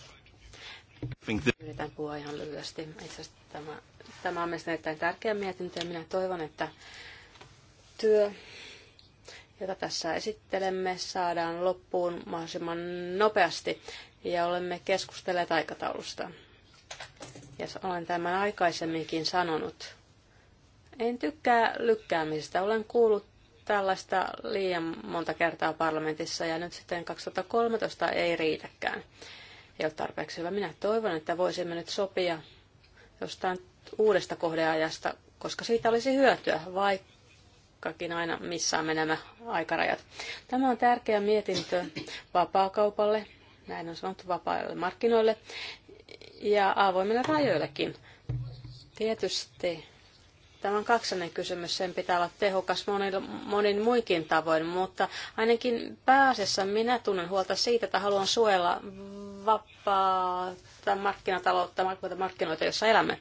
Yritän puhua ihan lyhyesti. Itse asiassa tämä, tämä on mielestäni erittäin tärkeä mietintö ja minä toivon, että työ, jota tässä esittelemme, saadaan loppuun mahdollisimman nopeasti ja olemme keskustelleet aikataulusta. Ja olen tämän aikaisemminkin sanonut en tykkää lykkäämisestä. Olen kuullut tällaista liian monta kertaa parlamentissa ja nyt sitten 2013 ei riitäkään. Ei ole tarpeeksi hyvä. Minä toivon, että voisimme nyt sopia jostain uudesta kohdeajasta, koska siitä olisi hyötyä, vaikkakin aina missään menemä aikarajat. Tämä on tärkeä mietintö vapaakaupalle, näin on sanottu vapaille markkinoille ja avoimille rajoillekin. Tietysti Tämä on kaksainen kysymys, sen pitää olla tehokas monin, monin muikin tavoin, mutta ainakin pääasiassa minä tunnen huolta siitä, että haluan suojella vapaata markkinataloutta, vapaata markkinoita, jossa elämme.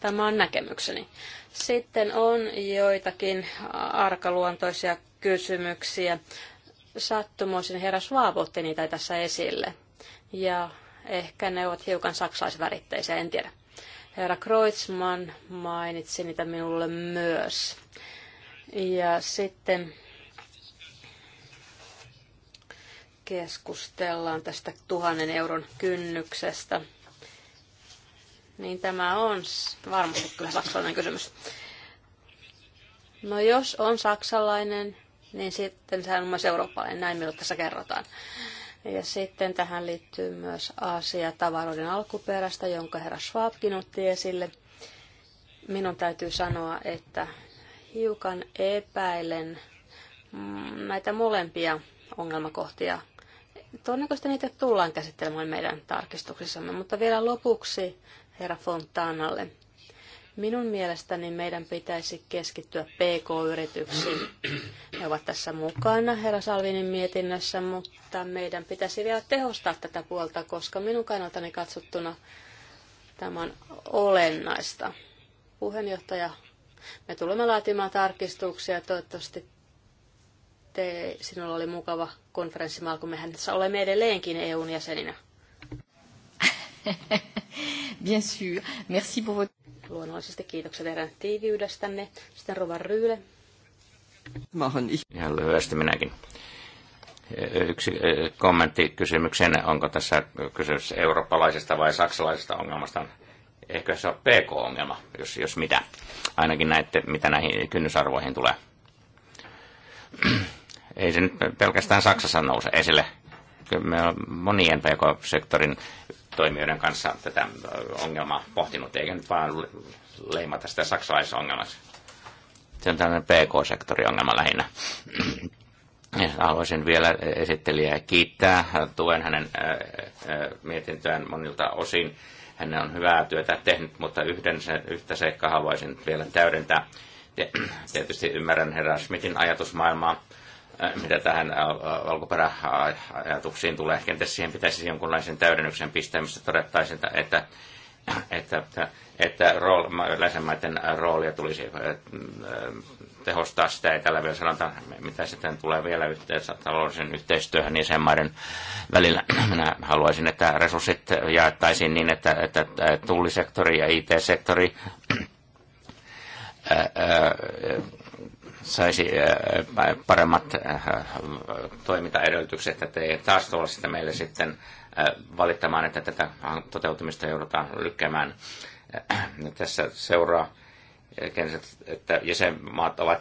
Tämä on näkemykseni. Sitten on joitakin arkaluontoisia kysymyksiä. Sattumoisin herra Schwab otti niitä tässä esille. Ja ehkä ne ovat hiukan saksalaisväritteisiä, en tiedä. Herra Kreutzmann mainitsi niitä minulle myös. Ja sitten keskustellaan tästä tuhannen euron kynnyksestä. Niin tämä on varmasti kyllä saksalainen kysymys. No jos on saksalainen, niin sitten sehän on myös eurooppalainen, näin minulle tässä kerrotaan. Ja sitten tähän liittyy myös asia tavaroiden alkuperästä, jonka herra Schwabkin otti esille. Minun täytyy sanoa, että hiukan epäilen mm, näitä molempia ongelmakohtia. Todennäköisesti niitä tullaan käsittelemään meidän tarkistuksissamme, mutta vielä lopuksi herra Fontanalle. Minun mielestäni meidän pitäisi keskittyä PK-yrityksiin. Ne ovat tässä mukana herra Salvinin mietinnössä, mutta meidän pitäisi vielä tehostaa tätä puolta, koska minun kannaltani katsottuna tämä on olennaista. Puheenjohtaja, me tulemme laatimaan tarkistuksia. Toivottavasti te, sinulla oli mukava konferenssimaa, kun mehän tässä olemme edelleenkin EUn jäseninä. Bien sûr. Merci pour votre... Luonnollisesti kiitokset teidän tiiviydestänne. Sitten Rova Ryyle. Mahan ihan lyhyesti minäkin. Yksi kommentti kysymykseen, onko tässä kysymys eurooppalaisesta vai saksalaisesta ongelmasta. Ehkä se on PK-ongelma, jos, jos mitä. Ainakin näette, mitä näihin kynnysarvoihin tulee. Ei se nyt pelkästään Saksassa nouse esille. Kyllä meillä on monien PK-sektorin toimijoiden kanssa tätä ongelmaa pohtinut, eikä nyt vaan leimata sitä saksalaisongelmassa. Se on tällainen pk ongelma lähinnä. Haluaisin vielä esittelijää kiittää. Tuen hänen mietintöään monilta osin. Hän on hyvää työtä tehnyt, mutta yhden, yhtä seikkaa haluaisin vielä täydentää. Tietysti ymmärrän herra Schmidtin ajatusmaailmaa Äh, mitä tähän äh, alkuperäajatuksiin tulee. Kenties siihen pitäisi jonkunlaisen täydennyksen pistää, missä todettaisiin, että, että, että, että rool, jäsenmaiden roolia tulisi äh, tehostaa sitä, ei tällä vielä sanota, mitä sitten tulee vielä yhteys, taloudellisen yhteistyöhön maiden välillä. Minä haluaisin, että resurssit jaettaisiin niin, että, että tullisektori ja IT-sektori saisi paremmat toimintaedellytykset, että ei taas tulla sitä meille sitten valittamaan, että tätä toteutumista joudutaan lykkäämään. Tässä seuraa, että jäsenmaat ovat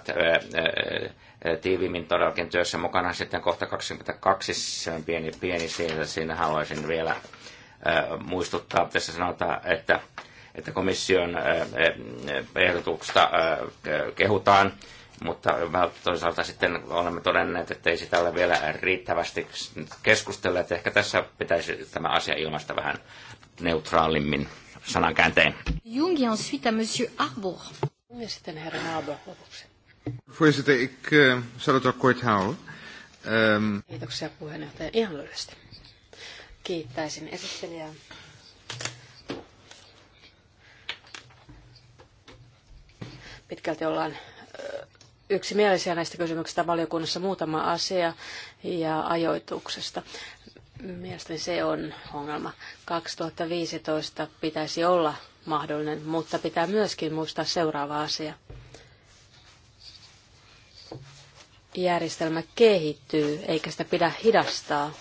tiiviimmin todellakin työssä mukana. Sitten kohta 22, se on pieni, pieni siellä, siinä haluaisin vielä muistuttaa. Tässä sanotaan, että, että komission ehdotuksesta kehutaan mutta toisaalta sitten olemme todenneet, että ei sitä ole vielä riittävästi että Ehkä tässä pitäisi tämä asia ilmaista vähän neutraalimmin sanankäänteen. Jung ja ensuite à Monsieur Arbour. Ja sitten herra Arbour. lopuksi. Voisitte, ik eh, zal het hau. Ehm, Kiitoksia puheenjohtaja. Ihan lyhyesti. Kiittäisin esittelijää. Pitkälti ollaan eh, yksimielisiä näistä kysymyksistä valiokunnassa muutama asia ja ajoituksesta. Mielestäni se on ongelma. 2015 pitäisi olla mahdollinen, mutta pitää myöskin muistaa seuraava asia. Järjestelmä kehittyy, eikä sitä pidä hidastaa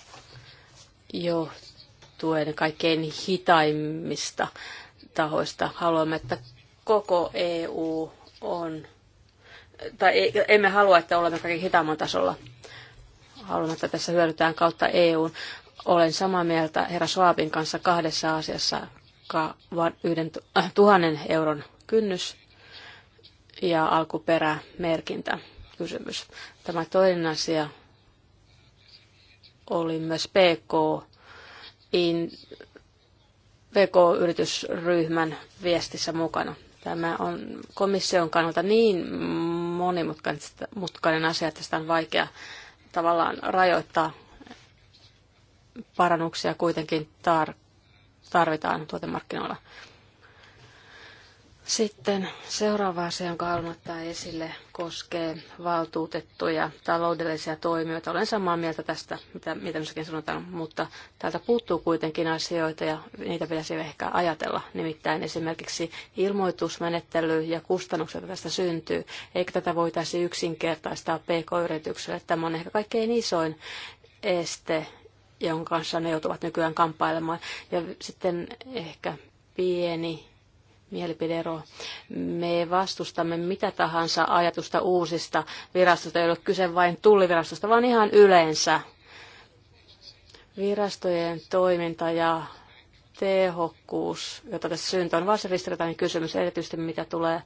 johtuen kaikkein hitaimmista tahoista. Haluamme, että koko EU on tai emme halua, että olemme kaikki hitaamman tasolla. Haluamme, että tässä hyödytään kautta EU. Olen samaa mieltä herra Schwabin kanssa kahdessa asiassa, yhden äh, tuhannen euron kynnys ja alkuperämerkintä kysymys. Tämä toinen asia oli myös PK, in, PK-yritysryhmän viestissä mukana. Tämä on komission kannalta niin monimutkainen asia, että sitä on vaikea tavallaan rajoittaa. Parannuksia kuitenkin tar- tarvitaan tuotemarkkinoilla. Sitten seuraava asia, jonka haluan ottaa esille, koskee valtuutettuja taloudellisia toimijoita. Olen samaa mieltä tästä, mitä, mitä myöskin sanotaan, mutta täältä puuttuu kuitenkin asioita ja niitä pitäisi ehkä ajatella. Nimittäin esimerkiksi ilmoitusmenettely ja kustannukset tästä syntyy. Eikö tätä voitaisi yksinkertaistaa pk-yritykselle? Tämä on ehkä kaikkein isoin este, jonka kanssa ne joutuvat nykyään kamppailemaan. Ja sitten ehkä pieni mielipideero. Me vastustamme mitä tahansa ajatusta uusista virastosta, ei ole kyse vain tullivirastosta, vaan ihan yleensä virastojen toiminta ja tehokkuus, jota tässä syntyy, on varsin ristiriitainen kysymys, erityisesti mitä tulee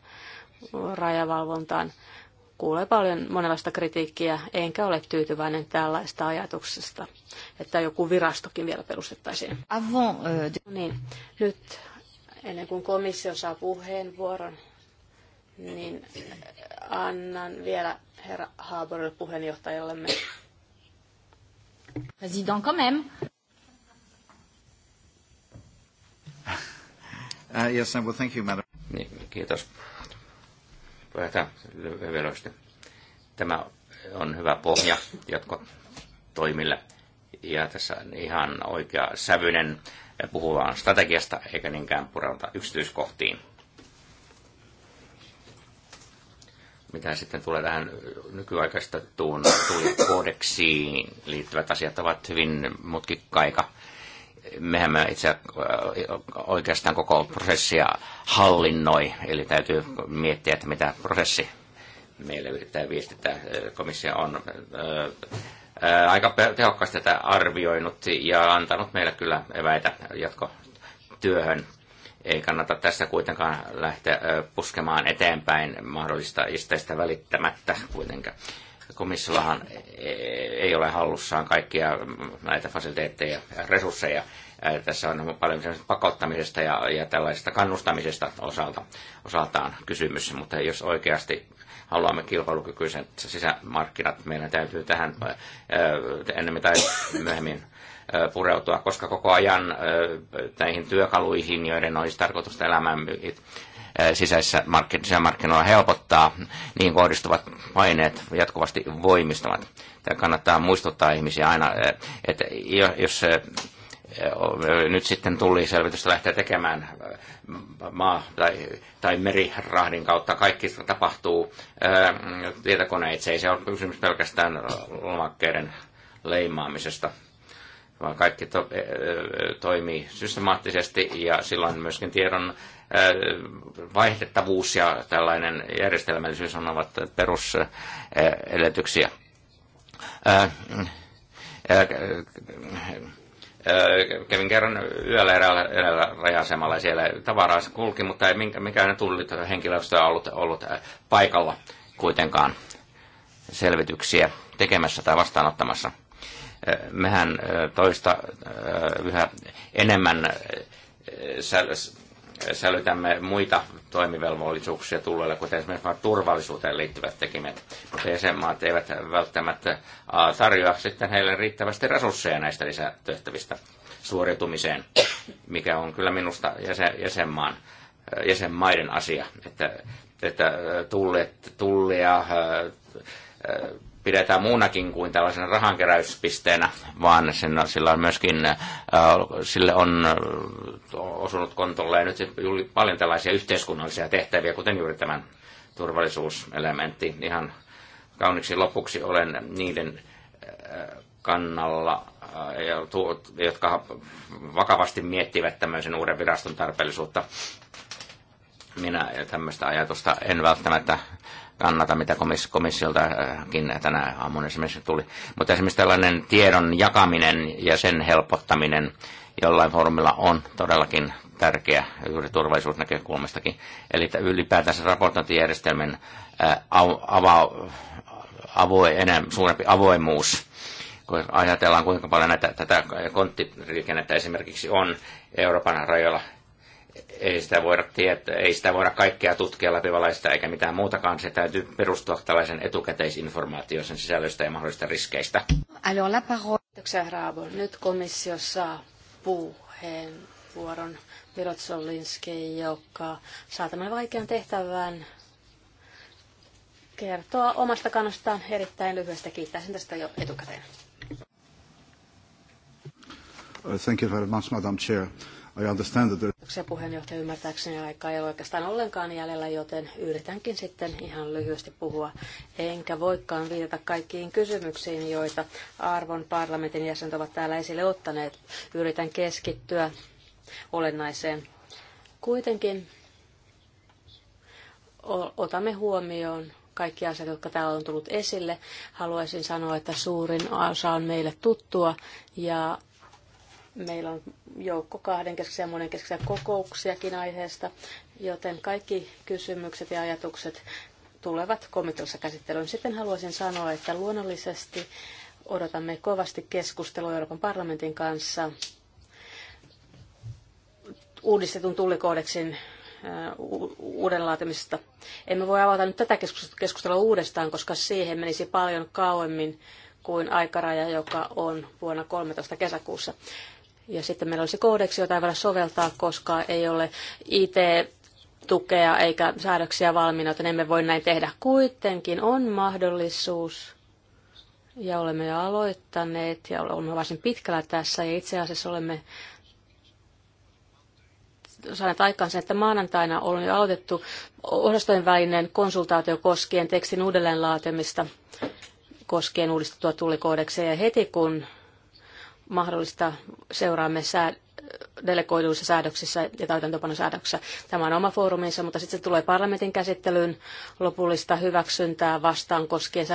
rajavalvontaan. Kuulee paljon monenlaista kritiikkiä, enkä ole tyytyväinen tällaista ajatuksesta, että joku virastokin vielä perustettaisiin. Avant, euh, no niin, nyt Ennen kuin komissio saa puheenvuoron, niin annan vielä herra Haaborille puheenjohtajallemme. Président quand même. Uh, yes, well, thank you, madam. Niin, kiitos. Puheenjohtaja Lyhyesti. Tämä on hyvä pohja jatko toimille ja tässä ihan oikea sävyinen puhutaan strategiasta eikä niinkään pureuta yksityiskohtiin. Mitä sitten tulee tähän nykyaikaistettuun tulikodeksiin liittyvät asiat ovat hyvin mutkikkaika. Mehän me itse äh, oikeastaan koko prosessia hallinnoi, eli täytyy miettiä, että mitä prosessi meille yrittää viestittää. Äh, komissio on äh, aika tehokkaasti tätä arvioinut ja antanut meille kyllä eväitä työhön. Ei kannata tässä kuitenkaan lähteä puskemaan eteenpäin mahdollista isteistä välittämättä kuitenkaan. Komissiollahan e- ei ole hallussaan kaikkia näitä fasiliteetteja ja resursseja. Tässä on paljon pakottamisesta ja, ja tällaisesta kannustamisesta osalta, osaltaan kysymys, mutta jos oikeasti haluamme kilpailukykyiset sisämarkkinat, meidän täytyy tähän ennemmin tai myöhemmin pureutua, koska koko ajan näihin työkaluihin, joiden olisi tarkoitus elämän sisäisessä markkinoilla, sisämarkkinoilla helpottaa, niin kohdistuvat paineet jatkuvasti voimistavat. Tämä kannattaa muistuttaa ihmisiä aina, että jos nyt sitten tuli selvitystä lähtee tekemään maa- tai, tai merirahdin kautta. Kaikki tapahtuu tietokoneitse. Ei se ole kysymys pelkästään lomakkeiden leimaamisesta, vaan kaikki to, toimii systemaattisesti ja silloin myöskin tiedon vaihdettavuus ja tällainen järjestelmällisyys on ovat perusedellytyksiä kävin kerran yöllä eräällä, eräällä rajasemalla siellä tavaraa kulki, mutta ei mikään tullut henkilöstöä ollut, ollut paikalla kuitenkaan selvityksiä tekemässä tai vastaanottamassa. Mehän toista yhä enemmän sälytämme muita toimivelvollisuuksia tulleille, kuten esimerkiksi turvallisuuteen liittyvät tekimet. Mutta jäsenmaat eivät välttämättä tarjoa sitten heille riittävästi resursseja näistä lisätehtävistä suoriutumiseen, mikä on kyllä minusta jäsen, jäsenmaan, jäsenmaiden asia, että, että tullit, tullia, pidetään muunakin kuin tällaisena rahankeräyspisteenä, vaan sen, sillä on myöskin, äh, sille on äh, osunut kontolleen nyt paljon tällaisia yhteiskunnallisia tehtäviä, kuten juuri tämän turvallisuuselementti. Ihan kauniksi lopuksi olen niiden äh, kannalla, jotka vakavasti miettivät tämmöisen uuden viraston tarpeellisuutta. Minä tämmöistä ajatusta en välttämättä kannata, mitä komissioltakin tänä aamuna esimerkiksi tuli. Mutta esimerkiksi tällainen tiedon jakaminen ja sen helpottaminen jollain formilla on todellakin tärkeä juuri turvallisuusnäkökulmastakin. Eli ylipäätänsä raportointijärjestelmän ava, avoin, enemmän, suurempi avoimuus kun ajatellaan kuinka paljon näitä, tätä konttiliikennettä esimerkiksi on Euroopan rajoilla ei sitä voida tietää, ei sitä voida kaikkea tutkia läpivalaista eikä mitään muutakaan. Se täytyy perustua tällaisen etukäteisinformaation sen sisällöstä ja mahdollisista riskeistä. Nyt komissio saa vuoron Virotsolinski, joka saa tämän vaikean tehtävän kertoa omasta kannastaan erittäin lyhyesti. Kiittäisin tästä jo etukäteen. Uh, thank you very much, Madam Chair. I understand that there... puheenjohtaja ymmärtääkseni aikaa ei ole oikeastaan ollenkaan jäljellä, joten yritänkin sitten ihan lyhyesti puhua. Enkä voikaan viitata kaikkiin kysymyksiin, joita arvon parlamentin jäsenet ovat täällä esille ottaneet. Yritän keskittyä olennaiseen. Kuitenkin otamme huomioon kaikki asiat, jotka täällä on tullut esille. Haluaisin sanoa, että suurin osa on meille tuttua ja Meillä on joukko kahdenkeskisiä ja monenkeskisiä kokouksiakin aiheesta, joten kaikki kysymykset ja ajatukset tulevat komiteossa käsittelyyn. Sitten haluaisin sanoa, että luonnollisesti odotamme kovasti keskustelua Euroopan parlamentin kanssa uudistetun tullikoodeksin uuden laatimisesta. Emme voi avata nyt tätä keskustelua uudestaan, koska siihen menisi paljon kauemmin kuin aikaraja, joka on vuonna 13 kesäkuussa. Ja sitten meillä olisi koodeksi, jota ei voida soveltaa, koska ei ole IT tukea eikä säädöksiä valmiina, joten emme voi näin tehdä. Kuitenkin on mahdollisuus, ja olemme jo aloittaneet, ja olemme varsin pitkällä tässä, ja itse asiassa olemme saaneet aikaan sen, että maanantaina on jo aloitettu osastojen välinen konsultaatio koskien tekstin uudelleenlaatimista koskien uudistettua tullikoodekseen, ja heti kun mahdollista seuraamme sää, delegoiduissa säädöksissä ja täytäntöpanosäädöksissä. Tämä on oma foorumiinsa, mutta sitten se tulee parlamentin käsittelyyn lopullista hyväksyntää vastaan koskien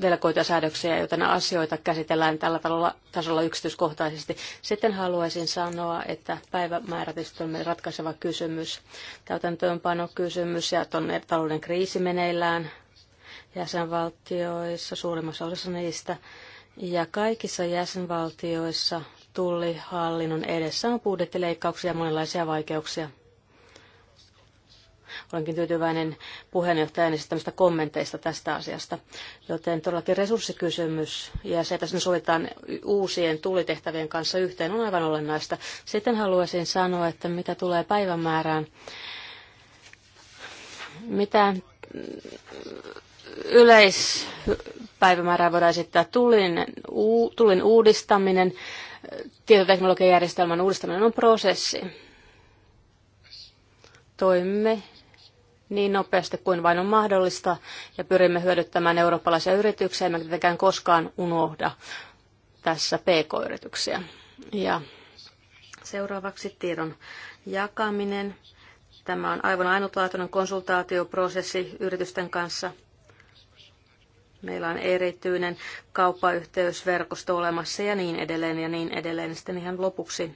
delegoituja säädöksiä, joten asioita käsitellään tällä tasolla, tasolla yksityiskohtaisesti. Sitten haluaisin sanoa, että päivämäärä on ratkaiseva kysymys, täytäntöönpanokysymys ja on talouden kriisi meneillään jäsenvaltioissa, suurimmassa osassa niistä ja kaikissa jäsenvaltioissa tullihallinnon edessä on budjettileikkauksia ja monenlaisia vaikeuksia. Olenkin tyytyväinen puheenjohtajan esittämistä kommenteista tästä asiasta. Joten todellakin resurssikysymys ja se, että se sovitaan uusien tulitehtävien kanssa yhteen, on aivan olennaista. Sitten haluaisin sanoa, että mitä tulee päivämäärään, mitä? yleispäivämäärää voidaan esittää tullin, u, tullin uudistaminen. Tietoteknologiajärjestelmän uudistaminen on prosessi. Toimme niin nopeasti kuin vain on mahdollista ja pyrimme hyödyttämään eurooppalaisia yrityksiä, Emme tietenkään koskaan unohda tässä pk-yrityksiä. Ja seuraavaksi tiedon jakaminen. Tämä on aivan ainutlaatuinen konsultaatioprosessi yritysten kanssa – Meillä on erityinen kauppayhteysverkosto olemassa ja niin edelleen ja niin edelleen. Sitten ihan lopuksi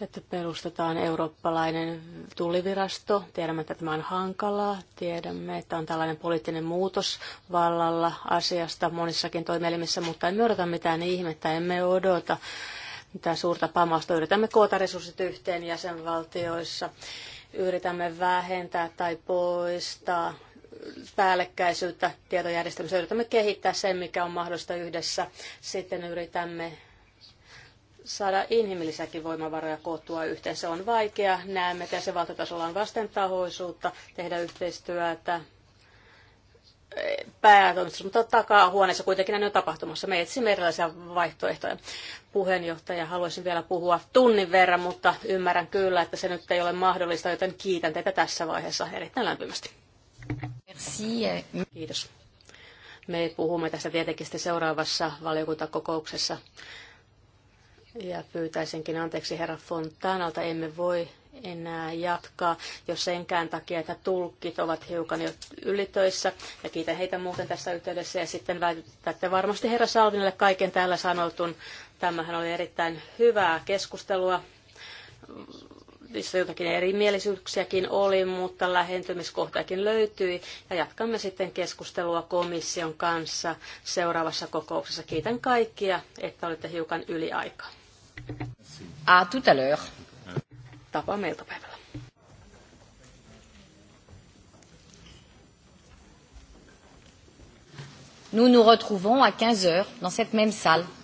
että perustetaan eurooppalainen tullivirasto. Tiedämme, että tämä on hankalaa. Tiedämme, että on tällainen poliittinen muutos vallalla asiasta monissakin toimielimissä, mutta emme odota mitään ihmettä, emme odota mitään suurta pamausta. Yritämme koota resurssit yhteen jäsenvaltioissa. Yritämme vähentää tai poistaa päällekkäisyyttä tietojärjestelmässä. Yritämme kehittää sen, mikä on mahdollista yhdessä. Sitten yritämme saada inhimillisiäkin voimavaroja koottua yhteen. Se on vaikea. Näemme, että se valtatasolla on vastentahoisuutta tehdä yhteistyötä päätoimistossa, mutta takahuoneessa kuitenkin näin on tapahtumassa. Me etsimme erilaisia vaihtoehtoja. Puheenjohtaja, haluaisin vielä puhua tunnin verran, mutta ymmärrän kyllä, että se nyt ei ole mahdollista, joten kiitän teitä tässä vaiheessa erittäin lämpimästi. Merci. Eh, Kiitos. Me puhumme tästä tietenkin seuraavassa valiokuntakokouksessa. Ja pyytäisinkin anteeksi herra Fontanalta, emme voi enää jatkaa jos senkään takia, että tulkit ovat hiukan jo ylitöissä. Ja kiitän heitä muuten tässä yhteydessä ja sitten väitätte varmasti herra Salvinille kaiken täällä sanotun. Tämähän oli erittäin hyvää keskustelua missä jotakin erimielisyyksiäkin oli, mutta lähentymiskohtaakin löytyi ja jatkamme sitten keskustelua komission kanssa seuraavassa kokouksessa. Kiitän kaikkia, että olitte hiukan yli aika. À tout à l'heure. Tapaamme iltapäivällä. Nous nous retrouvons à 15 heures dans cette même salle.